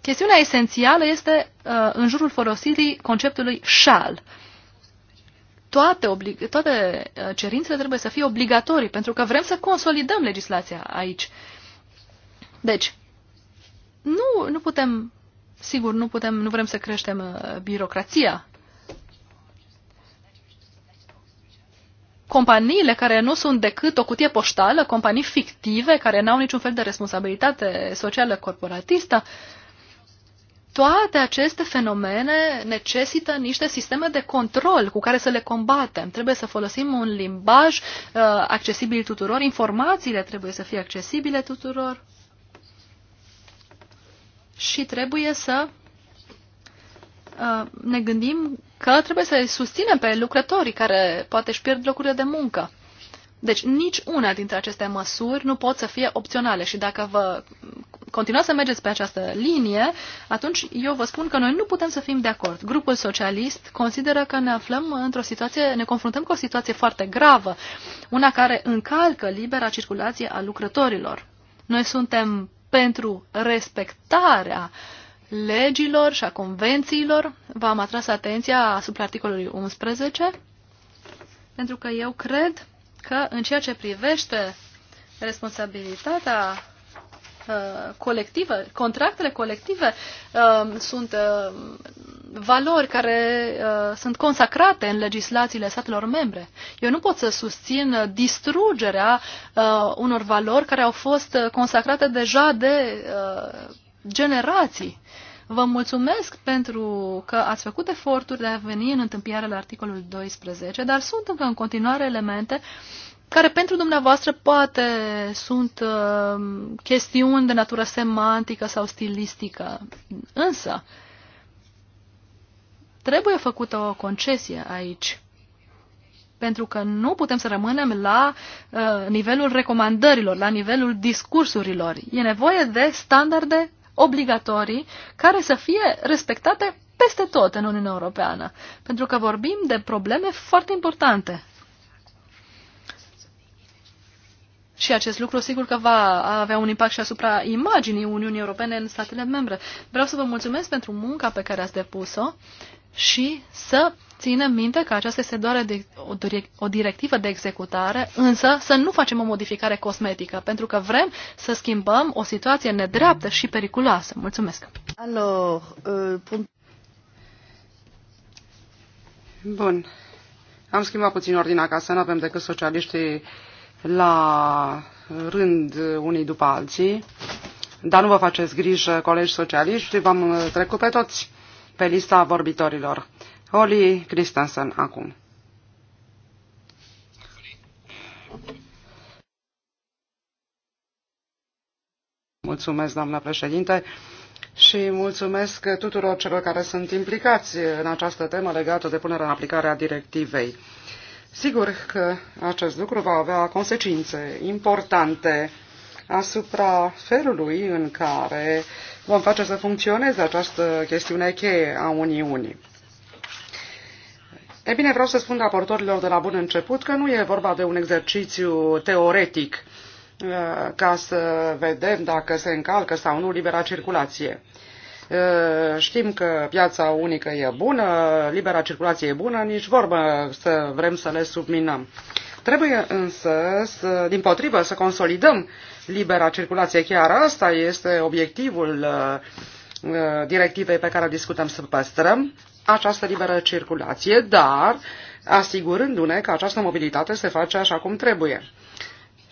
Chestiunea esențială este uh, în jurul folosirii conceptului shall. Toate, toate uh, cerințele trebuie să fie obligatorii, pentru că vrem să consolidăm legislația aici. Deci, nu, nu putem, sigur, nu, putem, nu vrem să creștem uh, birocrația. Companiile care nu sunt decât o cutie poștală, companii fictive care n-au niciun fel de responsabilitate socială corporatistă, toate aceste fenomene necesită niște sisteme de control cu care să le combatem. Trebuie să folosim un limbaj uh, accesibil tuturor, informațiile trebuie să fie accesibile tuturor și trebuie să uh, ne gândim că trebuie să-i susținem pe lucrătorii care poate își pierd locurile de muncă. Deci nici una dintre aceste măsuri nu pot să fie opționale și dacă vă continuați să mergeți pe această linie, atunci eu vă spun că noi nu putem să fim de acord. Grupul socialist consideră că ne aflăm într-o situație, ne confruntăm cu o situație foarte gravă, una care încalcă libera circulație a lucrătorilor. Noi suntem pentru respectarea legilor și a convențiilor. V-am atras atenția asupra articolului 11, pentru că eu cred că în ceea ce privește responsabilitatea Uh, colective, contractele colective uh, sunt uh, valori care sunt consacrate în legislațiile statelor membre. Eu nu pot să susțin distrugerea unor valori care au fost consacrate deja de generații. Vă mulțumesc pentru că ați făcut eforturi de a veni în întâmpinarea la articolul 12, dar sunt încă în continuare elemente care pentru dumneavoastră poate sunt uh, chestiuni de natură semantică sau stilistică. Însă, trebuie făcută o concesie aici. Pentru că nu putem să rămânem la uh, nivelul recomandărilor, la nivelul discursurilor. E nevoie de standarde obligatorii care să fie respectate peste tot în Uniunea Europeană. Pentru că vorbim de probleme foarte importante Și acest lucru sigur că va avea un impact și asupra imaginii Uniunii Europene în statele membre. Vreau să vă mulțumesc pentru munca pe care ați depus-o și să ținem minte că aceasta este doar o directivă de executare, însă să nu facem o modificare cosmetică, pentru că vrem să schimbăm o situație nedreaptă și periculoasă. Mulțumesc! Alors, euh, Bun. Am schimbat puțin ordinea ca să nu avem decât socialiștii la rând unii după alții, dar nu vă faceți grijă, colegi socialiști, v-am trecut pe toți pe lista vorbitorilor. Holly Christensen acum. Mulțumesc, doamna președinte, și mulțumesc tuturor celor care sunt implicați în această temă legată de punerea în aplicare a directivei. Sigur că acest lucru va avea consecințe importante asupra felului în care vom face să funcționeze această chestiune cheie a Uniunii. E bine, vreau să spun raportorilor de la bun început că nu e vorba de un exercițiu teoretic uh, ca să vedem dacă se încalcă sau nu libera circulație. Știm că piața unică e bună, libera circulație e bună, nici vorbă să vrem să le subminăm. Trebuie însă, să, din potrivă, să consolidăm libera circulație. Chiar asta este obiectivul directivei pe care discutăm să păstrăm această liberă circulație, dar asigurându-ne că această mobilitate se face așa cum trebuie.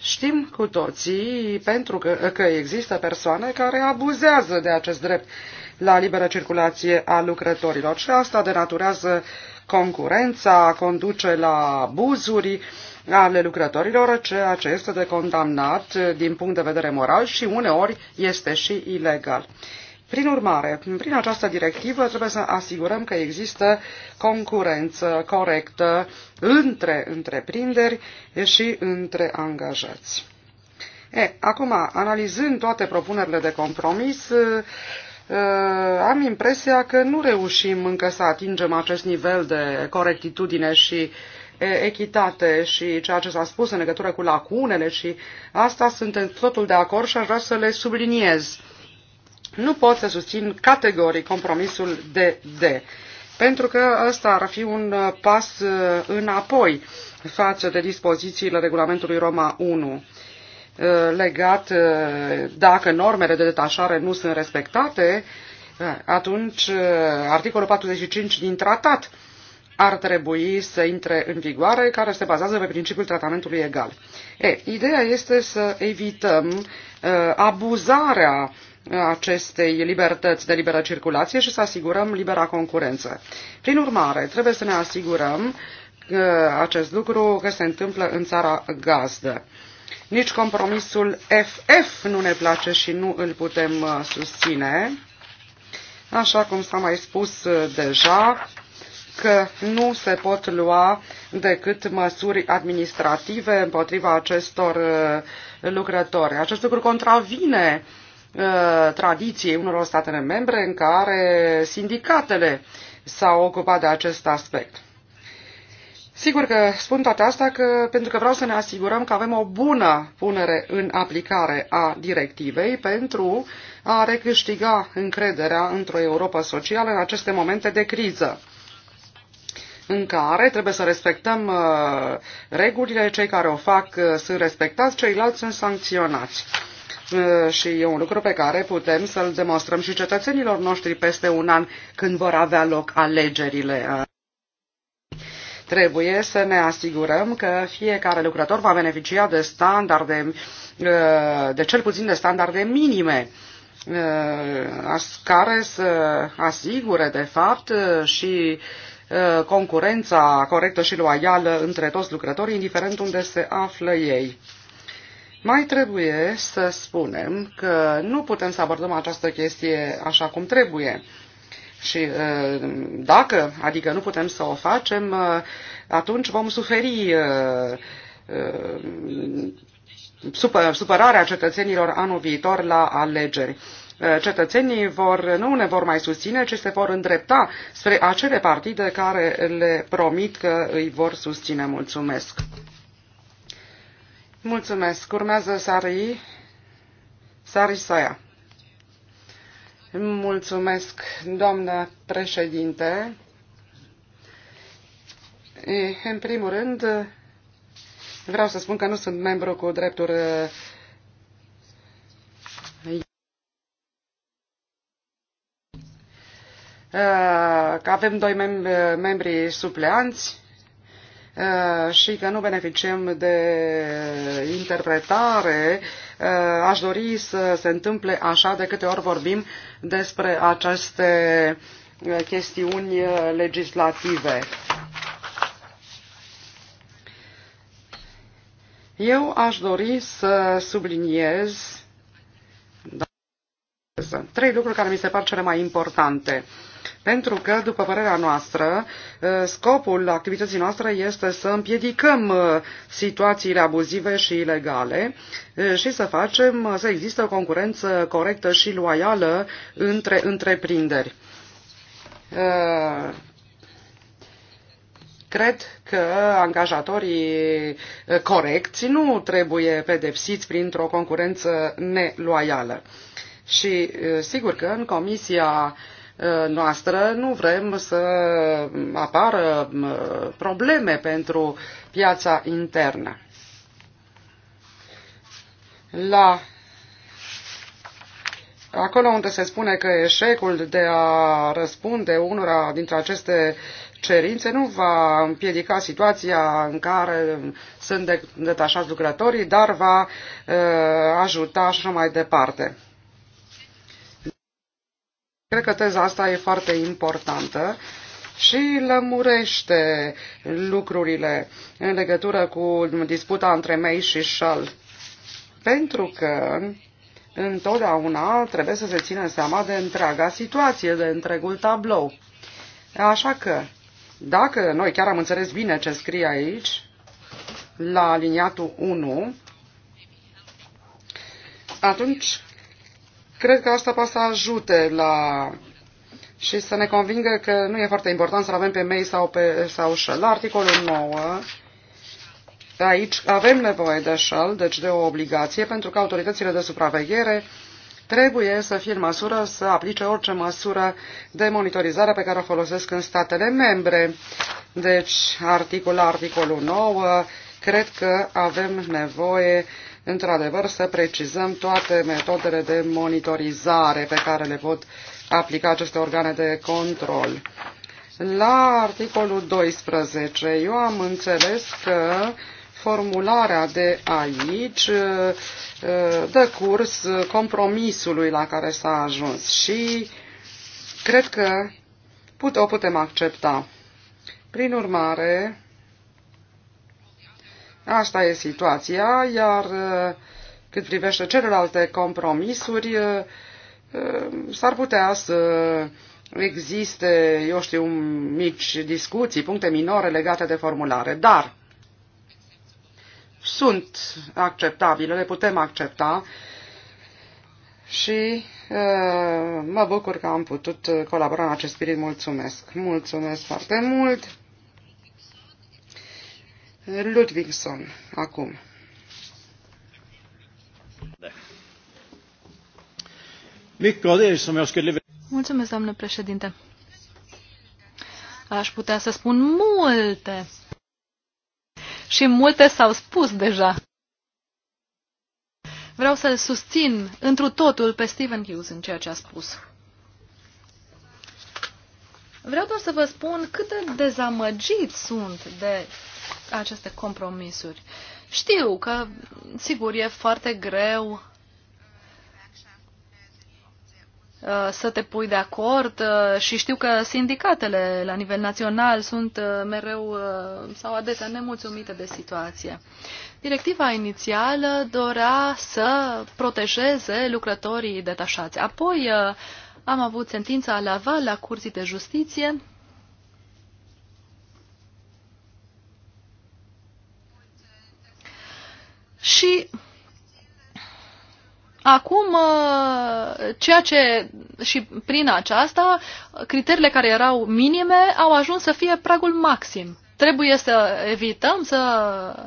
Știm cu toții pentru că, că există persoane care abuzează de acest drept la liberă circulație a lucrătorilor. Și asta denaturează concurența, conduce la abuzuri ale lucrătorilor, ceea ce este de condamnat din punct de vedere moral și uneori este și ilegal. Prin urmare, prin această directivă trebuie să asigurăm că există concurență corectă între întreprinderi și între angajați. E, acum, analizând toate propunerile de compromis, Uh, am impresia că nu reușim încă să atingem acest nivel de corectitudine și echitate și ceea ce s-a spus în legătură cu lacunele și asta sunt totul de acord și aș vrea să le subliniez. Nu pot să susțin categoric compromisul de D, pentru că ăsta ar fi un uh, pas uh, înapoi față de dispozițiile regulamentului Roma 1 Uh, legat uh, dacă normele de detașare nu sunt respectate, uh, atunci articolul 45 din tratat ar trebui să intre în vigoare, care se bazează pe principiul tratamentului egal. E, ideea este să evităm uh, abuzarea acestei libertăți de liberă circulație și să asigurăm libera concurență. Prin urmare, trebuie să ne asigurăm uh, acest lucru că se întâmplă în țara gazdă. Uh, nici compromisul FF nu ne place și nu îl putem uh, susține. Așa cum s-a mai spus uh, deja, că nu se pot lua decât măsuri administrative împotriva acestor uh, lucrători. Acest lucru contravine tradiției unor statele membre în care sindicatele s-au ocupat de acest aspect. Sigur că spun toate astea că, pentru că vreau să ne asigurăm că avem o bună punere în aplicare a directivei pentru a recâștiga încrederea într-o Europa socială în aceste momente de criză în care trebuie să respectăm uh, regulile, cei care o fac uh, sunt respectați, ceilalți sunt sancționați. Uh, și e un lucru pe care putem să-l demonstrăm și cetățenilor noștri peste un an când vor avea loc alegerile Trebuie să ne asigurăm că fiecare lucrător va beneficia de standarde, uh, de cel puțin de standarde minime uh, care să asigure, de fapt, uh, și concurența corectă și loială între toți lucrătorii, indiferent unde se află ei. Mai trebuie să spunem că nu putem să abordăm această chestie așa cum trebuie. Și uh, dacă, adică nu putem să o facem, uh, atunci vom suferi uh, supărarea cetățenilor anul viitor la alegeri. Cetățenii vor, nu ne vor mai susține, ci se vor îndrepta spre acele partide care le promit că îi vor susține. Mulțumesc! Mulțumesc! Urmează Sari, Sari Saia. Mulțumesc, doamnă președinte. În primul rând, vreau să spun că nu sunt membru cu drepturi că uh, avem doi mem- membri supleanți uh, și că nu beneficiem de interpretare Eh, aș dori să se întâmple așa de câte ori vorbim despre aceste eh, chestiuni eh, legislative. Eu aș dori să subliniez trei lucruri care mi se par cele mai importante. Uh, pentru că, după părerea noastră, uh, scopul activității noastre este să împiedicăm uh, situațiile abuzive și ilegale uh, și să facem să există o concurență corectă și loială între întreprinderi. Cred că angajatorii corecți nu trebuie pedepsiți printr-o concurență neloială. Și sigur că în Comisia uh, Uh, noastră nu vrem să apară uh, probleme pentru piața internă. La acolo unde se spune că eșecul de a răspunde unora dintre aceste cerințe nu va împiedica situația în care sunt detașați lucrătorii, dar va uh, ajuta și mai departe. Cred că teza asta e foarte importantă și lămurește lucrurile în legătură cu disputa între mei și șal. Pentru că întotdeauna trebuie să se țină seama de întreaga situație, de întregul tablou. Așa că, dacă noi chiar am înțeles bine ce scrie aici, la aliniatul 1, atunci cred că asta poate să ajute la și să ne convingă că nu e foarte important să-l avem pe mei sau pe sau shell. La articolul 9, aici avem nevoie de shell, deci de o obligație, pentru că autoritățile de supraveghere trebuie să fie în măsură să aplice orice măsură de monitorizare pe care o folosesc în statele membre. Deci, articol la articolul 9, cred că avem nevoie într-adevăr, să precizăm toate metodele de monitorizare pe care le pot aplica aceste organe de control. La articolul 12, eu am înțeles că formularea de aici uh, dă curs compromisului la care s-a ajuns și cred că o putem accepta. Prin urmare, Asta e situația, iar uh, cât privește celelalte compromisuri, uh, uh, s-ar putea să existe, eu știu, mici discuții, puncte minore legate de formulare, dar sunt acceptabile, le putem accepta și mă bucur că am putut colabora în acest spirit. Mulțumesc! Mulțumesc foarte mult! Ludvigson, acum. Da. Mulțumesc, doamnă președinte. Aș putea să spun multe. Și multe s-au spus deja. Vreau să-l susțin întru totul pe Stephen Hughes în ceea ce a spus. Vreau doar să vă spun cât de dezamăgit sunt de aceste compromisuri. Știu că, sigur, e foarte greu uh, să te pui de acord uh, și știu că sindicatele la nivel național sunt uh, mereu sau adesea nemulțumite de situație. Directiva inițială dorea să protejeze lucrătorii detașați. Apoi am avut sentința la val la Curții de Justiție Și Acum, uh, ceea ce și prin aceasta, criteriile care erau minime au ajuns să fie pragul maxim. Trebuie să evităm să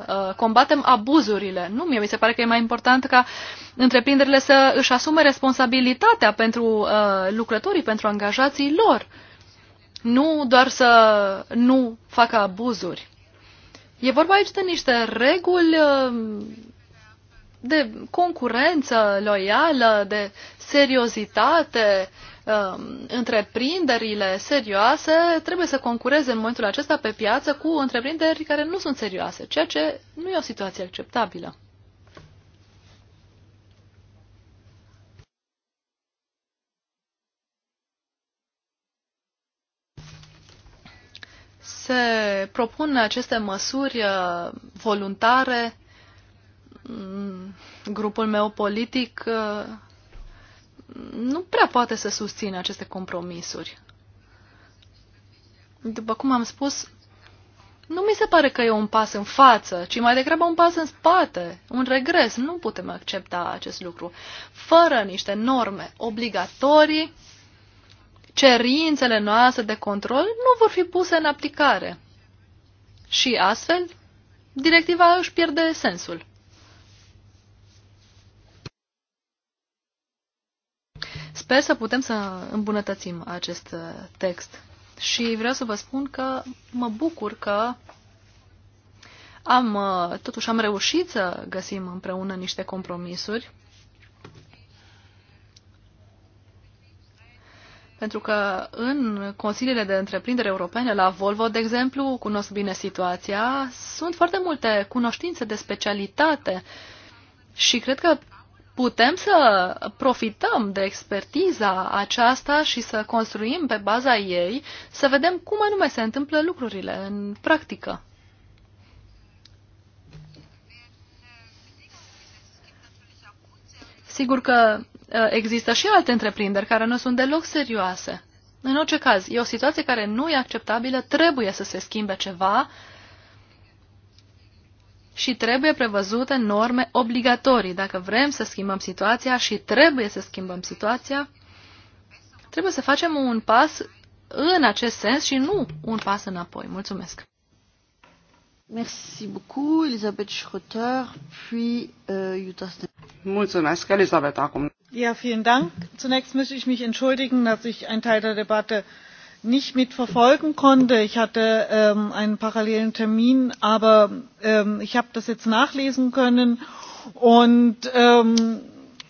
uh, combatem abuzurile. Nu, mie mi se pare că e mai important ca întreprinderile să își asume responsabilitatea pentru uh, lucrătorii, pentru angajații lor. Nu doar să nu facă abuzuri. E vorba aici de niște reguli de concurență loială, de seriozitate, um, întreprinderile serioase trebuie să concureze în momentul acesta pe piață cu întreprinderi care nu sunt serioase, ceea ce nu e o situație acceptabilă. Se propun aceste măsuri uh, voluntare Mm, grupul meu politic uh, nu prea poate să susțină aceste compromisuri. După cum am spus, nu mi se pare că e un pas în față, ci mai degrabă un pas în spate, un regres. Nu putem accepta acest lucru. Fără niște norme obligatorii, cerințele noastre de control nu vor fi puse în aplicare. Și astfel, directiva își pierde sensul. Sper să putem să îmbunătățim acest uh, text. Și vreau să vă spun că mă bucur că am, uh, totuși am reușit să găsim împreună niște compromisuri. Pentru că în consiliile de întreprindere europene, la Volvo, de exemplu, cunosc bine situația, sunt foarte multe cunoștințe de specialitate și cred că putem să profităm de expertiza aceasta și să construim pe baza ei, să vedem cum anume se întâmplă lucrurile în practică. Sigur că ă, există și alte întreprinderi care nu sunt deloc serioase. În orice caz, e o situație care nu e acceptabilă, trebuie să se schimbe ceva și trebuie prevăzute norme obligatorii. Dacă vrem să schimbăm situația și trebuie să schimbăm situația, trebuie să facem un pas în acest sens și nu un pas înapoi. Mulțumesc! Merci beaucoup, Elisabeth puis uh, Jutta Mulțumesc, Elisabeth, acum. Ja, vielen Dank. Zunächst muss ich mich entschuldigen, dass ich ein Teil der Debatte nicht mitverfolgen konnte. Ich hatte ähm, einen parallelen Termin, aber ähm, ich habe das jetzt nachlesen können und ähm,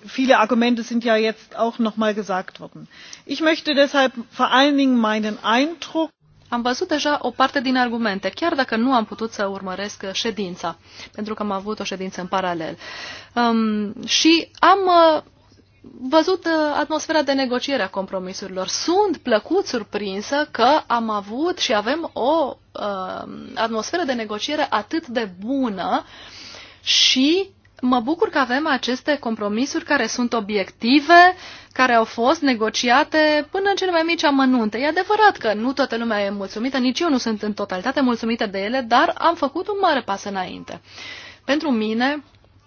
viele Argumente sind ja jetzt auch noch mal gesagt worden. Ich möchte deshalb vor allen Dingen meinen Eindruck Am văzut deja o parte din argumente, chiar dacă nu am putut să urmăresc uh, ședința, pentru că am avut o ședință în paralel. Um, și am uh, văzut uh, atmosfera de negociere a compromisurilor. Sunt plăcut surprinsă că am avut și avem o uh, atmosferă de negociere atât de bună și mă bucur că avem aceste compromisuri care sunt obiective, care au fost negociate până în cele mai mici amănunte. E adevărat că nu toată lumea e mulțumită, nici eu nu sunt în totalitate mulțumită de ele, dar am făcut un mare pas înainte. Pentru mine,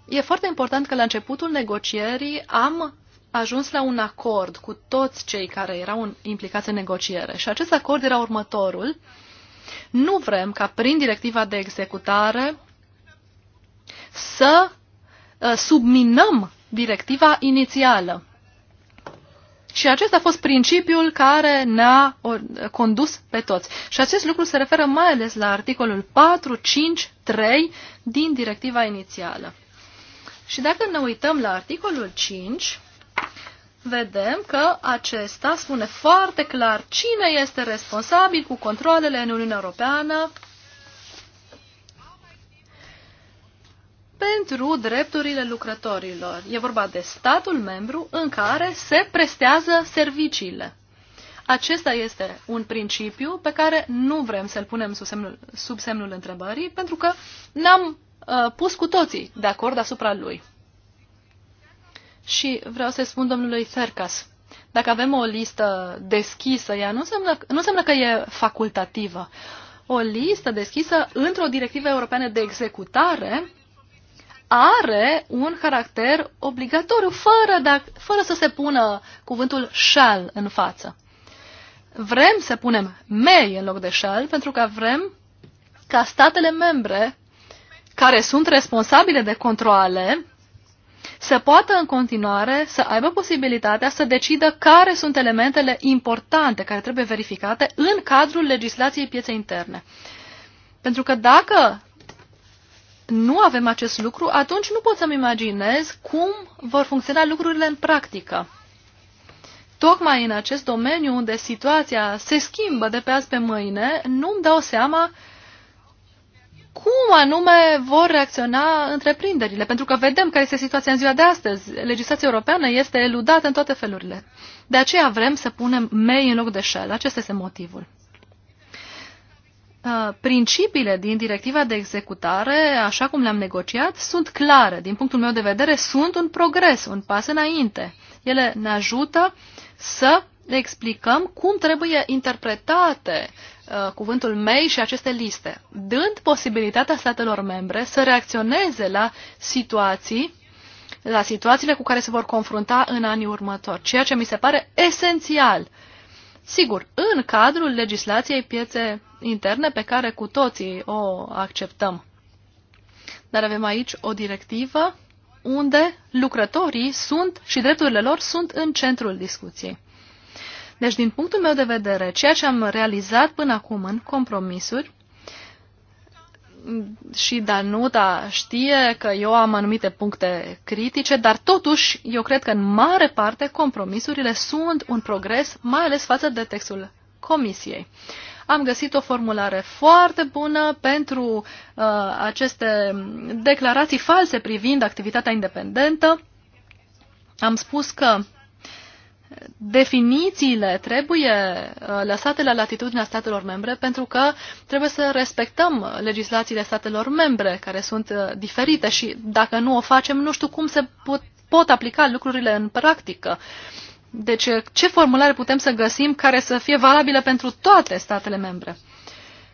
e foarte important că la începutul negocierii am ajuns la un acord cu toți cei care erau implicați în negociere. Și acest acord era următorul. Nu vrem ca prin directiva de executare să uh, subminăm directiva inițială. Și acesta a fost principiul care ne-a uh, condus pe toți. Și acest lucru se referă mai ales la articolul 4, 5, 3 din directiva inițială. Și dacă ne uităm la articolul 5, vedem că acesta spune foarte clar cine este responsabil cu controlele în Uniunea Europeană pentru drepturile lucrătorilor. E vorba de statul membru în care se prestează serviciile. Acesta este un principiu pe care nu vrem să-l punem sub semnul, sub semnul întrebării, pentru că ne-am uh, pus cu toții de acord asupra lui. Și vreau să-i spun domnului Cercas, dacă avem o listă deschisă, ea nu înseamnă, nu înseamnă că e facultativă. O listă deschisă într-o directivă europeană de executare are un caracter obligatoriu, fără, de, fără să se pună cuvântul shall în față. Vrem să punem may în loc de shall, pentru că vrem ca statele membre care sunt responsabile de controle să poată în continuare să aibă posibilitatea să decidă care sunt elementele importante care trebuie verificate în cadrul legislației pieței interne. Pentru că dacă nu avem acest lucru, atunci nu pot să-mi imaginez cum vor funcționa lucrurile în practică. Tocmai în acest domeniu unde situația se schimbă de pe azi pe mâine, nu-mi dau seama uh, cum anume vor reacționa întreprinderile, pentru că vedem care este situația în ziua de astăzi. Legislația europeană este eludată în toate felurile. De aceea vrem să punem mei în loc de shell. Acesta este motivul. Uh, principiile din directiva de executare, așa cum le-am negociat, sunt clare. Din punctul meu de vedere, sunt un progres, un pas înainte. Ele ne ajută să explicăm cum trebuie interpretate Uh, cuvântul mei și aceste liste, dând posibilitatea statelor membre să reacționeze la situații, la situațiile cu care se vor confrunta în anii următori, ceea ce mi se pare esențial. Sigur, în cadrul legislației piețe interne pe care cu toții o acceptăm. Dar avem aici o directivă unde lucrătorii sunt și drepturile lor sunt în centrul discuției. Deci, din punctul meu de vedere, ceea ce am realizat până acum în compromisuri, și Danuta știe că eu am anumite puncte critice, dar totuși eu cred că în mare parte compromisurile sunt un progres, mai ales față de textul comisiei. Am găsit o formulare foarte bună pentru uh, aceste declarații false privind activitatea independentă. Am spus că definițiile trebuie uh, lăsate la latitudinea statelor membre pentru că trebuie să respectăm legislațiile statelor membre care sunt uh, diferite și dacă nu o facem, nu știu cum se pot, pot aplica lucrurile în practică. Deci uh, ce formulare putem să găsim care să fie valabilă pentru toate statele membre?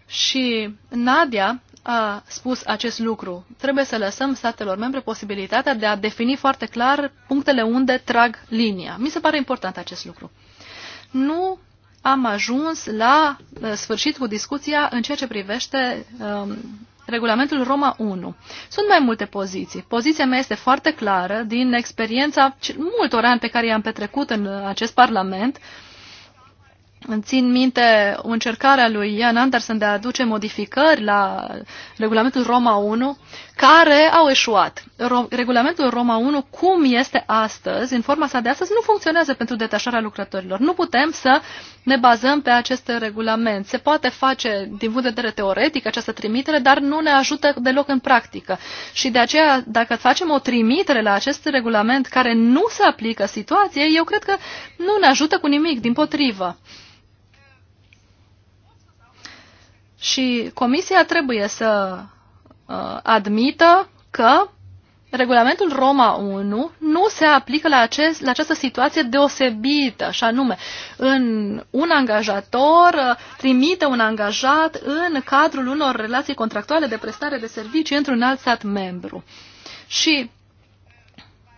Și Nadia a spus acest lucru. Trebuie să lăsăm statelor membre posibilitatea de a defini foarte clar punctele unde trag linia. Mi se pare important acest lucru. Nu am ajuns la uh, sfârșit cu discuția în ceea ce privește um, regulamentul Roma 1. Sunt mai multe poziții. Poziția mea este foarte clară din experiența multor ani pe care i-am petrecut în uh, acest parlament uh, Țin minte o încercare a lui Ian Anderson de a aduce modificări la regulamentul Roma 1, care au eșuat. Ro regulamentul Roma 1, cum este astăzi, în forma sa de astăzi, nu funcționează pentru detașarea lucrătorilor. Nu putem să ne bazăm pe acest regulament. Se poate face, din punct de vedere teoretic, această trimitere, dar nu ne ajută deloc în practică. Și de aceea, dacă facem o trimitere la acest regulament care nu se aplică situației, eu cred că nu ne ajută cu nimic, din potrivă. Și Comisia trebuie să uh, admită că regulamentul Roma 1 nu se aplică la, acest, la această situație deosebită, și anume, în un angajator uh, trimite un angajat în cadrul unor relații contractuale de prestare de servicii într-un alt stat membru. Și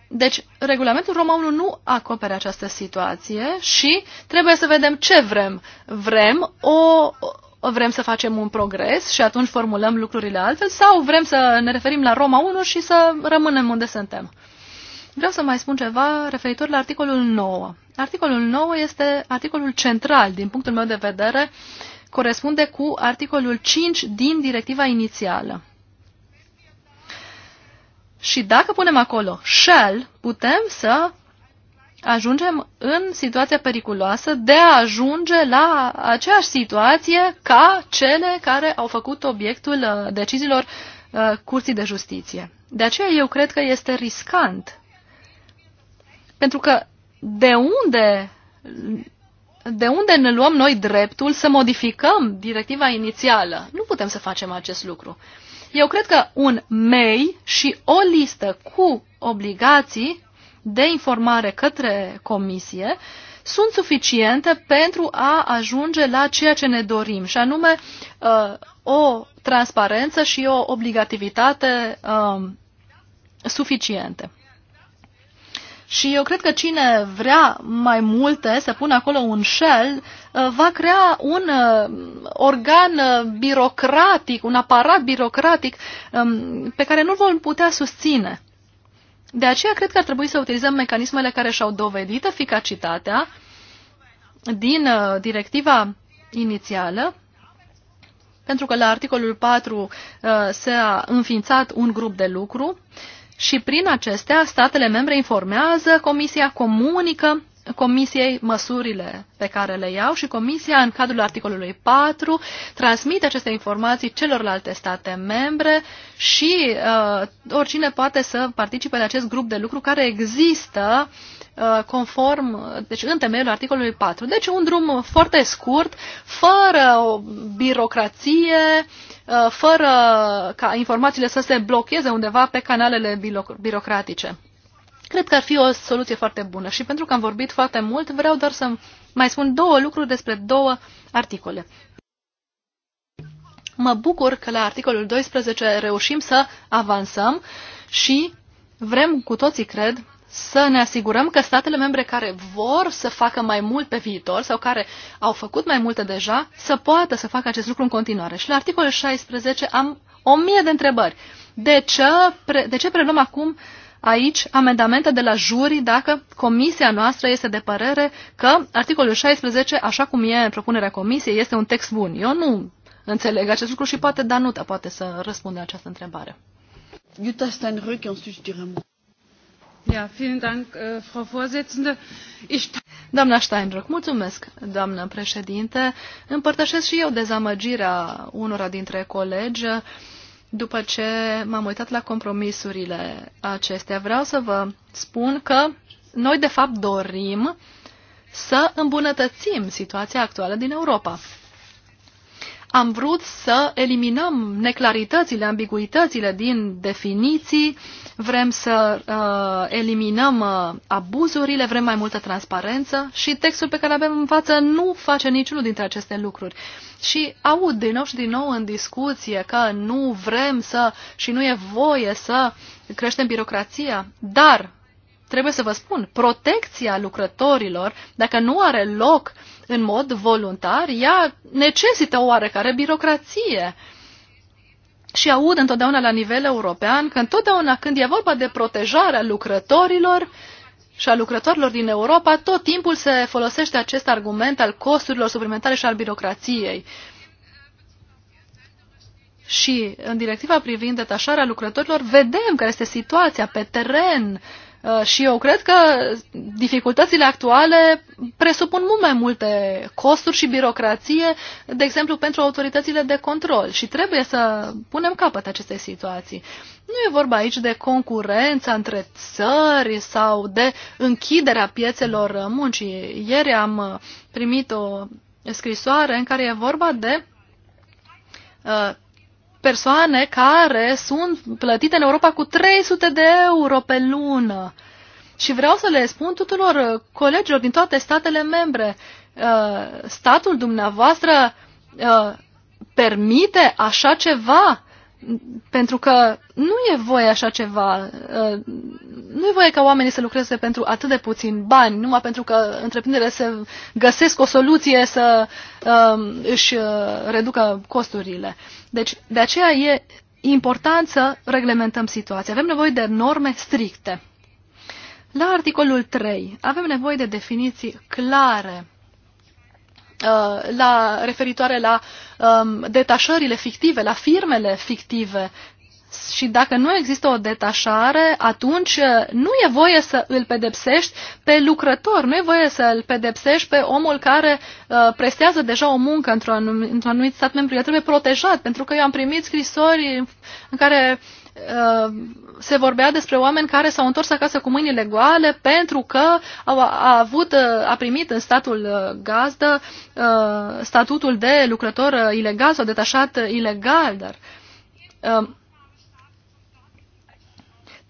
deci, regulamentul Roma 1 nu acopere această situație și trebuie să vedem ce vrem. Vrem o, vrem să facem un progres și atunci formulăm lucrurile altfel sau vrem să ne referim la Roma 1 și să rămânem unde suntem. Vreau să mai spun ceva referitor la articolul 9. Articolul 9 este articolul central, din punctul meu de vedere, corespunde cu articolul 5 din directiva inițială. Și dacă punem acolo shall, putem să ajungem în situația periculoasă de a ajunge la aceeași situație ca cele care au făcut obiectul uh, deciziilor uh, Curții de Justiție. De aceea eu cred că este riscant. Pentru că de unde, de unde ne luăm noi dreptul să modificăm directiva inițială? Nu putem să facem acest lucru. Eu cred că un mei și o listă cu obligații de informare către comisie sunt suficiente pentru a ajunge la ceea ce ne dorim, și anume uh, o transparență și o obligativitate um, suficiente. Și eu cred că cine vrea mai multe, să pună acolo un shell, uh, va crea un uh, organ birocratic, un aparat birocratic um, pe care nu-l vom putea susține. De aceea cred că ar trebui să utilizăm mecanismele care și-au dovedit eficacitatea din uh, directiva inițială, pentru că la articolul 4 uh, s-a înființat un grup de lucru și prin acestea statele membre informează, Comisia comunică Comisiei măsurile pe care le iau și Comisia, în cadrul articolului 4, transmite aceste informații celorlalte state membre și uh, oricine poate să participe la acest grup de lucru care există uh, conform, deci în temeiul articolului 4. Deci un drum foarte scurt, fără o birocrație, uh, fără ca informațiile să se blocheze undeva pe canalele birocratice. Cred că ar fi o soluție foarte bună și pentru că am vorbit foarte mult, vreau doar să mai spun două lucruri despre două articole. Mă bucur că la articolul 12 reușim să avansăm și vrem cu toții, cred, să ne asigurăm că statele membre care vor să facă mai mult pe viitor sau care au făcut mai multe deja, să poată să facă acest lucru în continuare. Și la articolul 16 am o mie de întrebări. De ce, pre, de ce preluăm acum uh, aici amendamente de la juri dacă comisia noastră este de părere că articolul 16, așa cum e în propunerea comisiei, este un text bun. Eu nu înțeleg acest lucru și poate Danuta poate să răspundă această întrebare. Jutta Steinrück, ensuite je Ja, vielen Dank, äh, Frau Vorsitzende. Ich Doamna Steinrock, mulțumesc, doamnă președinte. Împărtășesc și eu dezamăgirea unora dintre colegi. Uh, după ce m-am uitat la compromisurile acestea. Vreau să vă spun că noi, de fapt, dorim să îmbunătățim situația actuală din Europa. Am vrut să eliminăm neclaritățile, ambiguitățile din definiții, vrem să uh, eliminăm uh, abuzurile, vrem mai multă transparență și textul pe care avem în față nu face niciunul dintre aceste lucruri. Și aud din nou și din nou în discuție că nu vrem să și nu e voie să creștem birocrația, dar trebuie să vă spun, protecția lucrătorilor, dacă nu are loc în mod voluntar, ea necesită o oarecare birocrație. Și aud întotdeauna la nivel european că întotdeauna când e vorba de protejarea lucrătorilor și a lucrătorilor din Europa, tot timpul se folosește acest argument al costurilor suplimentare și al birocrației. Și în directiva privind detașarea lucrătorilor vedem care este situația pe teren uh, Uh, și eu cred că dificultățile actuale presupun mult mai multe costuri și birocrație, de exemplu, pentru autoritățile de control și trebuie să punem capăt acestei situații. Nu e vorba aici de concurența între țări sau de închiderea piețelor muncii. Ieri am uh, primit o scrisoare în care e vorba de uh, persoane care sunt plătite în Europa cu 300 de euro pe lună. Și vreau să le spun tuturor uh, colegilor din toate statele membre, uh, statul dumneavoastră uh, permite așa ceva? Pentru că nu e voie așa ceva. Nu e voie ca oamenii să lucreze pentru atât de puțin bani, numai pentru că întreprinderile să găsesc o soluție să își reducă costurile. Deci, de aceea e important să reglementăm situația. Avem nevoie de norme stricte. La articolul 3 avem nevoie de definiții clare uh, la, referitoare la um, detașările fictive, la firmele fictive, și dacă nu există o detașare, atunci uh, nu e voie să îl pedepsești pe lucrător, nu e voie să îl pedepsești pe omul care uh, prestează deja o muncă într-un anumit, într anumit stat membru. El trebuie protejat, pentru că eu am primit scrisori în care uh, se vorbea despre oameni care s-au întors acasă cu mâinile goale pentru că au, a, avut, uh, a primit în statul gazdă statutul de lucrător ilegal sau detașat ilegal, dar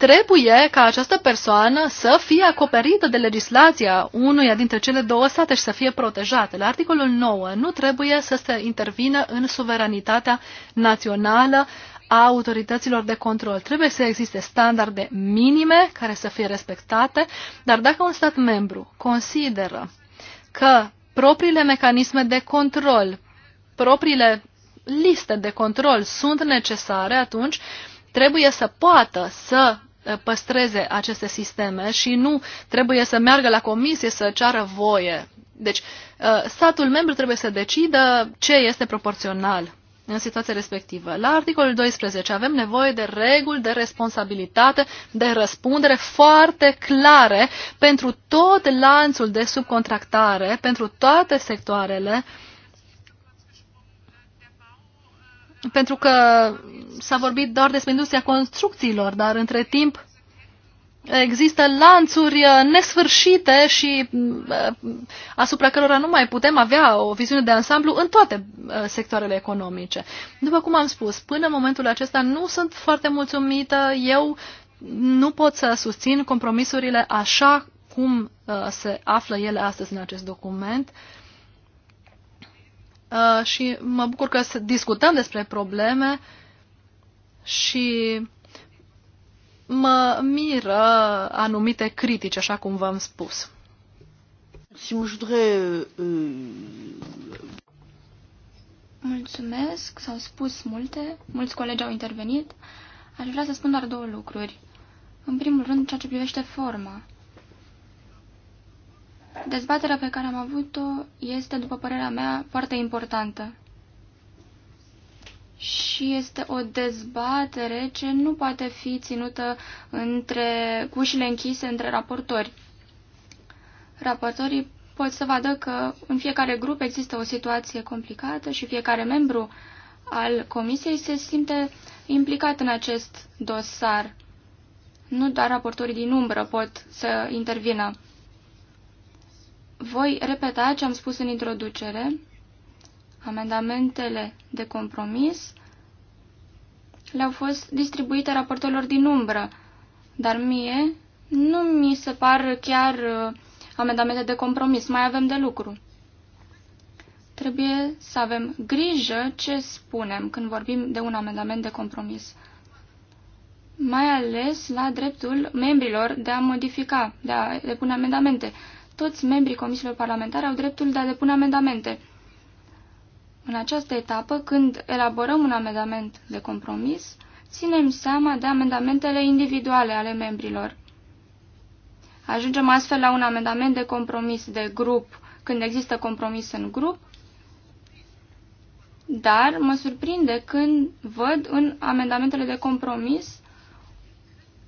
trebuie ca această persoană să fie acoperită de legislația unuia dintre cele două state și să fie protejată. La articolul 9 nu trebuie să se intervină în suveranitatea națională a autorităților de control. Trebuie să existe standarde minime care să fie respectate, dar dacă un stat membru consideră că propriile mecanisme de control, propriile liste de control sunt necesare, atunci trebuie să poată să Uh, păstreze aceste sisteme și nu trebuie să meargă la comisie să ceară voie. Deci, uh, statul membru trebuie să decidă ce este proporțional în situația respectivă. La articolul 12 avem nevoie de reguli de responsabilitate, de răspundere foarte clare pentru tot lanțul de subcontractare, pentru toate sectoarele uh, pentru că s-a vorbit doar despre industria construcțiilor, dar între timp există lanțuri uh, nesfârșite și uh, asupra cărora nu mai putem avea o viziune de ansamblu în toate uh, sectoarele economice. După cum am spus, până în momentul acesta nu sunt foarte mulțumită. Eu nu pot să susțin compromisurile așa cum se află ele astăzi în acest document. Uh, și mă bucur că discutăm despre probleme și mă miră anumite critici, așa cum v-am spus. Uh, uh, Mulțumesc, s-au spus multe, mulți colegi au intervenit. Aș vrea să spun doar două lucruri. În primul rând, ceea ce privește forma. Dezbaterea pe care am avut-o este, după părerea mea, foarte importantă. Și este o dezbatere ce nu poate fi ținută între cușile închise între raportori. Raportorii pot să vadă că în fiecare grup există o situație complicată și fiecare membru al comisiei se simte implicat în acest dosar. Nu doar raportorii din umbră pot să intervină. Voi repeta ce am spus în introducere. Amendamentele de compromis le-au fost distribuite raportelor din umbră, dar mie nu mi se par chiar uh, amendamente de compromis, mai avem de lucru. Trebuie să avem grijă ce spunem când vorbim de un amendament de compromis, mai ales la dreptul membrilor de a modifica, de a depune amendamente toți membrii comisiilor parlamentare au dreptul de a depune amendamente. În această etapă, când elaborăm un amendament de compromis, ținem seama de amendamentele individuale ale membrilor. Ajungem astfel la un amendament de compromis de grup când există compromis în grup, dar mă surprinde când văd în amendamentele de compromis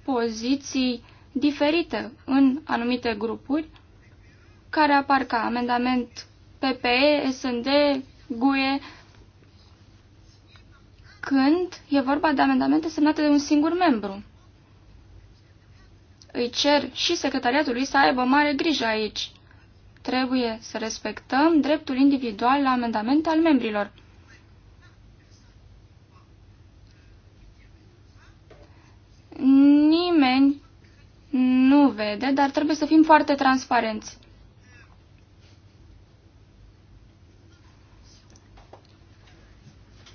poziții diferite în anumite grupuri care apar ca amendament PPE, SND, GUE, când e vorba de amendamente semnate de un singur membru. Îi cer și secretariatului să aibă mare grijă aici. Trebuie să respectăm dreptul individual la amendamente al membrilor. Nimeni nu vede, dar trebuie să fim foarte transparenți.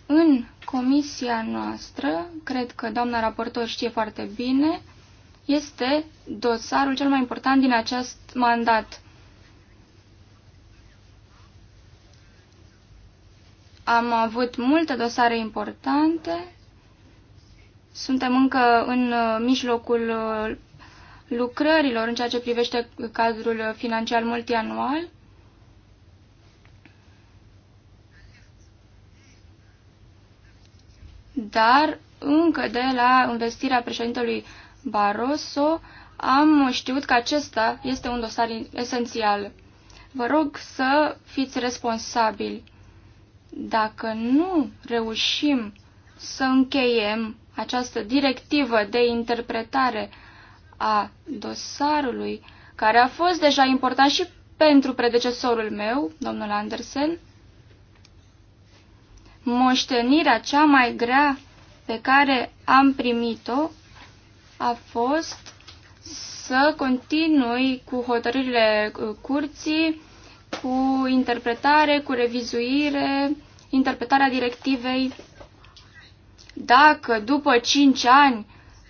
În comisia noastră, cred că doamna raportor știe foarte bine, este dosarul cel mai important din acest mandat. Am avut multe dosare importante. Suntem încă în uh, mijlocul uh, lucrărilor în ceea ce privește cadrul uh, financiar multianual. dar încă de la investirea președintelui Barroso am știut că acesta este un dosar esențial. Vă rog să fiți responsabili. Dacă nu reușim să încheiem această directivă de interpretare a dosarului, care a fost deja important și pentru predecesorul meu, domnul Andersen, moștenirea cea mai grea pe care am primit-o a fost să continui cu hotărârile uh, curții, cu interpretare, cu revizuire, interpretarea directivei. Dacă după 5 ani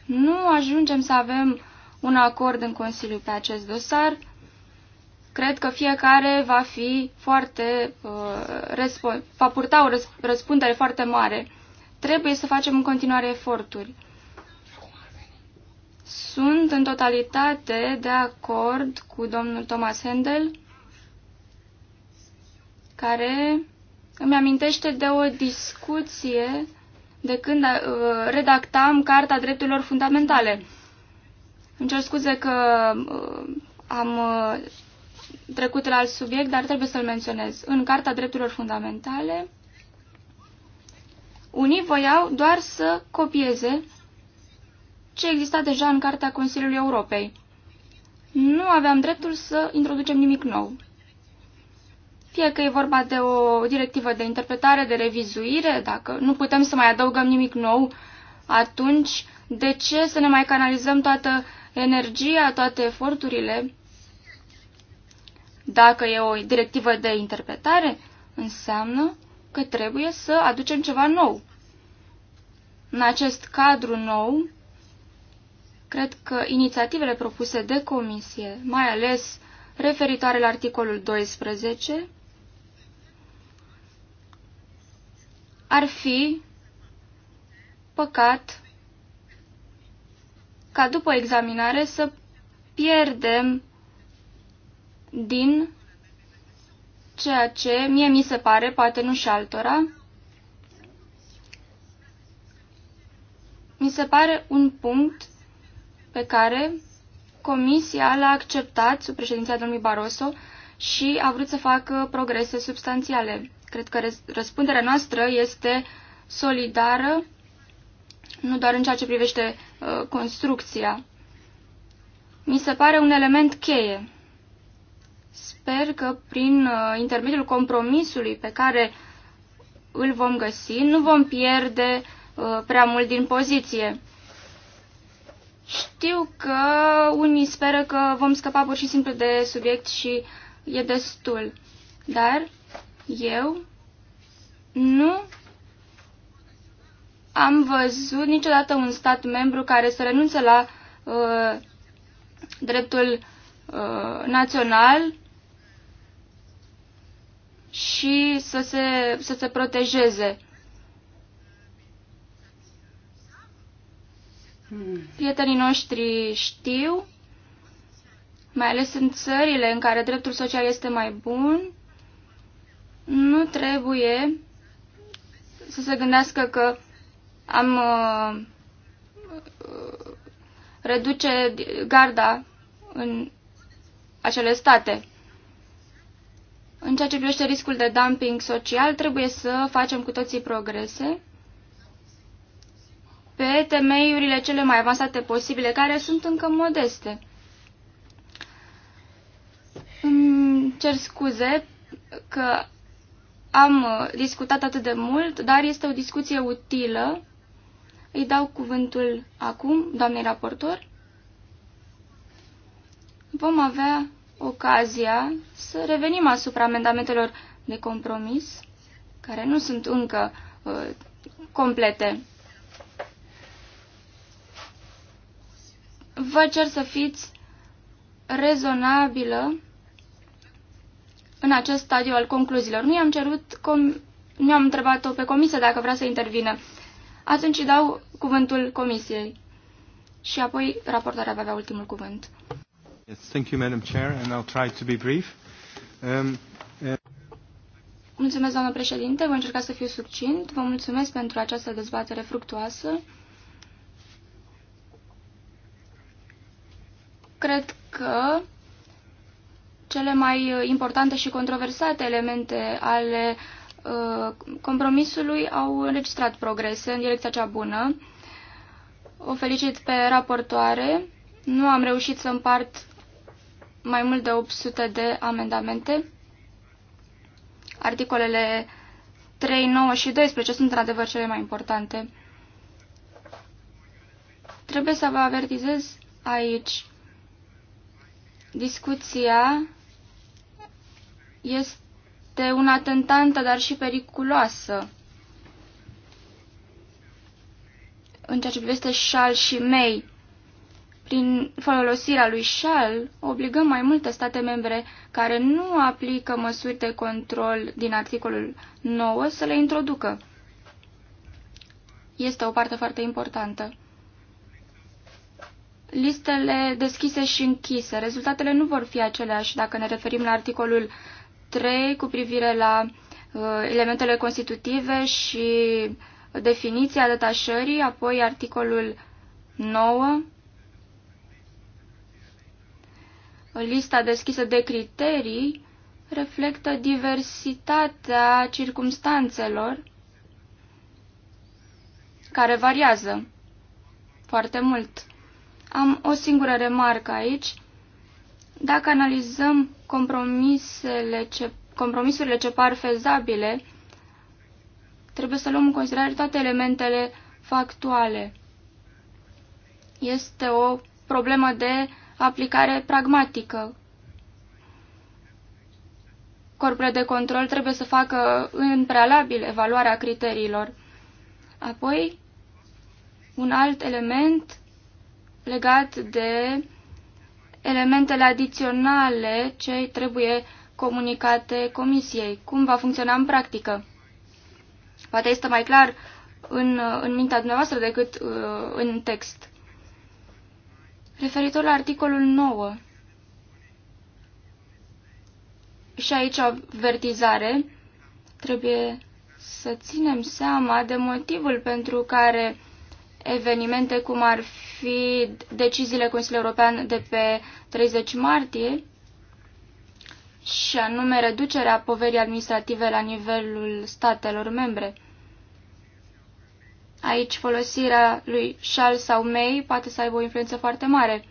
nu ajungem să avem un acord în Consiliu pe acest dosar, Cred că fiecare va fi foarte, uh, va purta o răsp răspundere foarte mare. Trebuie să facem în continuare eforturi. Sunt în totalitate de acord cu domnul Thomas Handel, care îmi amintește de o discuție de când uh, redactam Carta Drepturilor Fundamentale. Îmi cer scuze că uh, am uh, trecut la alt subiect, dar trebuie să-l menționez. În Carta Drepturilor Fundamentale, unii voiau doar să copieze ce exista deja în Carta Consiliului Europei. Nu aveam dreptul să introducem nimic nou. Fie că e vorba de o directivă de interpretare, de revizuire, dacă nu putem să mai adăugăm nimic nou, atunci de ce să ne mai canalizăm toată energia, toate eforturile dacă e o directivă de interpretare, înseamnă că trebuie să aducem ceva nou. În acest cadru nou, cred că inițiativele propuse de comisie, mai ales referitoare la articolul 12, ar fi păcat ca după examinare să pierdem din ceea ce mie mi se pare, poate nu și altora, mi se pare un punct pe care Comisia l-a acceptat sub președinția domnului Barroso și a vrut să facă progrese substanțiale. Cred că răspunderea noastră este solidară, nu doar în ceea ce privește uh, construcția. Mi se pare un element cheie. Sper că prin uh, intermediul compromisului pe care îl vom găsi, nu vom pierde uh, prea mult din poziție. Știu că unii speră că vom scăpa pur și simplu de subiect și e destul, dar eu nu am văzut niciodată un stat membru care să renunțe la uh, dreptul uh, național și să se, să se protejeze. Prietenii noștri știu, mai ales în țările în care dreptul social este mai bun, nu trebuie să se gândească că am uh, uh reduce garda în acele state. În ceea ce privește riscul de dumping social, trebuie să facem cu toții progrese pe temeiurile cele mai avansate posibile, care sunt încă modeste. Îmi cer scuze că am discutat atât de mult, dar este o discuție utilă. Îi dau cuvântul acum, doamnei raportor. Vom avea ocazia să revenim asupra amendamentelor de compromis, care nu sunt încă uh, complete. Vă cer să fiți rezonabilă în acest stadiu al concluziilor. Nu i-am cerut, com- nu am întrebat-o pe comisie dacă vrea să intervină. Atunci dau cuvântul comisiei. Și apoi raportarea va avea ultimul cuvânt. Yes, thank you, Madam Chair, and I'll try to be brief. Um, uh... Mulțumesc, doamnă președinte. Voi încerca să fiu succint. Vă mulțumesc pentru această dezbatere fructuoasă. Cred că cele mai importante și controversate elemente ale uh, compromisului au înregistrat progrese în direcția cea bună. O felicit pe raportoare. Nu am reușit să împart mai mult de 800 de amendamente. Articolele 3, 9 și 12 sunt într-adevăr cele mai importante. Trebuie să vă avertizez aici. Discuția este una tentantă, dar și periculoasă. În ceea ce privește șal și mei, prin folosirea lui Shell, obligăm mai multe state membre care nu aplică măsuri de control din articolul 9 să le introducă. Este o parte foarte importantă. Listele deschise și închise. Rezultatele nu vor fi aceleași dacă ne referim la articolul 3 cu privire la uh, elementele constitutive și definiția detașării, apoi articolul 9 lista deschisă de criterii reflectă diversitatea circumstanțelor care variază foarte mult. Am o singură remarcă aici. Dacă analizăm compromisele ce, compromisurile ce par fezabile, trebuie să luăm în considerare toate elementele factuale. Este o problemă de aplicare pragmatică. Corpul de control trebuie să facă în prealabil evaluarea criteriilor. Apoi, un alt element legat de elementele adiționale ce trebuie comunicate comisiei. Cum va funcționa în practică? Poate este mai clar în, în mintea dumneavoastră decât uh, în text referitor la articolul 9. Și aici avertizare. Trebuie să ținem seama de motivul pentru care evenimente cum ar fi deciziile Consiliului European de pe 30 martie și anume reducerea poverii administrative la nivelul statelor membre. Aici folosirea lui shall sau may poate să aibă o influență foarte mare.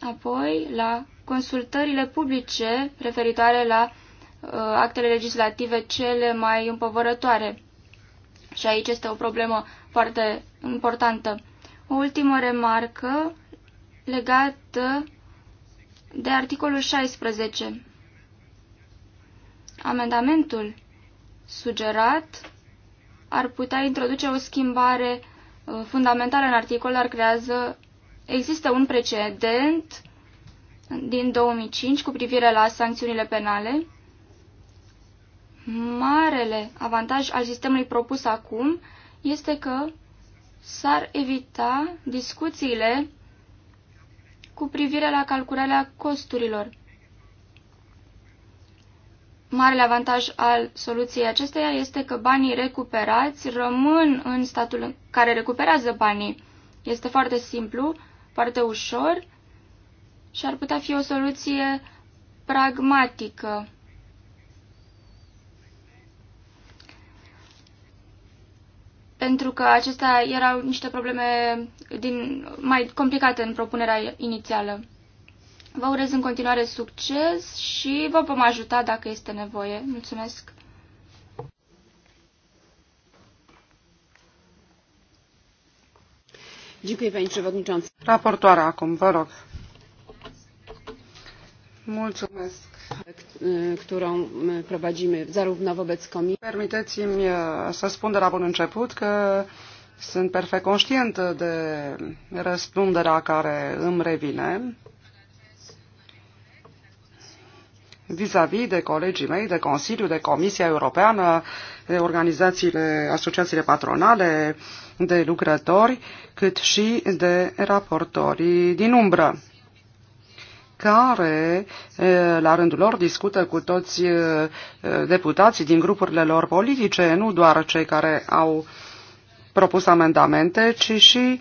Apoi, la consultările publice referitoare la uh, actele legislative cele mai împovărătoare. Și aici este o problemă foarte importantă. O ultimă remarcă legată de articolul 16. Amendamentul sugerat ar putea introduce o schimbare uh, fundamentală în articol, ar creează... Există un precedent din 2005 cu privire la sancțiunile penale. Marele avantaj al sistemului propus acum este că s-ar evita discuțiile cu privire la calcularea costurilor. Marele avantaj al soluției acesteia este că banii recuperați rămân în statul în care recuperează banii. Este foarte simplu, foarte ușor și ar putea fi o soluție pragmatică. Pentru că acestea erau niște probleme din, mai complicate în propunerea inițială. Vă urez în continuare succes și vă vom ajuta dacă este nevoie. Mulțumesc! Raportoarea acum, vă rog. Mulțumesc. Którą prowadzimy zarówno wobec komisji. Permiteți-mi să spun de la bun început că sunt perfect conștient de răspunderea care îmi revine vis-a-vis -vis de colegii mei, de Consiliu, de Comisia Europeană, de organizațiile, asociațiile patronale, de lucrători, cât și de raportorii din umbră care, la rândul lor, discută cu toți deputații din grupurile lor politice, nu doar cei care au propus amendamente, ci și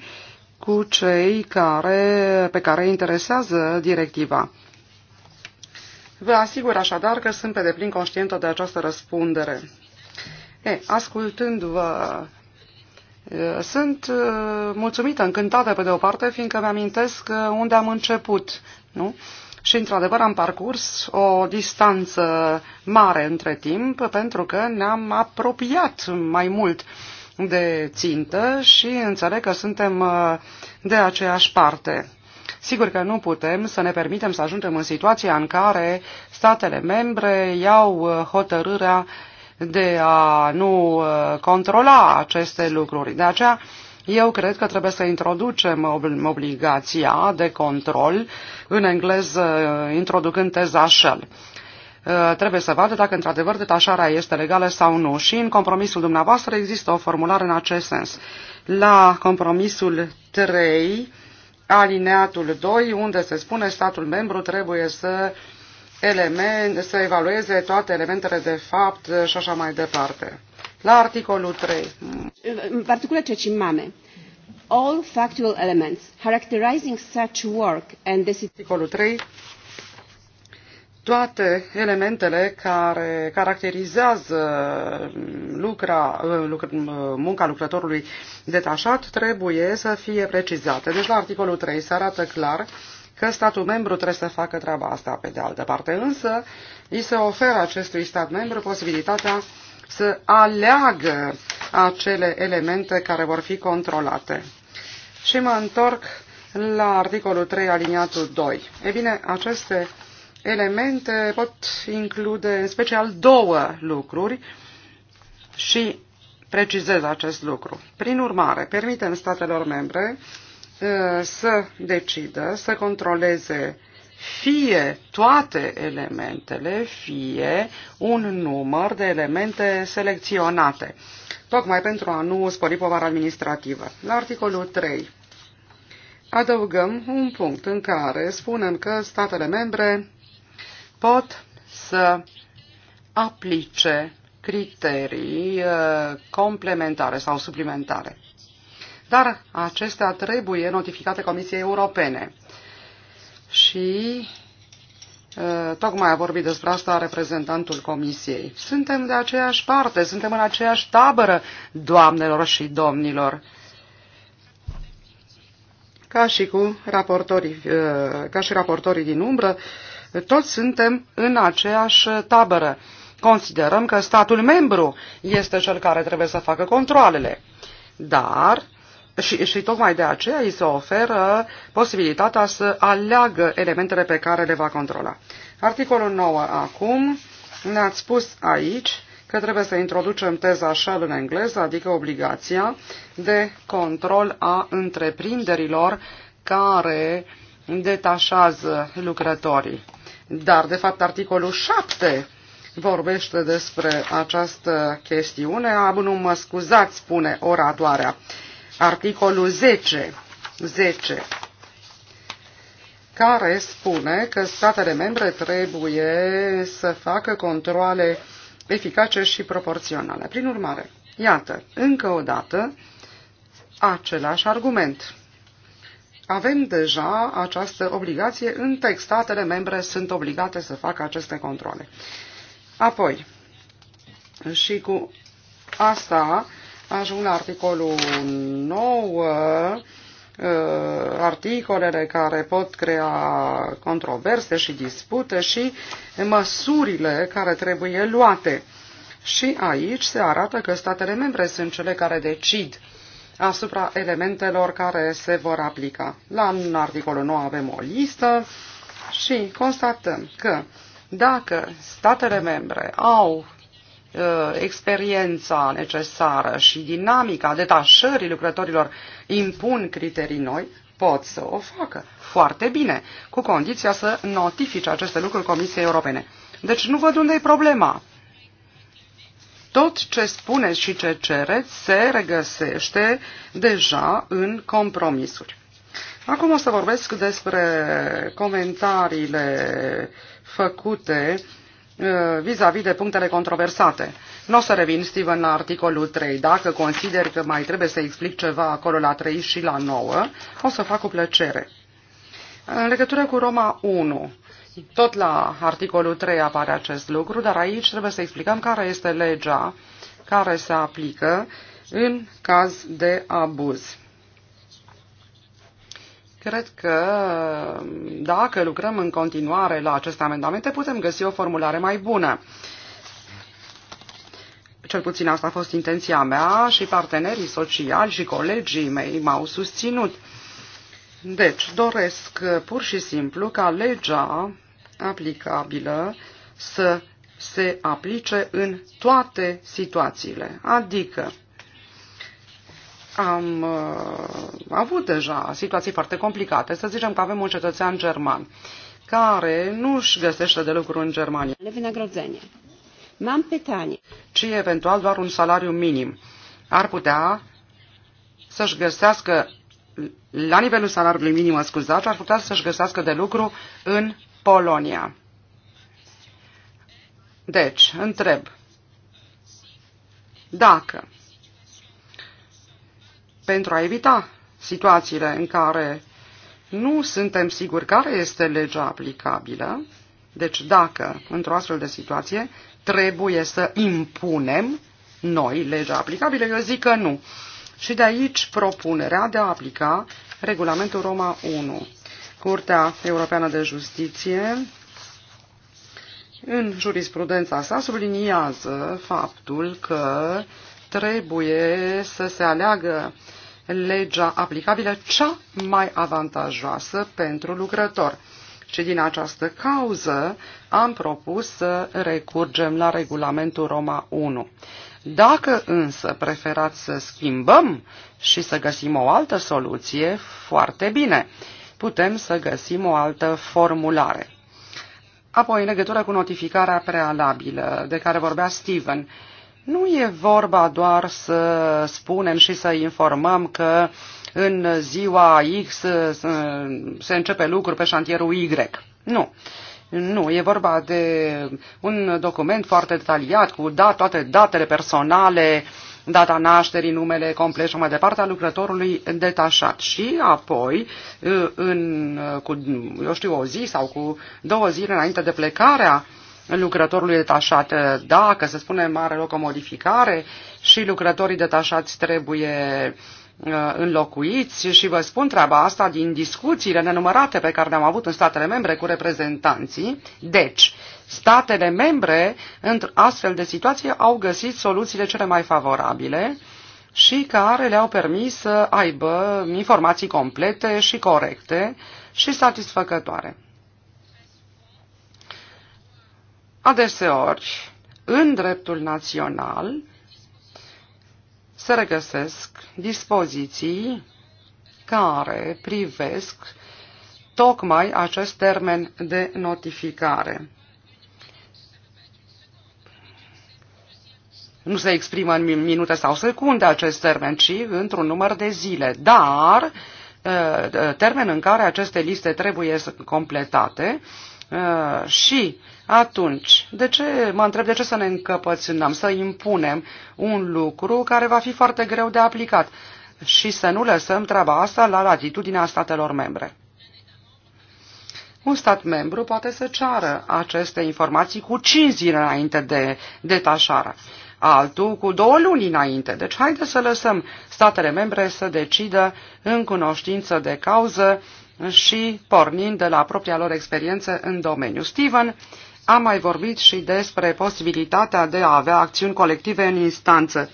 cu cei care, pe care interesează directiva. Vă asigur așadar că sunt pe deplin conștientă de această răspundere. E, ascultându-vă, sunt mulțumită, încântată pe de o parte, fiindcă mi-amintesc unde am început, nu? Și, într-adevăr, am parcurs o distanță mare între timp, pentru că ne-am apropiat mai mult de țintă și înțeleg că suntem de aceeași parte. Sigur că nu putem să ne permitem să ajungem în situația în care statele membre iau uh, hotărârea de a nu uh, controla aceste lucruri. De aceea, eu cred că trebuie să introducem obligația de control, în engleză uh, introducând teza shell. Trebuie să vadă dacă într-adevăr detașarea este legală sau nu și în compromisul dumneavoastră există o formulare în acest sens. La compromisul 3 alineatul 2, unde se spune statul membru trebuie să, element, să evalueze toate elementele de fapt și așa mai departe. La articolul 3. În particular ce mame. All factual elements characterizing such work and is articolul 3 toate elementele care caracterizează lucra, lucra, munca lucrătorului detașat trebuie să fie precizate. Deci la articolul 3 se arată clar că statul membru trebuie să facă treaba asta pe de altă parte, însă îi se oferă acestui stat membru posibilitatea să aleagă acele elemente care vor fi controlate. Și mă întorc la articolul 3 aliniatul 2. E bine, aceste elemente pot include în special două lucruri și precizez acest lucru. Prin urmare, permitem statelor membre uh, să decidă, să controleze fie toate elementele, fie un număr de elemente selecționate, tocmai pentru a nu spori povara administrativă. La articolul 3 adăugăm un punct în care spunem că statele membre pot să aplice criterii uh, complementare sau suplimentare. Dar acestea trebuie notificate Comisiei Europene. Și uh, tocmai a vorbit despre asta reprezentantul Comisiei. Suntem de aceeași parte, suntem în aceeași tabără, doamnelor și domnilor. Ca și cu raportorii, uh, ca și raportorii din umbră, toți suntem în aceeași tabără. Considerăm că statul membru este cel care trebuie să facă controlele. Dar, și, și tocmai de aceea îi se oferă posibilitatea să aleagă elementele pe care le va controla. Articolul 9 acum ne-ați spus aici că trebuie să introducem teza așa în engleză, adică obligația de control a întreprinderilor care detașează lucrătorii. Dar, de fapt, articolul 7 vorbește despre această chestiune. Am nu mă scuzați, spune oratoarea. Articolul 10, 10 care spune că statele membre trebuie să facă controle eficace și proporționale. Prin urmare, iată, încă o dată, același argument avem deja această obligație în text. Statele membre sunt obligate să facă aceste controle. Apoi, și cu asta ajung la articolul 9, uh, articolele care pot crea controverse și dispute și măsurile care trebuie luate. Și aici se arată că statele membre sunt cele care decid uh, asupra elementelor care se vor aplica. La un articolul 9 avem o listă și constatăm că dacă statele membre au uh, experiența necesară și dinamica detașării lucrătorilor impun criterii noi, pot să o facă foarte bine, cu condiția să notifice aceste lucruri Comisiei Europene. Deci nu văd unde e problema. Tot ce spuneți și ce cereți se regăsește deja în compromisuri. Acum o să vorbesc despre comentariile făcute uh, vis-a-vis -vis de punctele controversate. Nu o să revin, Steven, la articolul 3. Dacă consider că mai trebuie să explic ceva acolo la 3 și la 9, o să fac cu plăcere. În legătură cu Roma 1, tot la articolul 3 apare acest lucru, dar aici trebuie să explicăm care este legea care se aplică în caz de abuz. Cred că dacă lucrăm în continuare la aceste amendamente, putem găsi o formulare mai bună. Cel puțin asta a fost intenția mea și partenerii sociali și colegii mei m-au susținut. Deci, doresc pur și simplu ca legea aplicabilă să se aplice în toate situațiile. Adică am uh, avut deja situații foarte complicate. Să zicem că avem un cetățean german care nu își găsește de lucru în Germania. Levynagrodzenie. Am pytanie. Ci eventual doar un salariu minim. Ar putea să-și găsească la nivelul salariului minim, scuzați, ar putea să-și găsească de lucru în Polonia. Deci, întreb, dacă pentru a evita situațiile în care nu suntem siguri care este legea aplicabilă, deci dacă într-o astfel de situație trebuie să impunem noi legea aplicabilă, eu zic că nu. Și de aici propunerea de a aplica regulamentul Roma 1. Curtea Europeană de Justiție, în jurisprudența sa, subliniază faptul că trebuie să se aleagă legea aplicabilă cea mai avantajoasă pentru lucrător. Și din această cauză am propus să recurgem la regulamentul Roma 1. Dacă însă preferați să schimbăm și să găsim o altă soluție, foarte bine putem să găsim o altă formulare. Apoi, în legătură cu notificarea prealabilă de care vorbea Steven, nu e vorba doar să spunem și să informăm că în ziua X se începe lucruri pe șantierul Y. Nu. Nu, e vorba de un document foarte detaliat cu da, toate datele personale uh, data nașterii, numele complet și mai departe a lucrătorului detașat. Și apoi, în, cu, eu știu, o zi sau cu două zile înainte de plecarea lucrătorului detașat, dacă, să spunem, are loc o modificare și lucrătorii detașați trebuie înlocuiți și vă spun treaba asta din discuțiile nenumărate pe care le-am avut în statele membre cu reprezentanții. Deci, statele membre, într astfel de situație, au găsit soluțiile cele mai favorabile și care le-au permis să aibă informații complete și corecte și satisfăcătoare. Adeseori, în dreptul național, se regăsesc dispoziții care privesc tocmai acest termen de notificare. nu se exprimă în minute sau secunde acest termen, ci într-un număr de zile. Dar uh, uh, termen în care aceste liste trebuie să completate uh, și atunci, de ce, mă întreb de ce să ne încăpățânăm, să impunem un lucru care va fi foarte greu de aplicat și să nu lăsăm treaba asta la latitudinea statelor membre. Un stat membru poate să ceară aceste informații cu 5 zile înainte de detașare altul cu două luni înainte. Deci haide să lăsăm statele membre să decidă în cunoștință de cauză și pornind de la propria lor experiență în domeniu. Steven a mai vorbit și despre posibilitatea de a avea acțiuni colective în instanță.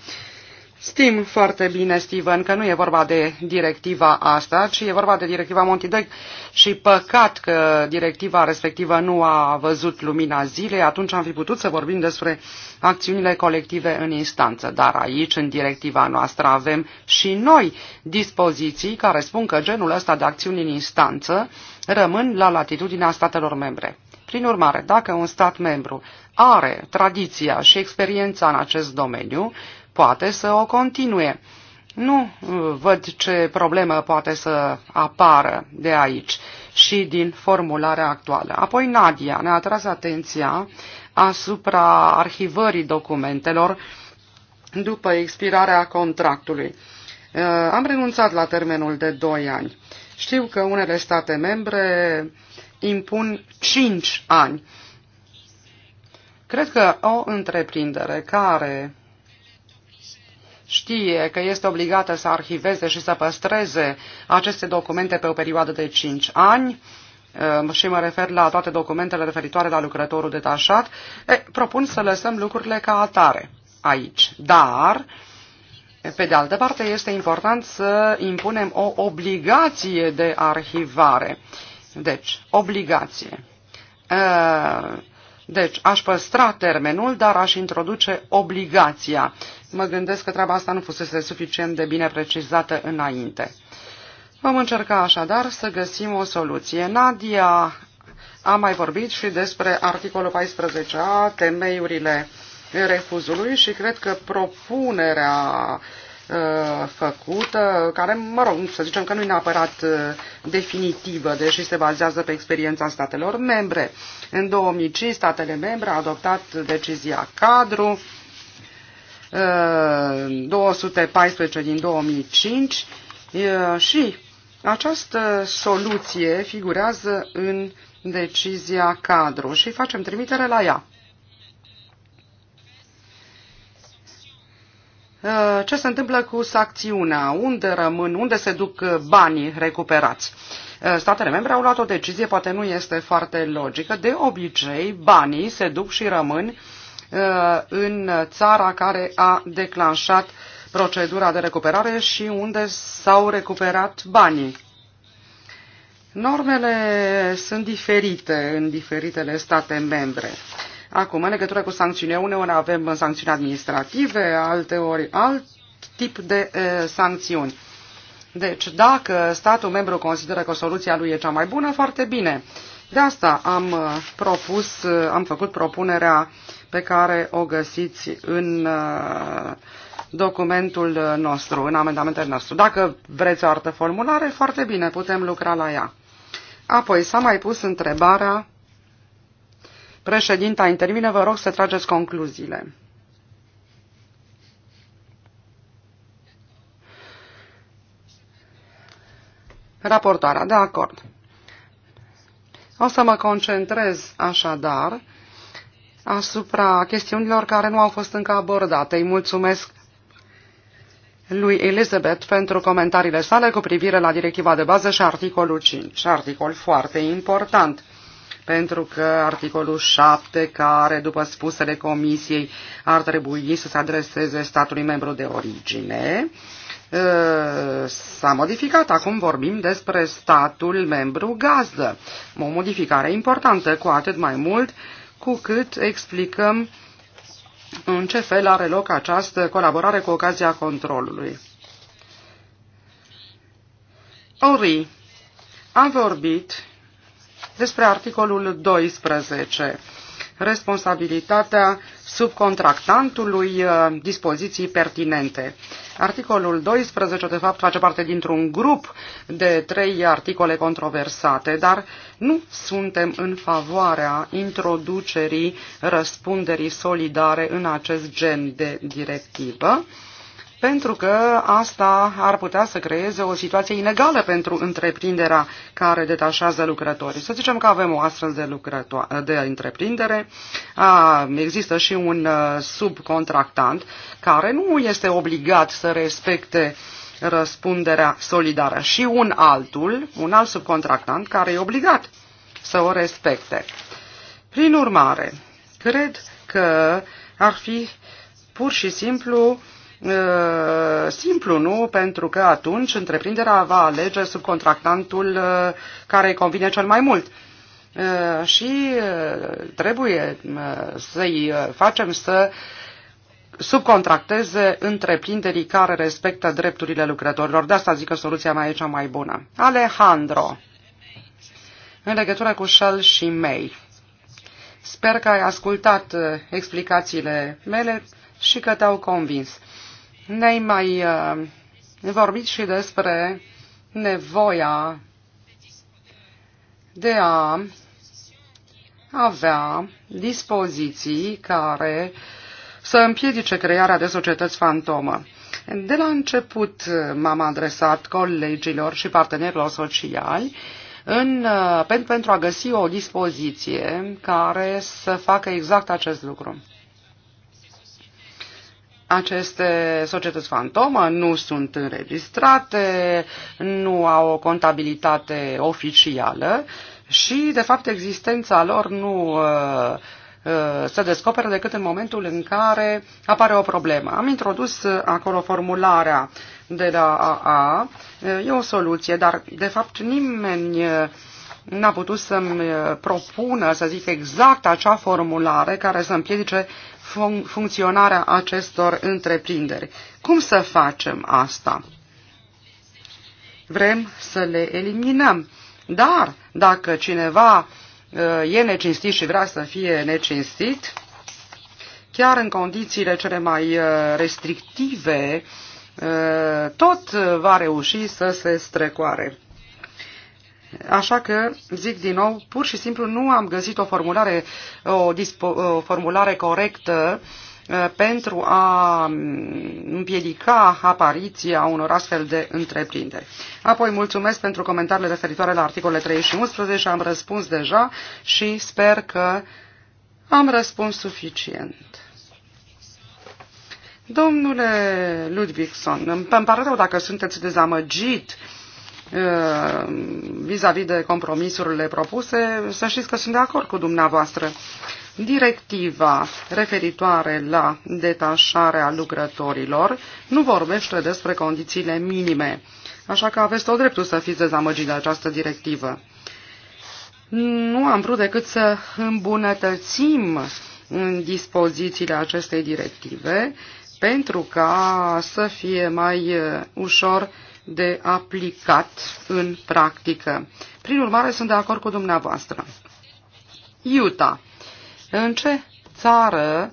Știm foarte bine, Steven, că nu e vorba de directiva asta, ci e vorba de directiva Monti 2 și păcat că directiva respectivă nu a văzut lumina zilei, atunci am fi putut să vorbim despre acțiunile colective în instanță. Dar aici, în directiva noastră, avem și noi dispoziții care spun că genul ăsta de acțiuni în instanță rămân la latitudinea statelor membre. Prin urmare, dacă un stat membru are tradiția și experiența în acest domeniu, poate să o continue. Nu uh, văd ce problemă poate să apară de aici și din formularea actuală. Apoi Nadia ne-a tras atenția asupra arhivării documentelor după expirarea contractului. Uh, am renunțat la termenul de 2 ani. Știu că unele state membre impun 5 ani. Cred că o întreprindere care știe că este obligată să arhiveze și să păstreze aceste documente pe o perioadă de 5 ani, um, și mă refer la toate documentele referitoare la lucrătorul detașat, e, propun să lăsăm lucrurile ca atare aici. Dar, pe de altă parte, este important să impunem o obligație de arhivare. Deci, obligație. Deci, aș păstra termenul, dar aș introduce obligația mă gândesc că treaba asta nu fusese suficient de bine precizată înainte. Vom încerca așadar să găsim o soluție. Nadia a mai vorbit și despre articolul 14a, temeiurile refuzului și cred că propunerea uh, făcută, care, mă rog, să zicem că nu e neapărat uh, definitivă, deși se bazează pe experiența statelor membre. În 2005, statele membre au adoptat decizia cadru 214 uh, din 2005 uh, și această soluție figurează în decizia cadru și facem trimitere la ea. Uh, ce se întâmplă cu sancțiunea? Unde rămân? Unde se duc banii recuperați? Statele membre au luat o decizie, poate nu este foarte logică. De obicei, banii se duc și rămân Uh, în țara care a declanșat procedura de recuperare și unde s-au recuperat banii. Normele sunt diferite în diferitele state membre. Acum, în legătură cu sancțiune, uneori avem sancțiuni administrative, alteori alt tip de e, uh, sancțiuni. Deci, dacă statul membru consideră că soluția lui e cea mai bună, foarte bine. De asta am uh, propus, am făcut propunerea pe care o găsiți în uh, documentul nostru, în amendamentele nostru. Dacă vreți o altă formulare, foarte bine, putem lucra la ea. Apoi s-a mai pus întrebarea, președinta intervine, vă rog să trageți concluziile. Raportoarea, de acord. O să mă concentrez așadar asupra chestiunilor care nu au fost încă abordate. Îi mulțumesc lui Elizabeth pentru comentariile sale cu privire la directiva de bază și articolul 5, articol foarte important, pentru că articolul 7, care, după spusele comisiei, ar trebui să se adreseze statului membru de origine, ă, s-a modificat. Acum vorbim despre statul membru gazdă. O modificare importantă, cu atât mai mult cu cât explicăm în ce fel are loc această colaborare cu ocazia controlului. Ori, am vorbit despre articolul 12 responsabilitatea subcontractantului, uh, dispoziții pertinente. Articolul 12, de fapt, face parte dintr-un grup de trei articole controversate, dar nu suntem în favoarea introducerii răspunderii solidare în acest gen de directivă pentru că asta ar putea să creeze o situație inegală pentru întreprinderea care detașează lucrătorii. Să zicem că avem o astfel de, de întreprindere, a, există și un uh, subcontractant care nu este obligat să respecte răspunderea solidară și un altul, un alt subcontractant care e obligat să o respecte. Prin urmare, cred că ar fi pur și simplu simplu nu, pentru că atunci întreprinderea va alege subcontractantul care îi convine cel mai mult. Și trebuie să-i facem să subcontracteze întreprinderii care respectă drepturile lucrătorilor. De asta zic că soluția mai e cea mai bună. Alejandro, în legătură cu Shell și May. Sper că ai ascultat explicațiile mele și că te-au convins. Ne-ai mai uh, vorbit și despre nevoia de a avea dispoziții care să împiedice crearea de societăți fantomă. De la început m-am adresat colegilor și partenerilor sociali în, uh, pentru a găsi o dispoziție care să facă exact acest lucru aceste societăți fantomă nu sunt înregistrate, nu au o contabilitate oficială și, de fapt, existența lor nu uh, uh, se descoperă decât în momentul în care apare o problemă. Am introdus acolo formularea de la AA, e o soluție, dar, de fapt, nimeni uh, n-a putut să-mi propună, să zic, exact acea formulare care să împiedice func funcționarea acestor întreprinderi. Cum să facem asta? Vrem să le eliminăm. Dar dacă cineva uh, e necinstit și vrea să fie necinstit, chiar în condițiile cele mai uh, restrictive, uh, tot va reuși să se strecoare. Așa că, zic din nou, pur și simplu nu am găsit o formulare, o, o formulare corectă uh, pentru a mm, împiedica apariția unor astfel de întreprinderi. Apoi mulțumesc pentru comentariile referitoare la articolele 3 și 11, am răspuns deja și sper că am răspuns suficient. Domnule Ludvigson, îmi pare rău dacă sunteți dezamăgit uh, Uh, vis-a-vis -vis de compromisurile propuse, să știți că sunt de acord cu dumneavoastră. Directiva referitoare la detașarea lucrătorilor nu vorbește despre condițiile minime, așa că aveți tot dreptul să fiți dezamăgiți de această directivă. Nu am vrut decât să îmbunătățim în dispozițiile acestei directive pentru ca să fie mai uh, ușor de aplicat în practică. Prin urmare, sunt de acord cu dumneavoastră. Utah. În ce țară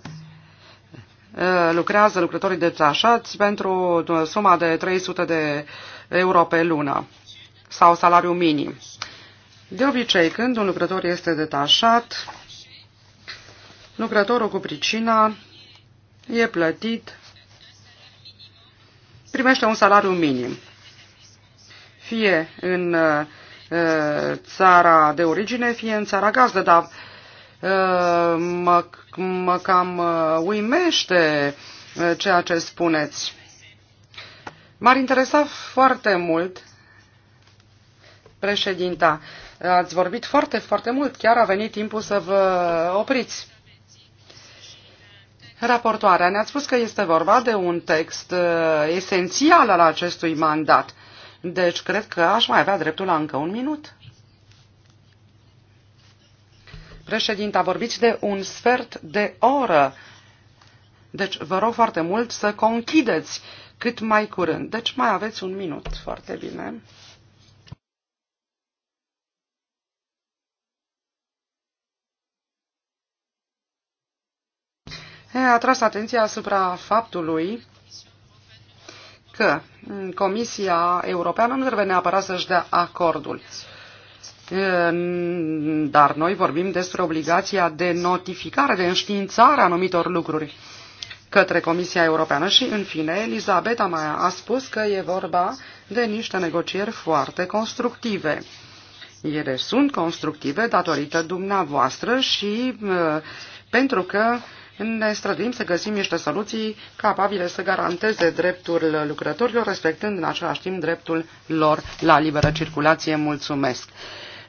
uh, lucrează lucrătorii detașați pentru suma de 300 de euro pe lună sau salariu minim? De obicei, când un lucrător este detașat, lucrătorul cu pricina e plătit, primește un salariu minim fie în uh, uh, țara de origine, fie în țara gazdă, dar uh, mă, mă cam uimește ceea ce spuneți. M-ar interesa foarte mult, președinta, ați vorbit foarte, foarte mult, chiar a venit timpul să vă opriți. Raportoarea ne-a spus că este vorba de un text esențial al acestui mandat. Deci cred că aș mai avea dreptul la încă un minut. a vorbit de un sfert de oră. Deci vă rog foarte mult să conchideți cât mai curând. Deci mai aveți un minut. Foarte bine. A tras atenția asupra faptului că Comisia Europeană nu trebuie neapărat să-și dea acordul. Dar noi vorbim despre obligația de notificare, de înștiințare a anumitor lucruri către Comisia Europeană și, în fine, Elisabeta mai a spus că e vorba de niște negocieri foarte constructive. Ele sunt constructive datorită dumneavoastră și uh, pentru că uh, ne străduim să găsim niște soluții capabile să garanteze dreptul lucrătorilor, respectând în același timp dreptul lor la liberă circulație. Mulțumesc!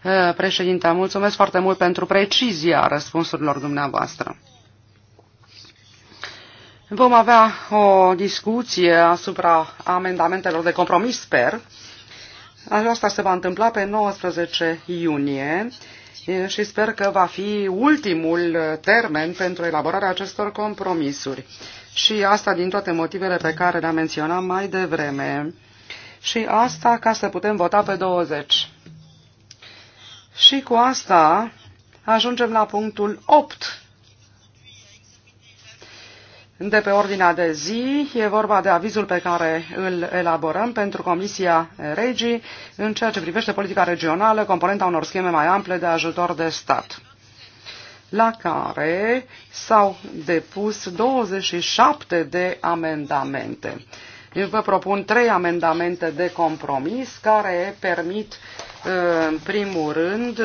Eh, președinte, mulțumesc foarte mult pentru precizia răspunsurilor dumneavoastră. Vom avea o discuție asupra amendamentelor de compromis, sper. Asta se va întâmpla pe 19 iunie și sper că va fi ultimul termen pentru elaborarea acestor compromisuri. Și asta din toate motivele pe care le-am menționat mai devreme. Și asta ca să putem vota pe 20. Și cu asta ajungem la punctul 8 de pe ordinea de zi. E vorba de avizul pe care îl elaborăm pentru Comisia Regi, în ceea ce privește politica regională, componenta unor scheme mai ample de ajutor de stat la care s-au depus 27 de amendamente. Eu vă propun trei amendamente de compromis care permit, în primul rând,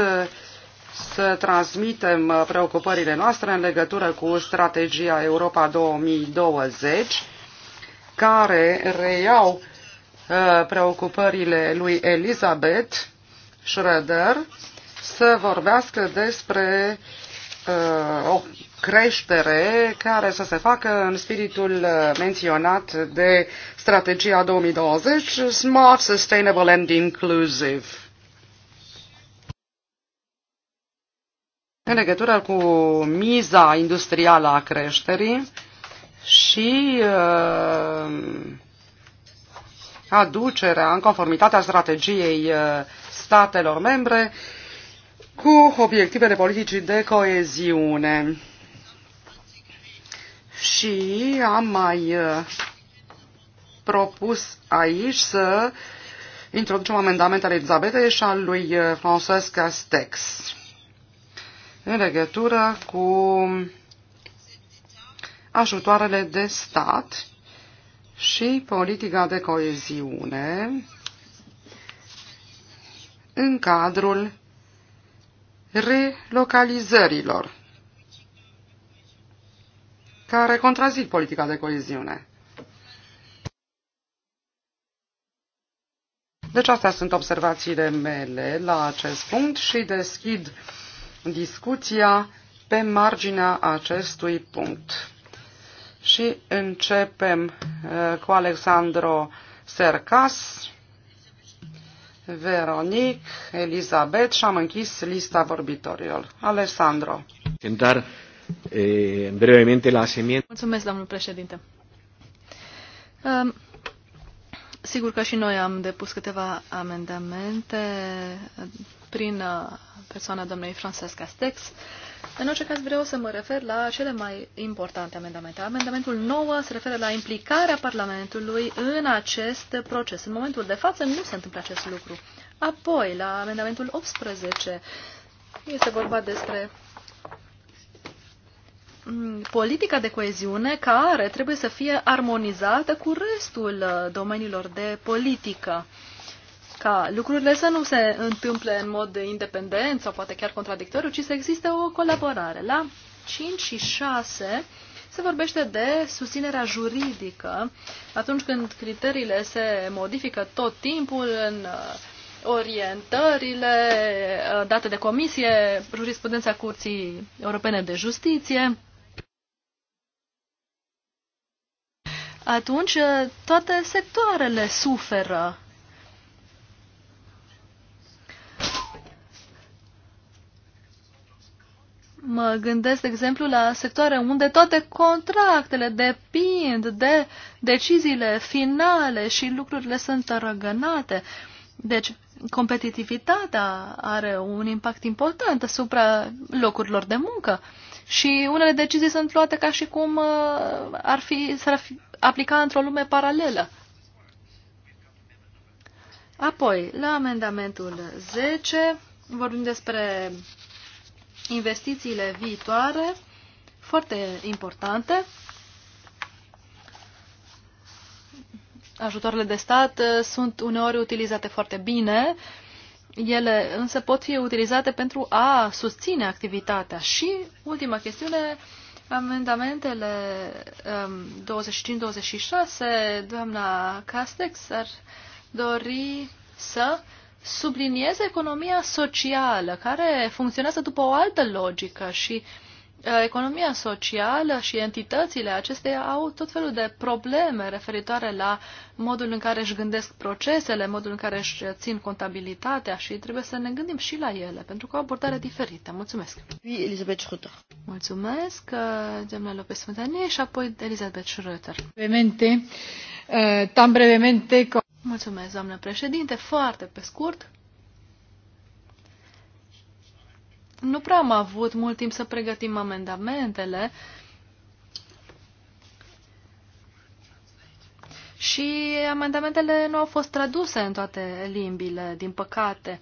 să transmitem uh, preocupările noastre în legătură cu strategia Europa 2020, care reiau uh, preocupările lui Elizabeth Schroeder să vorbească despre uh, o creștere care să se facă în spiritul menționat de strategia 2020, Smart, Sustainable and Inclusive. în legătură cu miza industrială a creșterii și uh, aducerea în conformitatea strategiei uh, statelor membre cu obiectivele politicii de coeziune. Și am mai uh, propus aici să introducem amendamentele Elizabetei și al lui Francesc Castex în legătură cu ajutoarele de stat și politica de coeziune în cadrul relocalizărilor care contrazic politica de coeziune. Deci astea sunt observațiile mele la acest punct și deschid discuția pe marginea acestui punct. Și începem uh, cu Alexandro Sercas, Veronic, Elizabeth și am închis lista vorbitorilor. Alessandro. Dar eh, brevemente la semien. Mulțumesc, domnul președinte. Um, sigur că și noi am depus câteva amendamente prin persoana doamnei Francesca Stex. În orice caz vreau să mă refer la cele mai importante amendamente. Amendamentul 9 se referă la implicarea Parlamentului în acest proces. În momentul de față nu se întâmplă acest lucru. Apoi, la amendamentul 18, este vorba despre mm, politica de coeziune care trebuie să fie armonizată cu restul uh, domeniilor de politică ca lucrurile să nu se întâmple în mod independent sau poate chiar contradictoriu, ci să existe o colaborare. La 5 și 6 se vorbește de susținerea juridică atunci când criteriile se modifică tot timpul în uh, orientările uh, date de comisie, jurisprudența Curții Europene de Justiție. Atunci uh, toate sectoarele suferă Mă gândesc, de exemplu, la sectoare unde toate contractele depind de deciziile finale și lucrurile sunt răgănate. Deci, competitivitatea are un impact important asupra locurilor de muncă și unele decizii sunt luate ca și cum uh, ar fi, s-ar fi aplica într-o lume paralelă. Apoi, la amendamentul 10 vorbim despre investițiile viitoare, foarte importante. Ajutoarele de stat uh, sunt uneori utilizate foarte bine, ele însă pot fi utilizate pentru a susține activitatea. Și ultima chestiune, amendamentele 25-26, um, doamna Castex ar dori să subliniez economia socială, care funcționează după o altă logică și uh, economia socială și entitățile acesteia au tot felul de probleme referitoare la modul în care își gândesc procesele, modul în care își țin contabilitatea și trebuie să ne gândim și la ele, pentru că o abordare diferită. Mulțumesc! Elizabeth Schröter. Mulțumesc, uh, doamna Lopez Fontanie și apoi Elizabeth Schröter. Brevemente, uh, tan brevemente... Mulțumesc, doamnă președinte. Foarte pe scurt. Nu prea am avut mult timp să pregătim amendamentele și amendamentele nu au fost traduse în toate limbile, din păcate.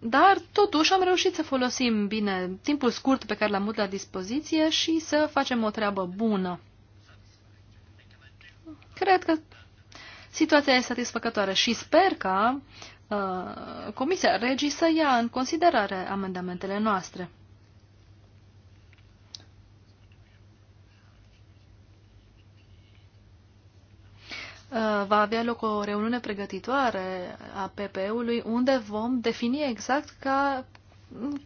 Dar, totuși, am reușit să folosim bine timpul scurt pe care l-am avut la dispoziție și să facem o treabă bună. Cred că situația e satisfăcătoare și sper ca uh, Comisia Regii să ia în considerare amendamentele noastre. Uh, va avea loc o reuniune pregătitoare a PPE-ului unde vom defini exact ca,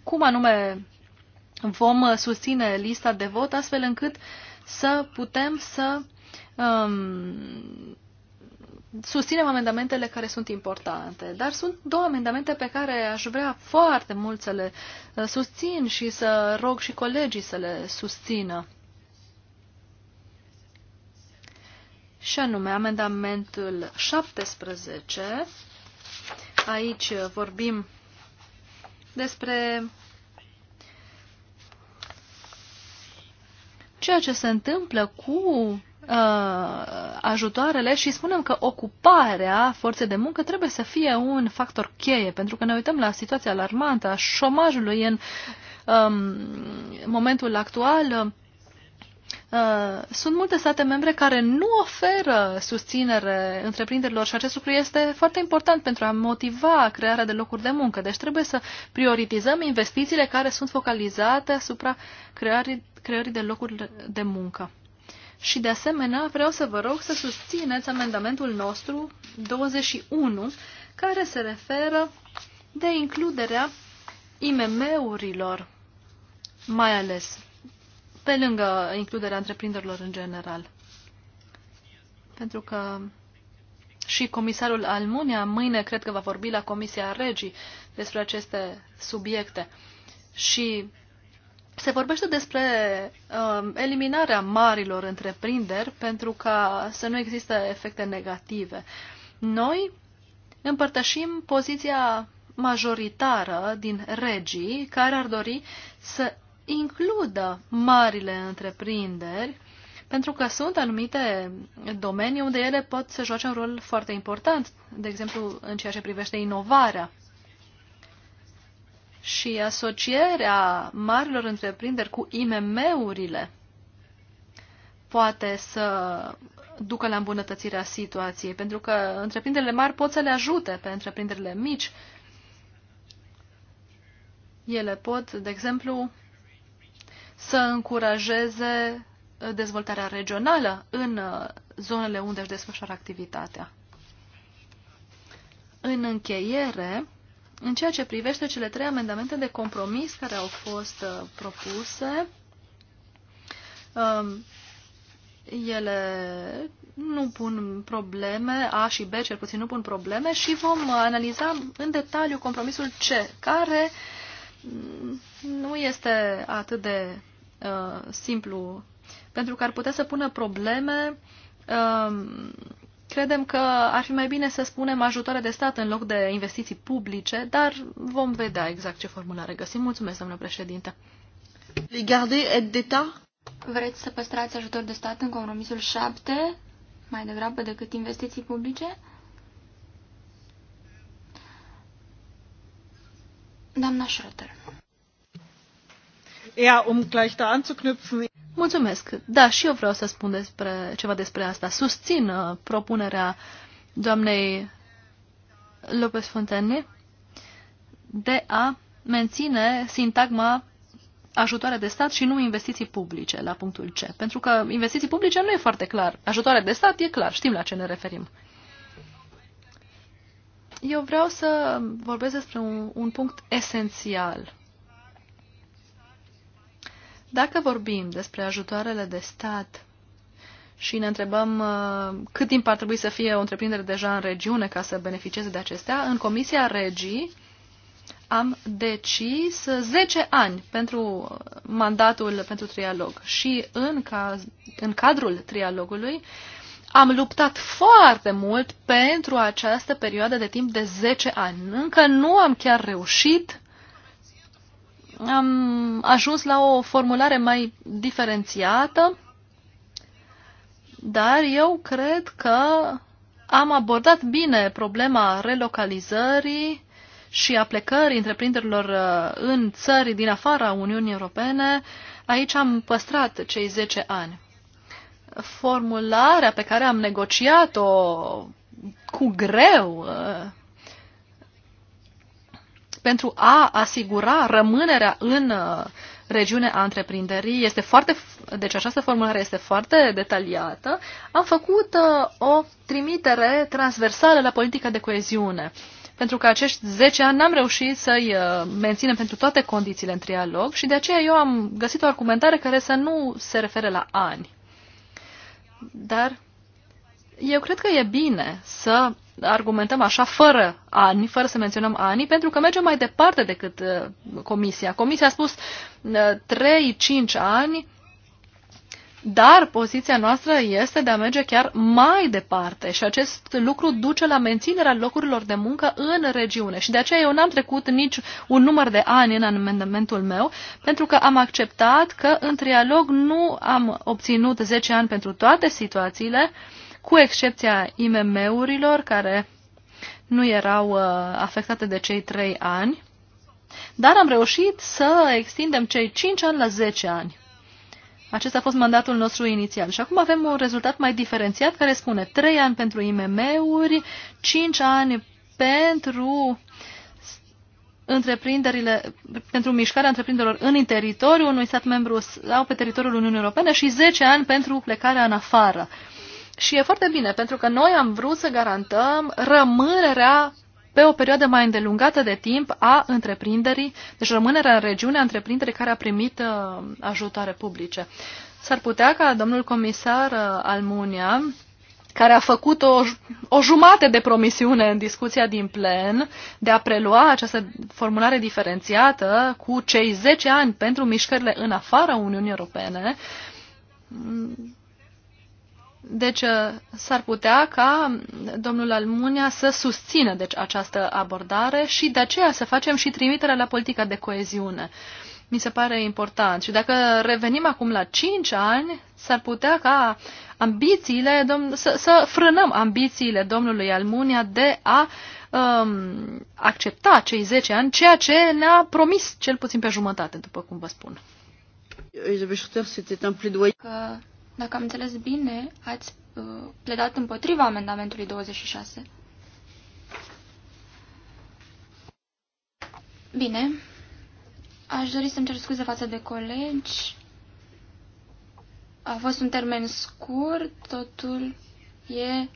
cum anume vom susține lista de vot astfel încât să putem să um, susținem amendamentele care sunt importante, dar sunt două amendamente pe care aș vrea foarte mult să le uh, susțin și să rog și colegii să le susțină. Și anume, amendamentul 17. Aici vorbim despre ceea ce se întâmplă cu Uh, ajutoarele și spunem că ocuparea forței de muncă trebuie să fie un factor cheie, pentru că ne uităm la situația alarmantă a șomajului în um, momentul actual. Uh, sunt multe state membre care nu oferă susținere întreprinderilor și acest lucru este foarte important pentru a motiva crearea de locuri de muncă. Deci trebuie să prioritizăm investițiile care sunt focalizate asupra creării, creării de locuri de muncă. Și de asemenea vreau să vă rog să susțineți amendamentul nostru 21 care se referă de includerea IMM-urilor, mai ales pe lângă includerea întreprinderilor în general. Pentru că și comisarul Almunia mâine cred că va vorbi la Comisia Regii despre aceste subiecte. Și se vorbește despre uh, eliminarea marilor întreprinderi pentru ca să nu există efecte negative. Noi împărtășim poziția majoritară din regii care ar dori să includă marile întreprinderi pentru că sunt anumite domenii unde ele pot să joace un rol foarte important, de exemplu în ceea ce privește inovarea și asocierea marilor întreprinderi cu IMM-urile poate să ducă la îmbunătățirea situației, pentru că întreprinderile mari pot să le ajute pe întreprinderile mici. Ele pot, de exemplu, să încurajeze dezvoltarea regională în zonele unde își desfășoară activitatea. În încheiere, în ceea ce privește cele trei amendamente de compromis care au fost uh, propuse, um, ele nu pun probleme, A și B cel puțin nu pun probleme și vom analiza în detaliu compromisul C, care mm, nu este atât de uh, simplu, pentru că ar putea să pună probleme uh, Credem că ar fi mai bine să spunem ajutoare de stat în loc de investiții publice, dar vom vedea exact ce formulare găsim. Mulțumesc, domnule președinte. Vreți să păstrați ajutor de stat în compromisul 7, mai degrabă decât investiții publice? Doamna Schröter. Ja, um gleich da anzuknüpfen. Mulțumesc. Da, și eu vreau să spun despre, ceva despre asta. Susțin uh, propunerea doamnei Lopez Fontane de a menține sintagma ajutoare de stat și nu investiții publice la punctul C. Pentru că investiții publice nu e foarte clar. Ajutoare de stat e clar, știm la ce ne referim. Eu vreau să vorbesc despre un, un punct esențial dacă vorbim despre ajutoarele de stat și ne întrebăm uh, cât timp ar trebui să fie o întreprindere deja în regiune ca să beneficieze de acestea, în Comisia Regii am decis 10 ani pentru mandatul pentru trialog și în, caz, în cadrul trialogului am luptat foarte mult pentru această perioadă de timp de 10 ani. Încă nu am chiar reușit am ajuns la o formulare mai diferențiată, dar eu cred că am abordat bine problema relocalizării și a plecării întreprinderilor uh, în țări din afara Uniunii Europene. Aici am păstrat cei 10 ani. Formularea pe care am negociat-o cu greu uh, pentru a asigura rămânerea în uh, regiune a întreprinderii. Este foarte, deci această formulare este foarte detaliată. Am făcut uh, o trimitere transversală la politica de coeziune pentru că acești 10 ani n-am reușit să-i uh, menținem pentru toate condițiile în trialog și de aceea eu am găsit o argumentare care să nu se refere la ani. Dar eu cred că e bine să argumentăm așa fără ani, fără să menționăm ani, pentru că mergem mai departe decât uh, comisia. Comisia a spus 3-5 uh, ani, dar poziția noastră este de a merge chiar mai departe și acest lucru duce la menținerea locurilor de muncă în regiune. Și de aceea eu n-am trecut nici un număr de ani în amendamentul meu, pentru că am acceptat că în trialog nu am obținut 10 ani pentru toate situațiile, uh, cu excepția IMM-urilor care nu erau uh, afectate de cei 3 ani, dar am reușit să extindem cei 5 ani la 10 ani. Acesta a fost mandatul nostru inițial și acum avem un rezultat mai diferențiat care spune 3 ani pentru IMM-uri, 5 ani pentru întreprinderile, pentru mișcarea întreprinderilor în teritoriul unui stat membru sau pe teritoriul Uniunii Europene și 10 ani pentru plecarea în afară. Uh, și e foarte bine, pentru că noi am vrut să garantăm rămânerea pe o perioadă mai îndelungată de timp a întreprinderii, deci rămânerea în regiunea întreprinderii care a primit uh, ajutoare publice. S-ar putea ca domnul comisar uh, Almunia, care a făcut o, o jumate de promisiune în discuția din plen de a prelua această formulare diferențiată cu cei 10 ani pentru mișcările în afara Uniunii Europene, deci uh, s-ar putea ca domnul Almunia să susțină deci, această abordare și de aceea să facem și trimiterea la politica de coeziune. Mi se pare important. Și dacă revenim acum la 5 ani, s-ar putea ca ambițiile, să, să frânăm ambițiile domnului Almunia de a um, accepta cei 10 ani, ceea ce ne-a promis cel puțin pe jumătate, după cum vă spun. Că dacă am înțeles bine, ați uh, pledat împotriva amendamentului 26. Bine. Aș dori să-mi cer scuze față de colegi. A fost un termen scurt, totul e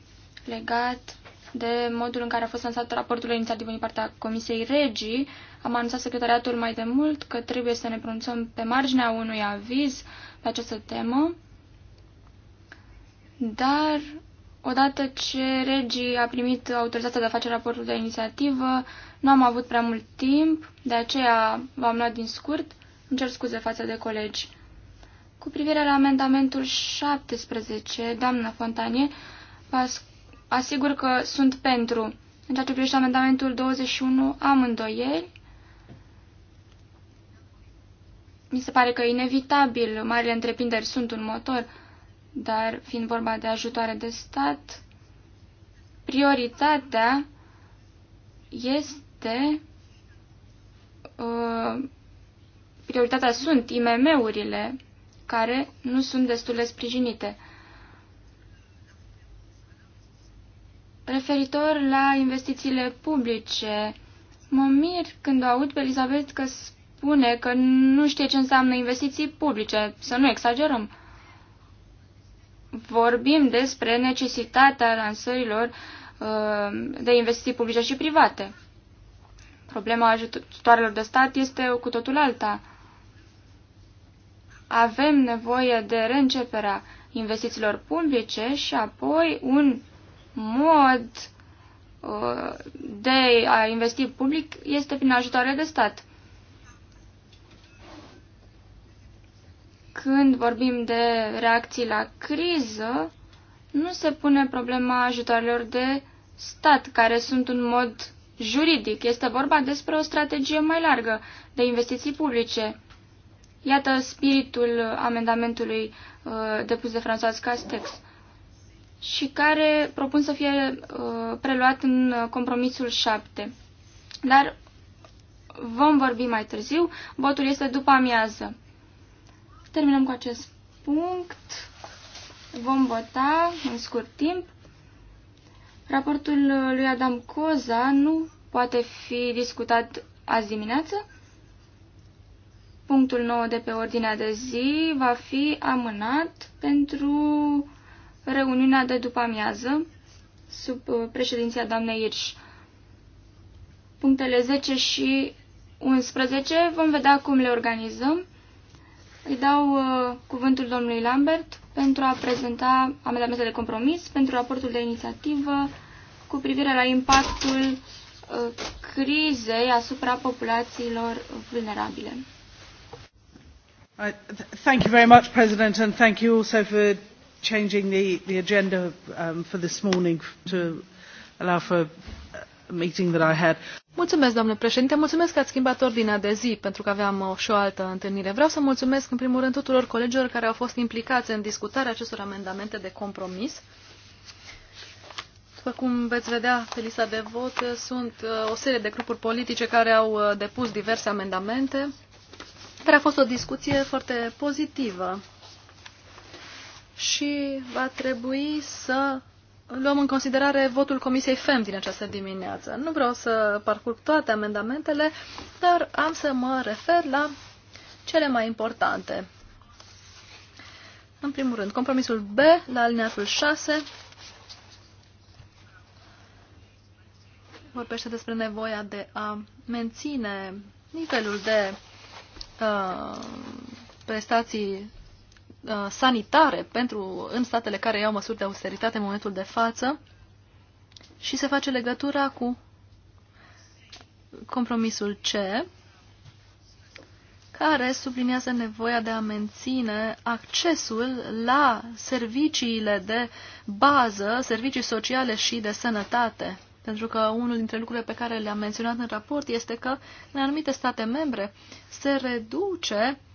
legat de modul în care a fost lansat raportul inițiativ din partea Comisiei Regii. Am anunțat secretariatul mai de mult că trebuie să ne pronunțăm pe marginea unui aviz pe această temă. Dar, odată ce regii a primit autorizația de a face raportul de inițiativă, nu am avut prea mult timp, de aceea v-am luat din scurt. Îmi cer scuze față de colegi. Cu privire la amendamentul 17, doamnă Fontanie, vă asigur că sunt pentru. În ceea ce privește amendamentul 21, am îndoieli. Mi se pare că inevitabil marile întreprinderi sunt un motor dar fiind vorba de ajutoare de stat, prioritatea este uh, prioritatea sunt IMM-urile care nu sunt destul de sprijinite. Referitor la investițiile publice, mă mir când o aud pe Elizabeth că spune că nu știe ce înseamnă investiții publice, să nu exagerăm vorbim despre necesitatea lansărilor uh, de investiții publice și private. Problema ajutoarelor de stat este cu totul alta. Avem nevoie de reînceperea investițiilor publice și apoi un mod uh, de a investi public este prin ajutoare de stat. Când vorbim de reacții la criză, nu se pune problema ajutoarelor de stat, care sunt un mod juridic. Este vorba despre o strategie mai largă de investiții publice. Iată spiritul amendamentului uh, depus de François Castex și care propun să fie uh, preluat în compromisul 7. Dar vom vorbi mai târziu, votul este după amiază. Terminăm cu acest punct. Vom vota în scurt timp. Raportul lui Adam Coza nu poate fi discutat azi dimineață. Punctul 9 de pe ordinea de zi va fi amânat pentru reuniunea de după amiază sub uh, președinția doamnei Irș. Punctele 10 și 11 vom vedea cum le organizăm. Îi dau uh, cuvântul domnului Lambert pentru a prezenta amendamentele de compromis pentru raportul de inițiativă cu privire la impactul uh, crizei asupra populațiilor vulnerabile. Uh, thank you very much, President, and thank you also for changing the, the agenda um, for this morning to allow for meeting that I had. Mulțumesc, domnule președinte. Mulțumesc că ați schimbat ordinea de zi, pentru că aveam uh, și o altă întâlnire. Vreau să mulțumesc, în primul rând, tuturor colegilor care au fost implicați în discutarea acestor amendamente de compromis. După cum veți vedea pe lista de vot, sunt uh, o serie de grupuri politice care au uh, depus diverse amendamente, dar a fost o discuție foarte pozitivă. Și va trebui să luăm în considerare votul Comisiei FEM din această dimineață. Nu vreau să parcurg toate amendamentele, dar am să mă refer la cele mai importante. În primul rând, compromisul B la alineatul 6 vorbește despre nevoia de a menține nivelul de uh, prestații Uh, sanitare pentru, în statele care iau măsuri de austeritate în momentul de față și se face legătura cu compromisul C, care subliniază nevoia de a menține accesul la serviciile de bază, servicii sociale și de sănătate. Pentru că unul dintre lucrurile pe care le-am menționat în raport este că în anumite state membre se reduce uh,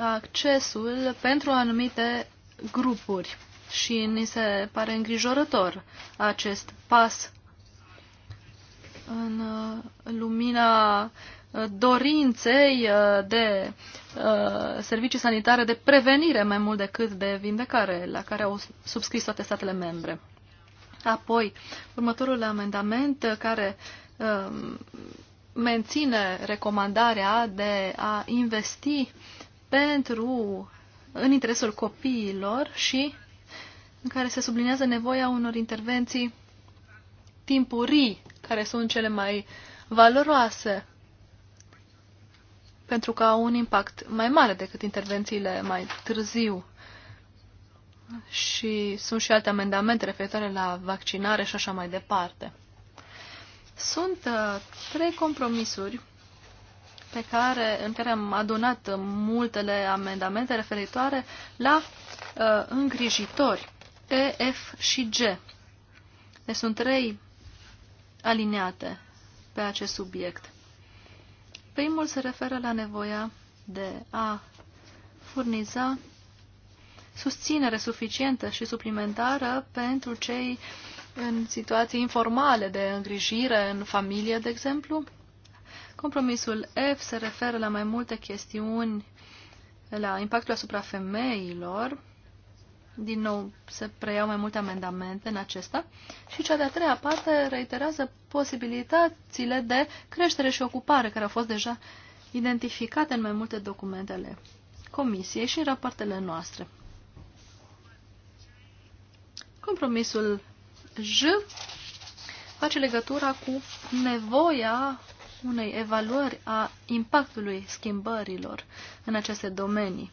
accesul pentru anumite grupuri și ni se pare îngrijorător acest pas în uh, lumina uh, dorinței uh, de servicii sanitare de prevenire mai mult decât de vindecare, la care au subscris toate statele membre. Apoi, următorul amendament care um, menține recomandarea de a investi uh, pentru, în interesul copiilor și în care se sublinează nevoia unor intervenții timpurii, care sunt cele mai valoroase, pentru că au un impact mai mare decât intervențiile mai târziu. Și sunt și alte amendamente referitoare la vaccinare și așa mai departe. Sunt uh, trei compromisuri pe care, în care am adunat multele amendamente referitoare la uh, îngrijitori E, F și G. Deci sunt trei alineate pe acest subiect. Primul se referă la nevoia de a furniza susținere suficientă și suplimentară pentru cei în situații informale de îngrijire în familie, de exemplu, Compromisul F se referă la mai multe chestiuni, la impactul asupra femeilor. Din nou, se preiau mai multe amendamente în acesta. Și cea de-a treia parte reiterează posibilitățile de creștere și ocupare, care au fost deja identificate în mai multe documentele Comisiei și în rapoartele noastre. Compromisul J face legătura cu nevoia unei evaluări a impactului schimbărilor în aceste domenii.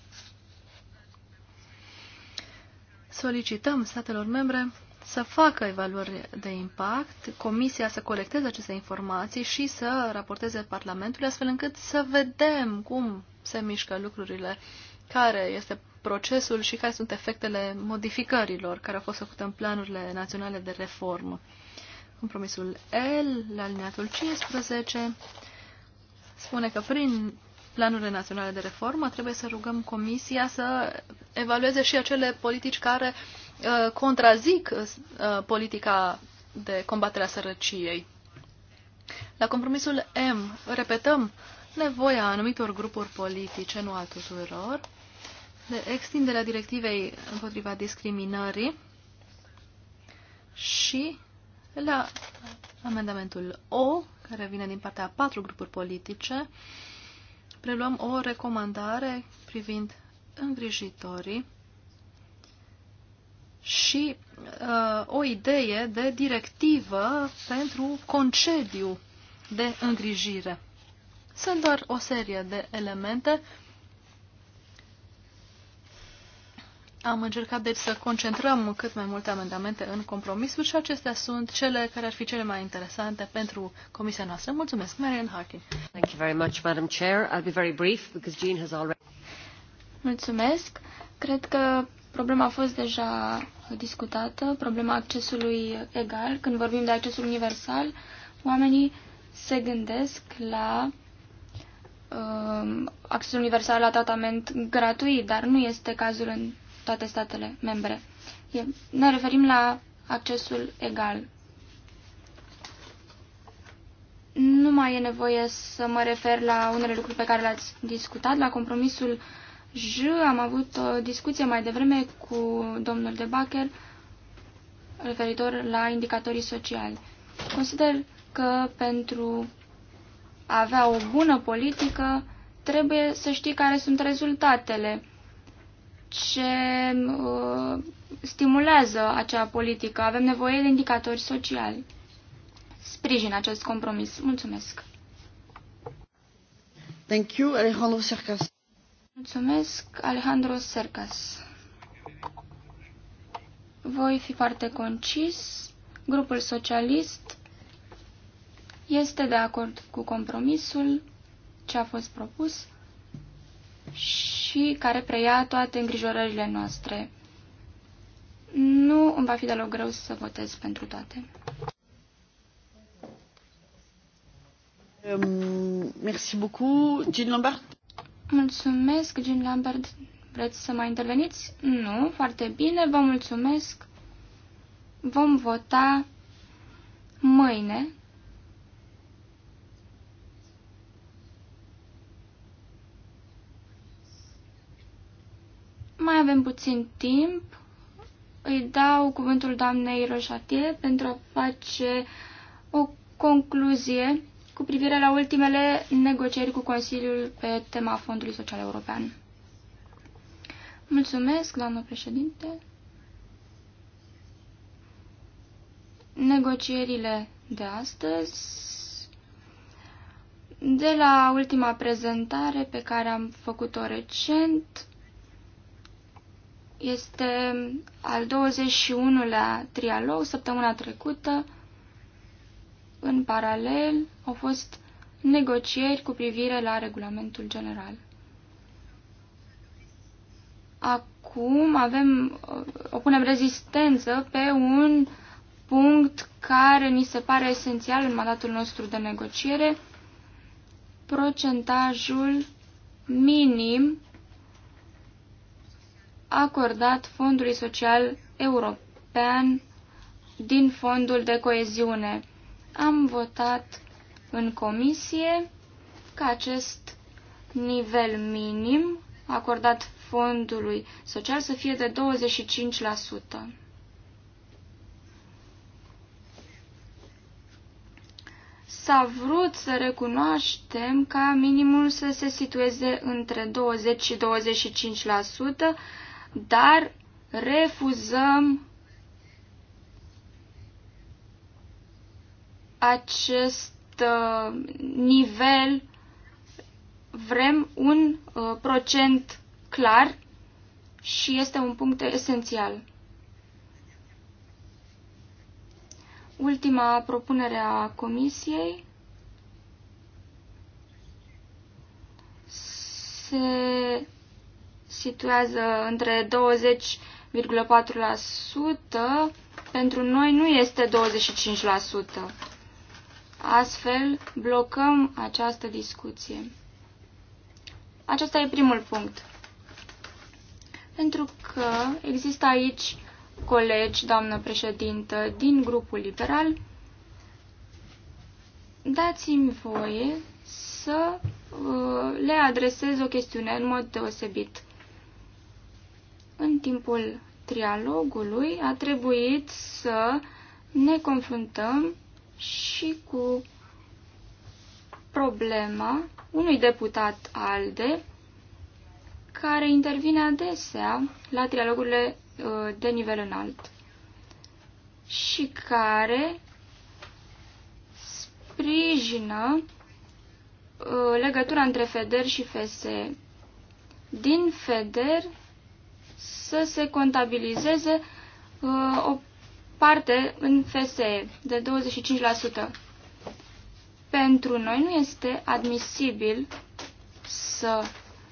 Solicităm statelor membre să facă evaluări de impact, comisia să colecteze aceste informații și să raporteze Parlamentului, astfel încât să vedem cum se mișcă lucrurile, care este procesul și care sunt efectele modificărilor care au fost făcute în planurile naționale de reformă. Compromisul L, la alineatul 15, spune că prin planurile naționale de reformă trebuie să rugăm Comisia să evalueze și acele politici care uh, contrazic uh, politica de combatere a sărăciei. La compromisul M repetăm nevoia anumitor grupuri politice, nu a tuturor, de extinderea directivei împotriva discriminării și la amendamentul O, care vine din partea a patru grupuri politice, preluăm o recomandare privind îngrijitorii și uh, o idee de directivă pentru concediu de îngrijire. Sunt doar o serie de elemente uh, Am încercat deci să concentrăm cât mai multe amendamente în compromisuri și acestea sunt cele care ar fi cele mai interesante pentru comisia noastră. Mulțumesc, Marian Harkin. Thank you very much, Madam Chair. I'll be very brief because Jean has already... Mulțumesc. Cred că problema a fost deja discutată, problema accesului egal. Când vorbim de accesul universal, oamenii se gândesc la um, accesul universal la tratament gratuit, dar nu este cazul în toate statele membre. Ne referim la accesul egal. Nu mai e nevoie să mă refer la unele lucruri pe care le-ați discutat. La compromisul J am avut o discuție mai devreme cu domnul De Bacher referitor la indicatorii sociali. Consider că pentru a avea o bună politică trebuie să știi care sunt rezultatele ce uh, stimulează acea politică. Avem nevoie de indicatori sociali. Sprijin acest compromis. Mulțumesc. Thank you, Alejandro Sercas. Mulțumesc, Alejandro Sercas. Voi fi foarte concis. Grupul socialist este de acord cu compromisul ce a fost propus și care preia toate îngrijorările noastre. Nu îmi va fi deloc greu să votez pentru toate. Um, merci beaucoup. Jean Lambert? Mulțumesc, Jean Lambert. Vreți să mai interveniți? Nu, foarte bine, vă mulțumesc. Vom vota mâine Mai avem puțin timp. Îi dau cuvântul doamnei Roșatie pentru a face o concluzie cu privire la ultimele negocieri cu Consiliul pe tema Fondului Social European. Mulțumesc, doamnă președinte. Negocierile de astăzi, de la ultima prezentare pe care am făcut-o recent, este al 21-lea trialog, săptămâna trecută. În paralel au fost negocieri cu privire la regulamentul general. Acum avem, o punem rezistență pe un punct care ni se pare esențial în mandatul nostru de negociere, procentajul minim acordat Fondului Social European din Fondul de Coeziune. Am votat în comisie ca acest nivel minim acordat fondului social să fie de 25%. S-a vrut să recunoaștem ca minimul să se situeze între 20 și 25%, dar refuzăm acest uh, nivel, vrem un uh, procent clar și este un punct esențial. Ultima propunere a comisiei se situează între 20,4%, pentru noi nu este 25%. Astfel, blocăm această discuție. Acesta e primul punct. Pentru că există aici colegi, doamnă președintă, din grupul liberal, dați-mi voie să uh, le adresez o chestiune în mod deosebit. În timpul trialogului a trebuit să ne confruntăm și cu problema unui deputat ALDE care intervine adesea la trialogurile uh, de nivel înalt și care sprijină uh, legătura între FEDER și FSE. Din FEDER să se contabilizeze uh, o parte în FSE de 25%. Pentru noi nu este admisibil să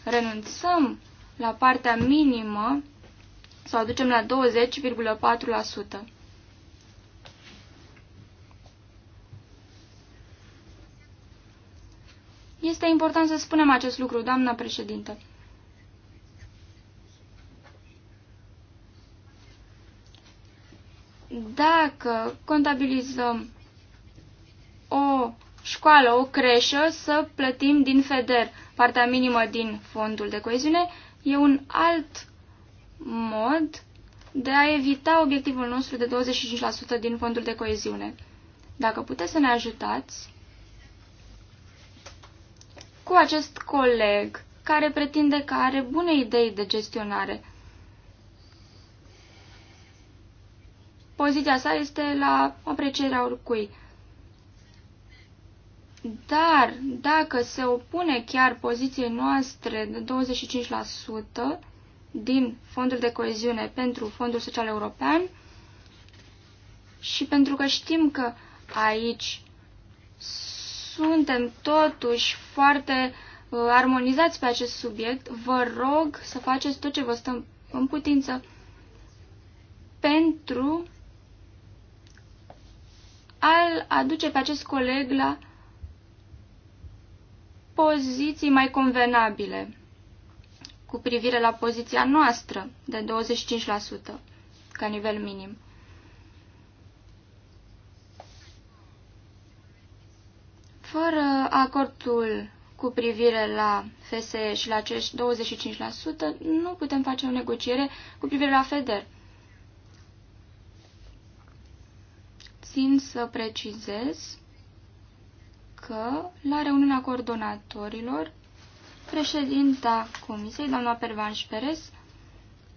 renunțăm la partea minimă sau aducem la 20,4%. Este important să spunem acest lucru, doamna președinte. dacă contabilizăm o școală, o creșă, să plătim din FEDER partea minimă din fondul de coeziune, e un alt mod de a evita obiectivul nostru de 25% din fondul de coeziune. Dacă puteți să ne ajutați cu acest coleg care pretinde că are bune idei de gestionare, poziția sa este la aprecierea oricui. Dar dacă se opune chiar poziției noastre de 25% din fondul de coeziune pentru fondul social european și pentru că știm că aici suntem totuși foarte uh, armonizați pe acest subiect, vă rog să faceți tot ce vă stăm în putință pentru al aduce pe acest coleg la poziții mai convenabile cu privire la poziția noastră de 25% ca nivel minim. Fără acordul cu privire la FSE și la acești 25%, nu putem face o negociere cu privire la FEDER. țin să precizez că la reuniunea coordonatorilor, președinta comisiei, doamna Pervanș Perez,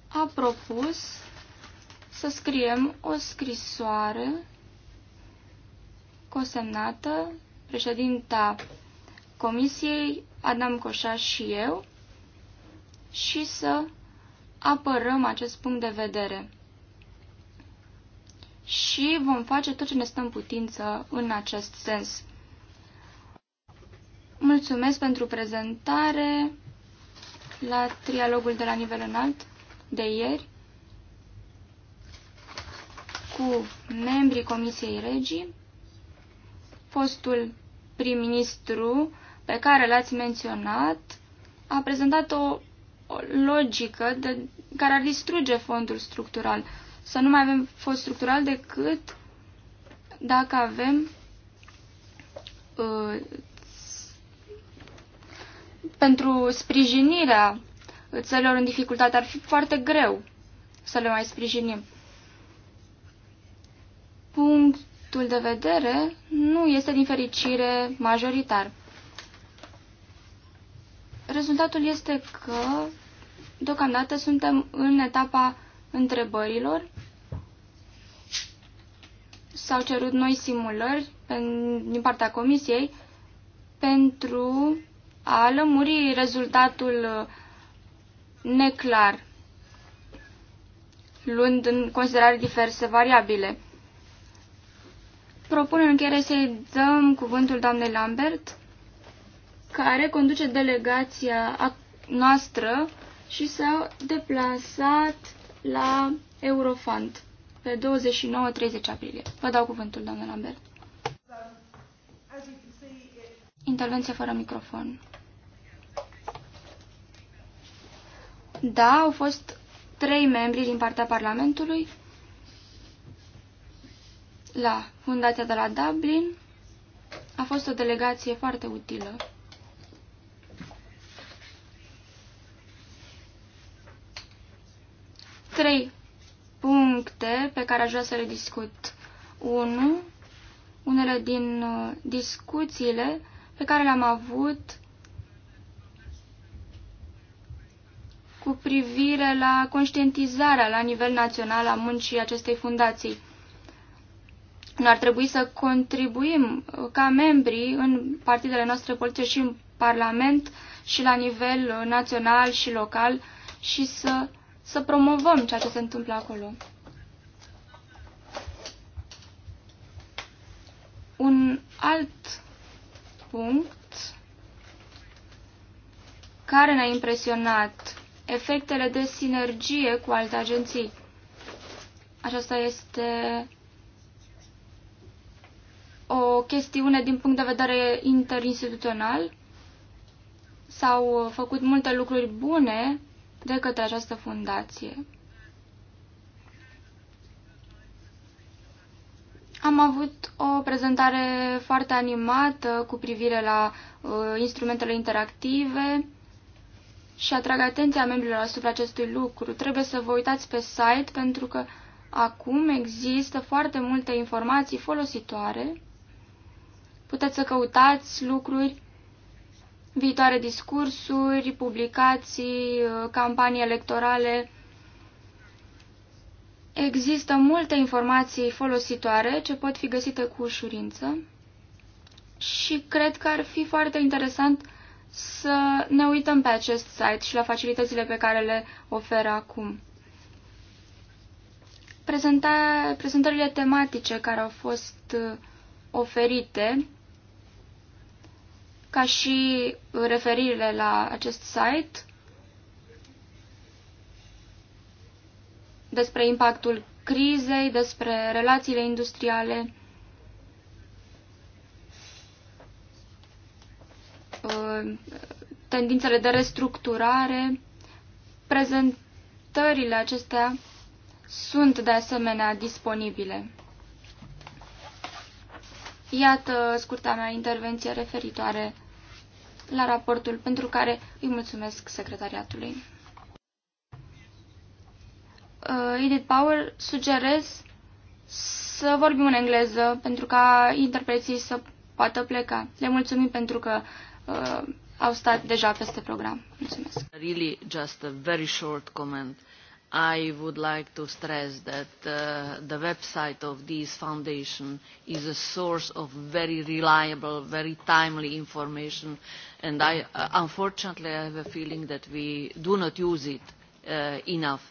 a propus să scriem o scrisoare cosemnată președinta comisiei, Adam Coșa și eu, și să apărăm acest punct de vedere și vom face tot ce ne stăm putință în acest sens. Mulțumesc pentru prezentare la trialogul de la nivel înalt de ieri cu membrii Comisiei Regii, fostul prim-ministru pe care l-ați menționat a prezentat o, o logică de, care ar distruge fondul structural să nu mai avem fond structural decât dacă avem uh, pentru sprijinirea țărilor în dificultate. Ar fi foarte greu să le mai sprijinim. Punctul de vedere nu este din fericire majoritar. Rezultatul este că deocamdată suntem în etapa întrebărilor. S-au cerut noi simulări din partea comisiei pentru a lămuri rezultatul uh, neclar, luând în considerare diverse variabile. Propun în încheiere să-i dăm cuvântul doamnei Lambert, care conduce delegația noastră și s-a deplasat la Eurofund pe 29-30 aprilie. Vă dau cuvântul, doamna Lambert. Intervenție fără microfon. Da, au fost trei membri din partea Parlamentului la Fundația de la Dublin. A fost o delegație foarte utilă. trei puncte pe care aș vrea să le discut. 1. Unele din uh, discuțiile pe care le-am avut cu privire la conștientizarea la nivel național a muncii acestei fundații. Nu ar trebui să contribuim uh, ca membri în partidele noastre politice și în Parlament și la nivel uh, național și local și să să promovăm ceea ce se întâmplă acolo. Un alt punct care ne-a impresionat efectele de sinergie cu alte agenții. Aceasta este o chestiune din punct de vedere interinstituțional. S-au făcut multe lucruri bune de către această fundație. Am avut o prezentare foarte animată cu privire la uh, instrumentele interactive și atrag atenția membrilor asupra acestui lucru. Trebuie să vă uitați pe site pentru că acum există foarte multe informații folositoare. Puteți să căutați lucruri viitoare discursuri, publicații, uh, campanii electorale. Există multe informații folositoare ce pot fi găsite cu ușurință și cred că ar fi foarte interesant să ne uităm pe acest site și la facilitățile pe care le oferă acum. Prezenta, prezentările tematice care au fost uh, oferite ca și referirile la acest site despre impactul crizei, despre relațiile industriale, uh, tendințele de restructurare. Prezentările acestea sunt de asemenea disponibile. Iată scurta mea intervenție referitoare la raportul pentru care îi mulțumesc secretariatului. Uh, Edith Power sugerez să vorbim în engleză pentru ca interpreții să poată pleca. Le mulțumim pentru că uh, au stat deja peste program. Mulțumesc. Really just a very short comment. Uh, I would like to stress that uh, the website of this foundation is a source of very reliable, very timely information, and I, uh, unfortunately I have a feeling that we do not use it uh, enough.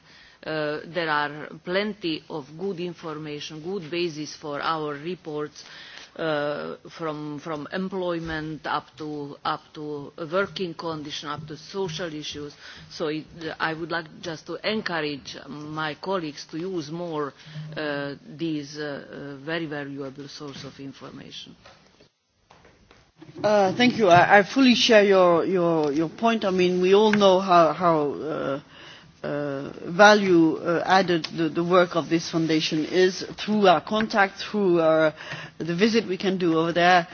Uh, there are plenty of good information, good basis for our reports, uh, Uh, from, from employment up to, up to working condition, up to social issues. So it, I would like just to encourage my colleagues to use more uh, these uh, uh very valuable source of information. Uh, thank you. I, I fully share your, your, your point. I mean, we all know how, how uh, Uh, value uh, added the, the work of this foundation is through our contact, through our, the visit we can do over there,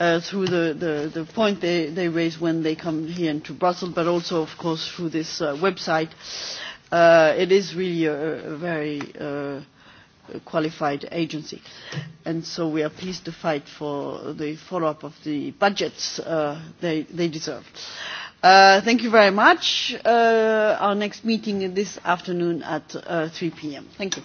uh, through the, the, the point they, they raise when they come here into Brussels, but also, of course, through this uh, website. Uh, it is really a, a very uh, qualified agency. And so we are pleased to fight for the follow-up of the budgets uh, they, they deserve. Uh, Uh, thank you very much. Uh, our next meeting this afternoon at uh, three 3 p.m. Thank you.